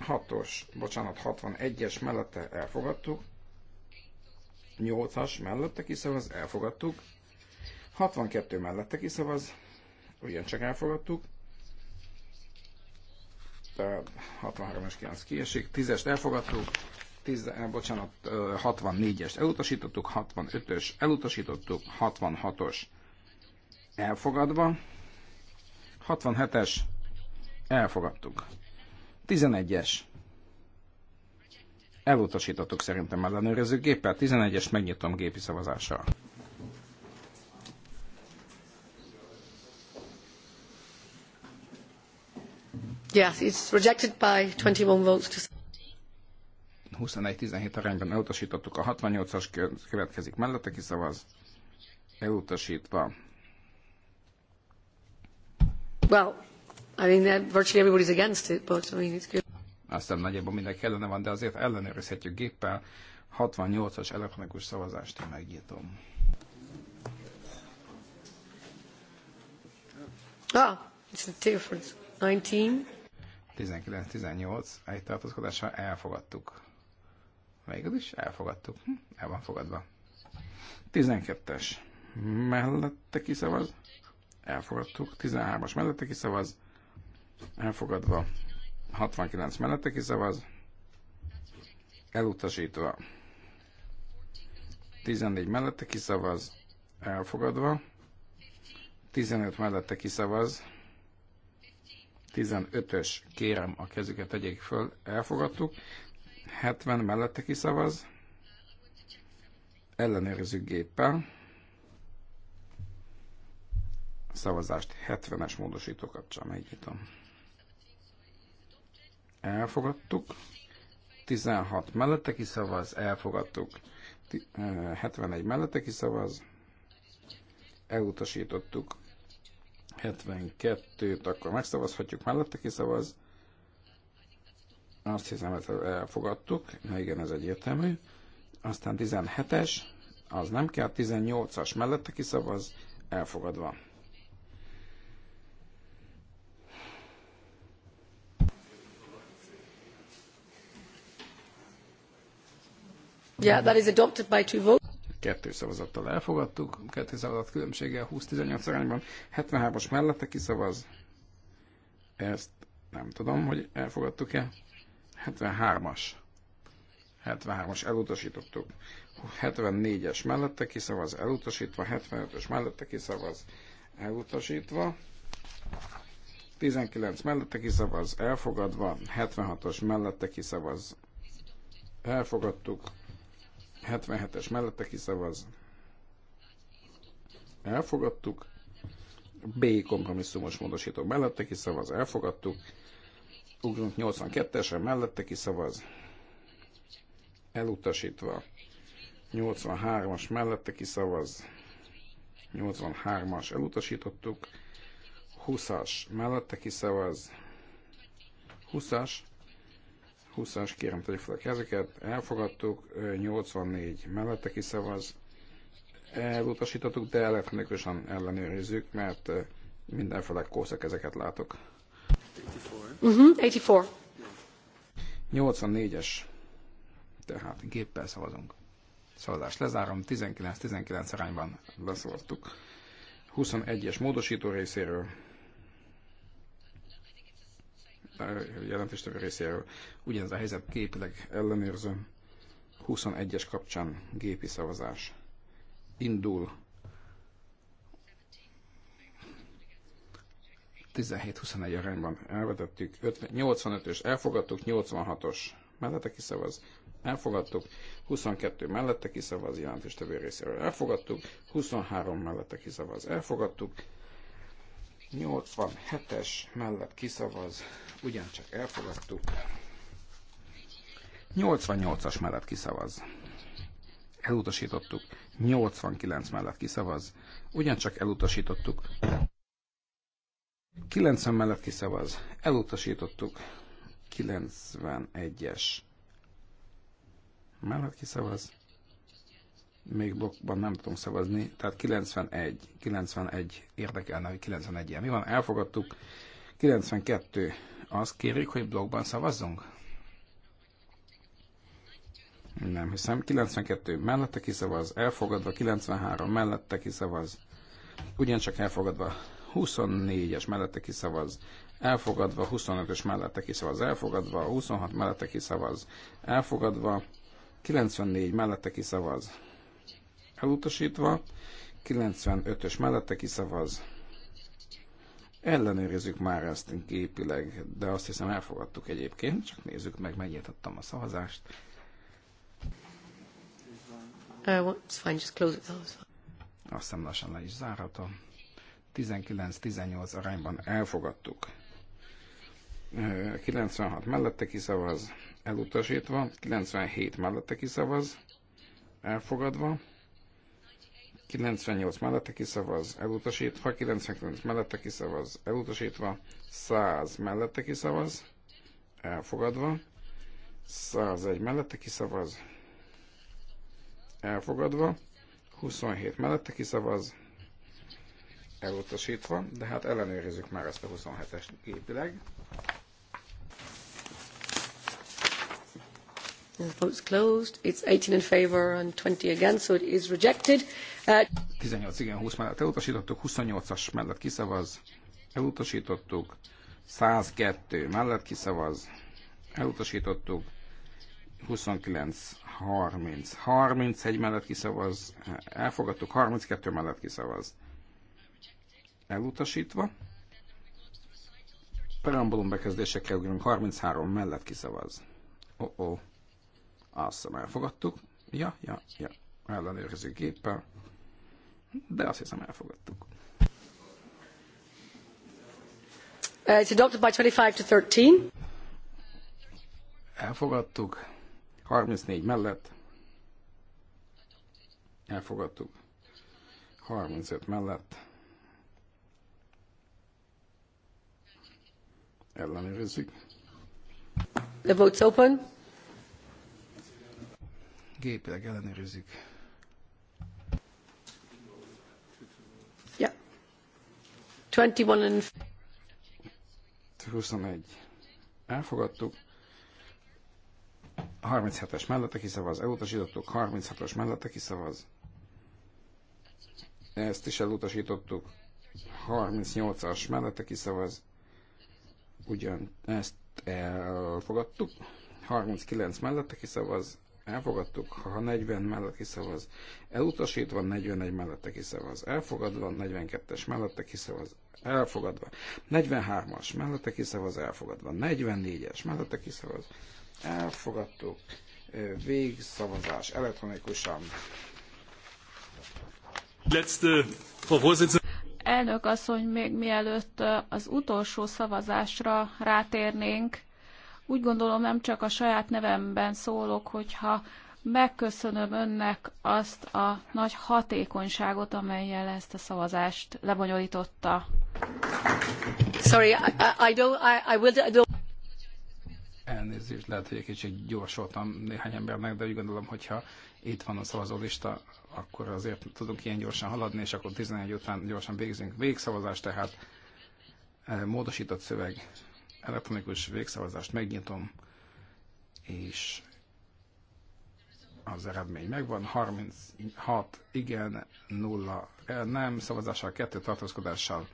6-os, bocsánat, 61-es mellette elfogadtuk, 8-as mellette kiszavaz, elfogadtuk, 62 mellette kiszavaz, ugyancsak elfogadtuk, Tehát 63 es 9 kiesik, 10-est elfogadtuk, 10, eh, bocsánat, 64 eh, es elutasítottuk, 65-ös elutasítottuk, 66-os elfogadva, 67-es elfogadtuk, 11-es elutasítottuk szerintem ellenőrző géppel, 11-es megnyitom gépi szavazással. Yes, it's rejected by 21 votes to 21-17 arányban elutasítottuk a 68-as következik mellette, ki szavaz elutasítva. Well, I mean, uh, virtually everybody's against it, but I mean, it's good. Aztán nagyjából mindenki ellene van, de azért ellenőrizhetjük géppel. 68-as elektronikus szavazást én megnyitom. Ah, it's a difference. 19. 19-18, egy tartózkodással elfogadtuk. Végül is elfogadtuk. Hm, el van fogadva. 12-es mellette kiszavaz. Elfogadtuk. 13-as mellette kiszavaz. Elfogadva. 69 mellette kiszavaz. Elutasítva. 14 mellette kiszavaz. Elfogadva. 15 mellette kiszavaz. 15-ös, kérem a kezüket tegyék föl, elfogadtuk. 70 mellette kiszavaz. Ellenőrizzük géppel. Szavazást 70-es módosító kapcsán megnyitom. Elfogadtuk. 16 mellette kiszavaz, elfogadtuk. 71 eh, mellette kiszavaz, elutasítottuk. 72-t akkor megszavazhatjuk, mellette kiszavaz, azt hiszem, ezt elfogadtuk. Na igen, ez egyértelmű. Aztán 17-es, az nem kell, 18-as mellette kiszavaz, elfogadva. Yeah, that is adopted by two votes. Kettő szavazattal elfogadtuk, kettő szavazat különbséggel 20-18 arányban, 73-as mellette kiszavaz. Ezt nem tudom, hogy elfogadtuk-e. 73-as. 73-as elutasítottuk. 74-es mellette kiszavaz elutasítva, 75-ös mellette kiszavaz elutasítva. 19 mellette kiszavaz elfogadva, 76-os mellette kiszavaz elfogadtuk, 77-es mellette kiszavaz elfogadtuk, B kompromisszumos módosító mellette kiszavaz elfogadtuk, ugrunk 82-esre, mellette kiszavaz. Elutasítva. 83-as mellette kiszavaz. 83-as elutasítottuk. 20-as mellette kiszavaz. 20-as. 20-as, kérem tegyük fel a kezeket. Elfogadtuk. 84 mellette kiszavaz. Elutasítottuk, de elektronikusan ellenőrizzük, mert mindenféle kószak ezeket látok. 84. Mm-hmm. 84-es. Tehát géppel szavazunk. Szavazást lezárom. 19-19 arányban leszavaztuk. 21-es módosító részéről jelentéstevő részéről ugyanez a helyzet képileg ellenőrzöm. 21-es kapcsán gépi szavazás indul 17-21 arányban elvetettük, 85-ös elfogadtuk, 86-os mellette kiszavaz, elfogadtuk, 22 mellette kiszavaz, jelentéstevő részéről elfogadtuk, 23 mellette kiszavaz, elfogadtuk, 87-es mellett kiszavaz, ugyancsak elfogadtuk, 88-as mellett kiszavaz, elutasítottuk, 89 mellett kiszavaz, ugyancsak elutasítottuk, 90 mellett kiszavaz. Elutasítottuk. 91-es. Mellett kiszavaz. Még blokkban nem tudunk szavazni. Tehát 91. 91 érdekelne, hogy 91 ilyen. Mi van? Elfogadtuk. 92. Azt kérjük, hogy blokkban szavazzunk? Nem hiszem. 92 mellette kiszavaz, elfogadva. 93 mellette kiszavaz. Ugyancsak elfogadva. 24-es mellette kiszavaz, elfogadva, 25-ös mellette kiszavaz, elfogadva, 26 mellette kiszavaz, elfogadva, 94 mellette kiszavaz, elutasítva, 95-ös mellette kiszavaz, ellenőrizzük már ezt gépileg, de azt hiszem elfogadtuk egyébként, csak nézzük meg, megnyitottam a szavazást. Uh, azt hiszem lassan le is zárhatom. 19-18 arányban elfogadtuk. 96 mellette kiszavaz, elutasítva, 97 mellette kiszavaz, elfogadva, 98 mellette kiszavaz, elutasítva, 99 mellette kiszavaz, elutasítva, 100 mellette kiszavaz, elfogadva, 101 mellette kiszavaz, elfogadva, 27 mellette kiszavaz, elutasítva, de hát ellenőrizzük már ezt a 27-es gépileg. The vote's closed. It's 18 in favor and 20 against, so it is rejected. Uh... 18 igen, 20 mellett elutasítottuk, 28-as mellett kiszavaz, elutasítottuk, 102 mellett kiszavaz, elutasítottuk, 29, 30, 31 mellett kiszavaz, elfogadtuk, 32 mellett kiszavaz elutasítva. Perambulum bekezdésekre ugrunk, 33 mellett kiszavaz. Ó, oh -oh. azt hiszem elfogadtuk. Ja, ja, ja, ellenőrző géppel, de azt hiszem elfogadtuk. Uh, it's adopted by 25 to 13. Elfogadtuk. 34 mellett. Elfogadtuk. 35 mellett Ellenőrizzük. The vote's open. Gépileg ellenőrizzük. Yeah. 21 and... 21. Elfogadtuk. 37-es mellette kiszavaz, elutasítottuk, 36-os mellette kiszavaz. Ezt is elutasítottuk. 38-as mellette kiszavaz, ugyan ezt elfogadtuk, 39 mellette kiszavaz, elfogadtuk, ha 40 mellett kiszavaz, elutasítva 41 mellette kiszavaz, elfogadva 42-es mellette kiszavaz, elfogadva, 43-as mellette kiszavaz, elfogadva, 44-es mellette kiszavaz, elfogadtuk, végszavazás elektronikusan. Letzte, Frau Vorsitzende. Elnök asszony, még mielőtt az utolsó szavazásra rátérnénk, úgy gondolom nem csak a saját nevemben szólok, hogyha megköszönöm önnek azt a nagy hatékonyságot, amelyel ezt a szavazást lebonyolította. Sorry, I, I, don't, I, I will, don't... Elnézést, lehet, hogy egy kicsit gyorsoltam néhány embernek, de úgy gondolom, hogyha itt van a szavazólista, akkor azért tudunk ilyen gyorsan haladni, és akkor 11 után gyorsan végzünk. Végszavazás tehát e, módosított szöveg, elektronikus végszavazást megnyitom, és az eredmény megvan. 36 igen, 0 nem, szavazással, 2 tartózkodással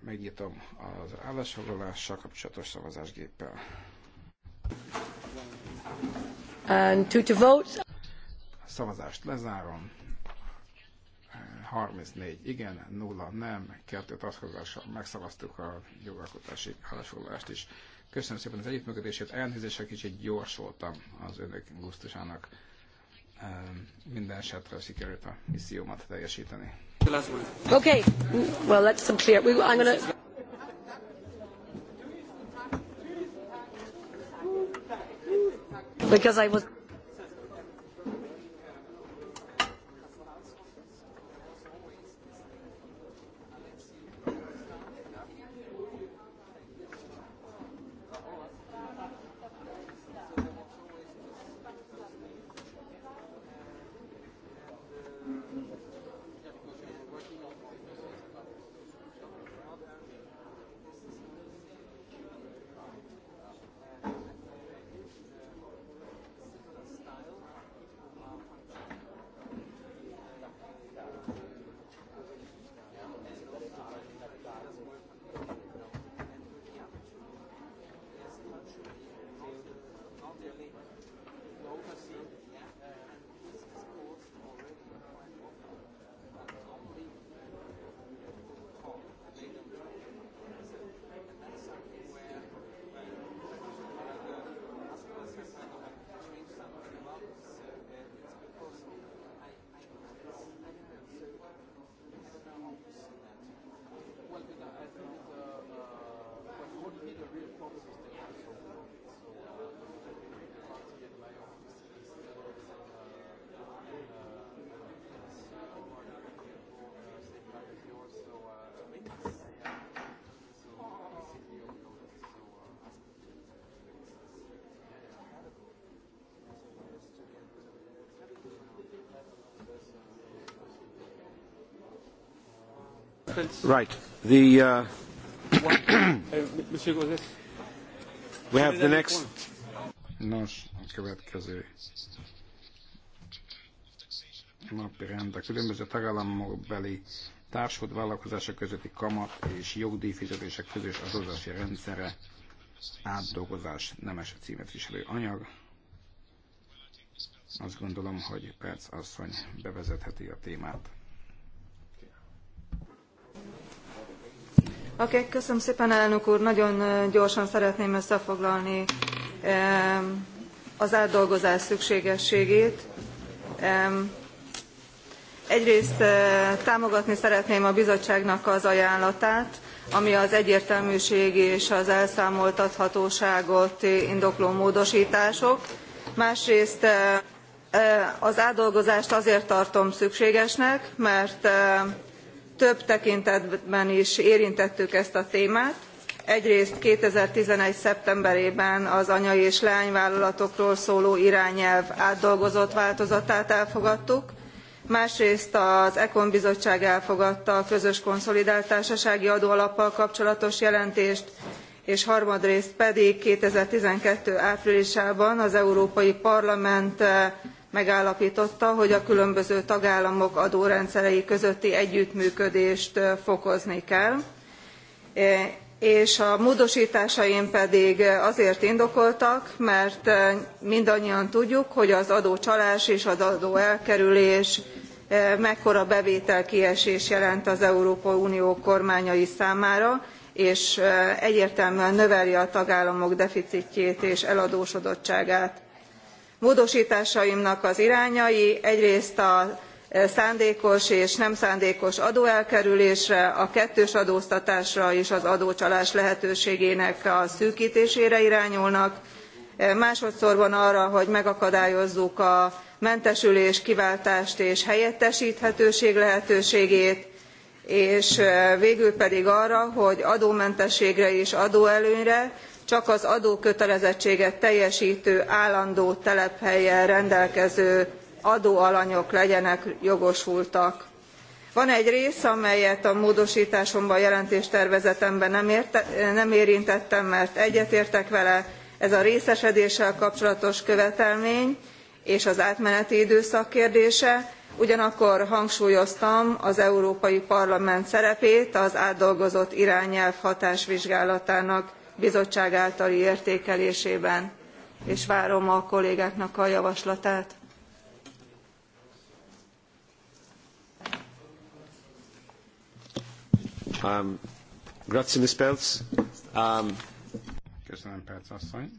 megnyitom az állásfoglalással kapcsolatos szavazásgéppel. And to, to vote. A szavazást lezárom. 34 igen, 0 nem, kettő tartozással megszavaztuk a jogalkotási állásfoglalást is. Köszönöm szépen az együttműködését, elnézést, kicsit gyors voltam az önök gusztusának. Ehm, minden esetre sikerült a missziómat teljesíteni. Okay, well that's unclear. We, I'm going to... Because I was... Right. The, uh, oh, we have the next... Nos, a következő napi rend a különböző tagállamok beli társult vállalkozások közötti kamat és jogdíjfizetések közös adózási rendszere átdolgozás nemes a címet viselő anyag. Azt gondolom, hogy Perc asszony bevezetheti a témát. köszönöm szépen, elnök úr. Nagyon gyorsan szeretném összefoglalni az átdolgozás szükségességét. Egyrészt támogatni szeretném a bizottságnak az ajánlatát, ami az egyértelműség és az elszámoltathatóságot indokoló módosítások. Másrészt az átdolgozást azért tartom szükségesnek, mert több tekintetben is érintettük ezt a témát egyrészt two thousand and eleven szeptemberében az anya és leányvállalatokról szóló irányelv átdolgozott változatát elfogadtuk másrészt az econ bizottság elfogadta a közös konszolidált társasági adóalappal kapcsolatos jelentést és harmadrészt pedig two thousand and twelve áprilisában az európai parlament eh, megállaptotta hogy a különböző tagállamok adórendszerei közötti együttműködést fokozni kell e, és a módostásaim pedig azért indokoltak mert mindannyian tudjuk hogy az adócsalás és az adóelkerülés mekkora bevételkiesést jelent az európai unió kormányai számára és egyértelműen növeli a tagállamok deficitjét és eladósodottságát módostásaimnak az irányai egyrészt a e, szándékos és nem szándékos adóelkerülésre a kettős adóztatásra és az adócsalás lehetőségének a szűktésére irányulnak e, másodsorban arra hogy megakadályozzuk a mentesülés kiváltást és helyettesthetőség lehetőségét és e, végül pedig arra hogy adómentességre és adóelőnyre csak az adókötelezettséget teljestő állandó telephellyel rendelkező adóalanyok legyenek jogosultak. van egy rész amelyet a módostásomban a jelentéstervezetemben nem, érintettem mert egyetértek vele ez a részesedéssel kapcsolatos követelmény és az átmeneti időszak kérdése ugyanakkor hangsúlyoztam az európai parlament szerepét az átdolgozott irányelv hatásvizsgálatának bizottság általi értékelésében és várom a kollégáknak a javaslatát. Um, grazie, Ms. Peltz. Um... Köszönöm, Peltz asszony.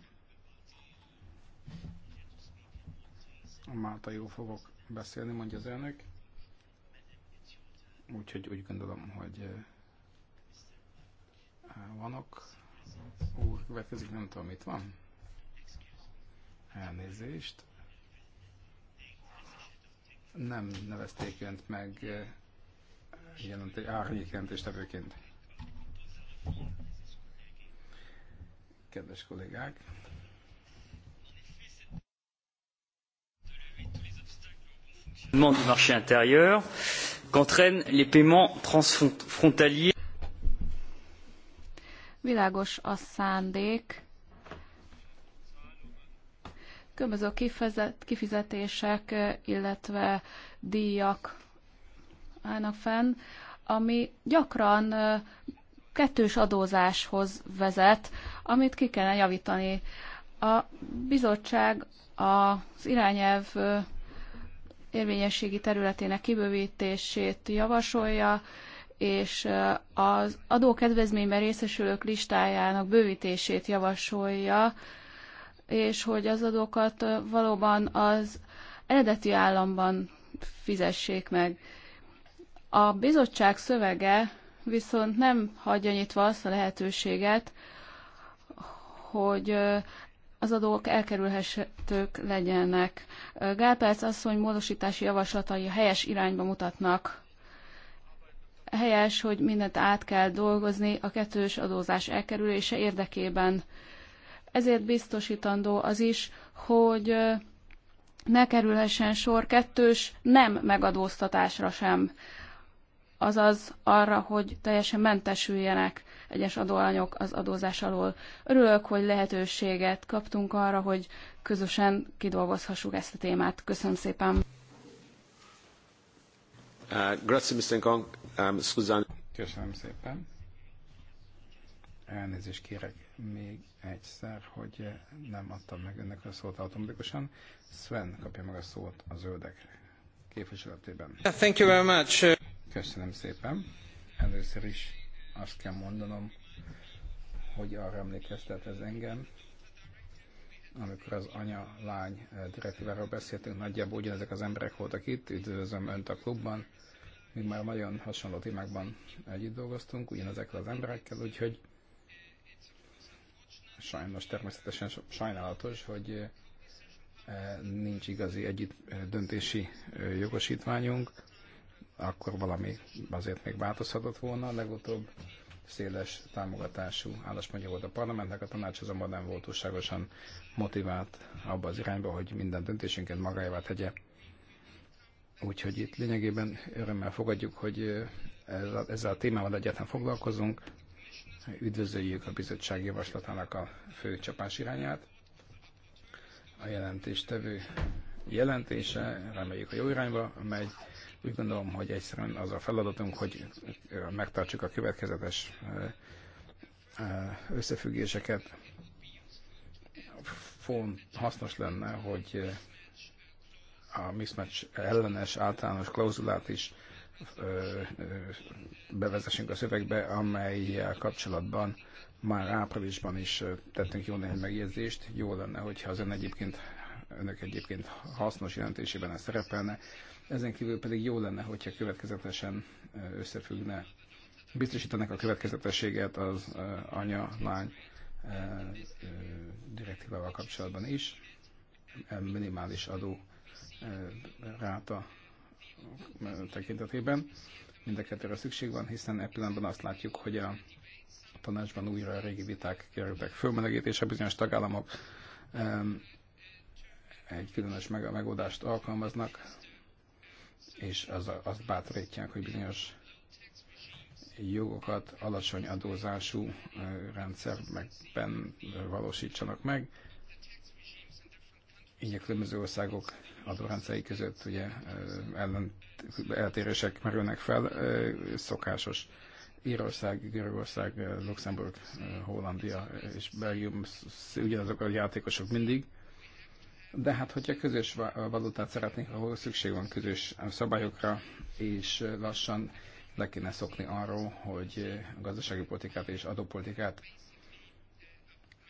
Máltaiul fogok beszélni, mondja az elnök. Úgyhogy úgy gondolom, hogy eh, vanok úr következik, nem tudom, itt van. Elnézést. Nem nevezték önt meg eh, jelent, árnyékjelentéstevőként. Kedves kollégák! du marché intérieur qu'entraînent les paiements transfrontaliers Világos a szándék. Különböző kifizetések, illetve díjak állnak fenn, ami gyakran kettős adózáshoz vezet, amit ki kellene javítani. A bizottság az irányelv érvényességi területének kibővítését javasolja, és az adókedvezményben részesülők listájának bővítését javasolja, és hogy az adókat valóban az eredeti államban fizessék meg. A bizottság szövege viszont nem hagyja nyitva azt a lehetőséget, hogy az adók elkerülhetők legyenek. Gálperc asszony módosítási javaslatai a helyes irányba mutatnak. Helyes, hogy mindent át kell dolgozni a kettős adózás elkerülése érdekében. Ezért biztosítandó az is, hogy ne kerülhessen sor kettős nem megadóztatásra sem, azaz arra, hogy teljesen mentesüljenek egyes adóalanyok az adózás alól. Örülök, hogy lehetőséget kaptunk arra, hogy közösen kidolgozhassuk ezt a témát. Köszönöm szépen! Uh, um, Köszönöm szépen. Elnézést kérek még egyszer, hogy nem adtam meg önnek a szót automatikusan. Sven kapja meg a szót a zöldek képviseletében. Thank you very much. Köszönöm szépen. Először is azt kell mondanom, hogy arra emlékeztet ez engem, amikor az anya-lány eh, direktíváról beszéltünk, nagyjából ugyanezek az emberek voltak itt, üdvözlöm Önt a klubban, mi már nagyon hasonló témákban együtt dolgoztunk, ugyanezekkel az emberekkel, úgyhogy sajnos természetesen sajnálatos, hogy eh, nincs igazi együtt eh, döntési jogosítványunk, akkor valami azért még változhatott volna. Legutóbb széles támogatású álláspontja volt a parlamentnek, a tanács azonban nem volt túlságosan motivált abba az irányba, hogy minden döntésünket magáévá tegye. Úgyhogy itt lényegében örömmel fogadjuk, hogy ezzel, ezzel a témával egyáltalán foglalkozunk, üdvözöljük a bizottság javaslatának a fő csapás irányát. A jelentéstevő jelentése, reméljük a jó irányba megy, úgy gondolom, hogy egyszerűen az a feladatunk, hogy megtartsuk a következetes összefüggéseket. Font, hasznos lenne, hogy a mismatch ellenes általános klauzulát is bevezessünk a szövegbe, amely kapcsolatban már áprilisban is tettünk jó néhány megjegyzést. Jó lenne, hogyha az ön egyébként, önök egyébként hasznos jelentésében ez szerepelne, ezen kívül pedig jó lenne, hogyha következetesen összefüggne, biztosítanak a következetességet az anya-lány direktívával kapcsolatban is, minimális adó ráta tekintetében. Mind a kettőre szükség van, hiszen e pillanatban azt látjuk, hogy a tanácsban újra a régi viták kerültek fölmelegítése, bizonyos tagállamok egy különös megoldást alkalmaznak és az, az bátorítják, hogy bizonyos jogokat alacsony adózású rendszerben valósítsanak meg. Így a különböző országok adórendszerei között ugye ellen, eltérések merülnek fel, szokásos. Írország, Görögország, Luxemburg, Hollandia és Belgium ugyanazok a játékosok mindig. De hát, hogyha közös valutát szeretnénk, ahol szükség van közös szabályokra, és lassan le kéne szokni arról, hogy a gazdasági politikát és adópolitikát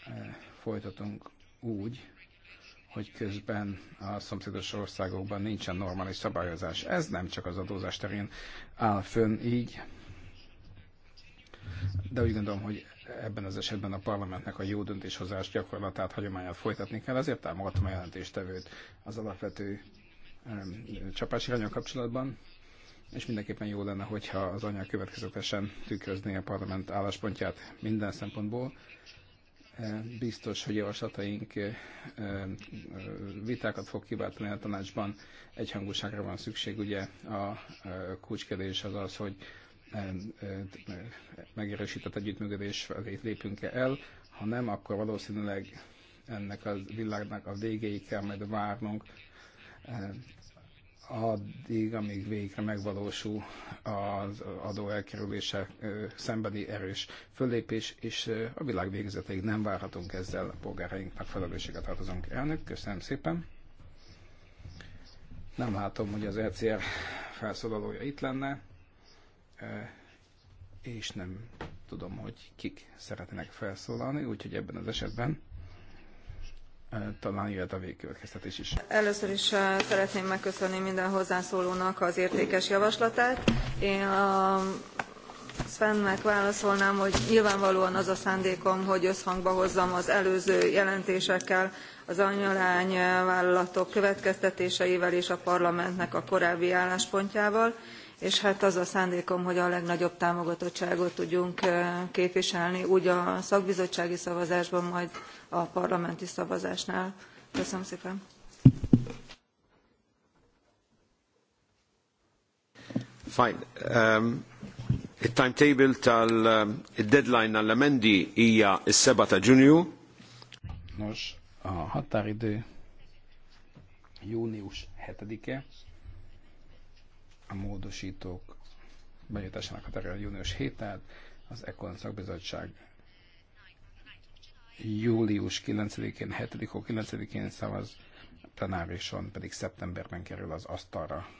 eh, folytatunk úgy, hogy közben a szomszédos országokban nincsen normális szabályozás. Ez nem csak az adózás terén áll fönn így, de úgy gondolom, hogy ebben az esetben a parlamentnek a jó döntéshozás gyakorlatát, hagyományát folytatni kell, ezért támogatom a jelentéstevőt az alapvető csapásirányon kapcsolatban, és mindenképpen jó lenne, hogyha az anyag következetesen tükrözné a parlament álláspontját minden szempontból. E, biztos, hogy javaslataink e, e, vitákat fog kiváltani a tanácsban. Egyhangúságra van szükség, ugye a kulcskedés az az, hogy megerősített együttműködés lépünk-e el, ha nem, akkor valószínűleg ennek a világnak a végéig kell majd várnunk, addig, amíg végre megvalósul az adó elkerülése szembeni erős föllépés, és a világ végezeteig nem várhatunk ezzel a polgárainknak felelősséget tartozunk. Elnök, köszönöm szépen. Nem látom, hogy az ECR felszólalója itt lenne és nem tudom, hogy kik szeretnének felszólalni, úgyhogy ebben az esetben talán jöhet a végkövetkeztetés is. Először is szeretném megköszönni minden hozzászólónak az értékes javaslatát. Én a Svennek válaszolnám, hogy nyilvánvalóan az a szándékom, hogy összhangba hozzam az előző jelentésekkel, az vállalatok következtetéseivel és a parlamentnek a korábbi álláspontjával és hát az a szándékom hogy a legnagyobb támogatottságot tudjunk képviselni úgy a szakbizottsági szavazásban majd a parlamenti szavazásnál. köszönöm szépen! Fine. Um, التايم um, deadline għall-emendi hija s-7 ta' Ġunju. Nos, a határidő június 7-e a módosítók benyújtásának terület június 7 tehát az Ekon szakbizottság július 9-én, 7 9-én szavaz, tanárison pedig szeptemberben kerül az asztalra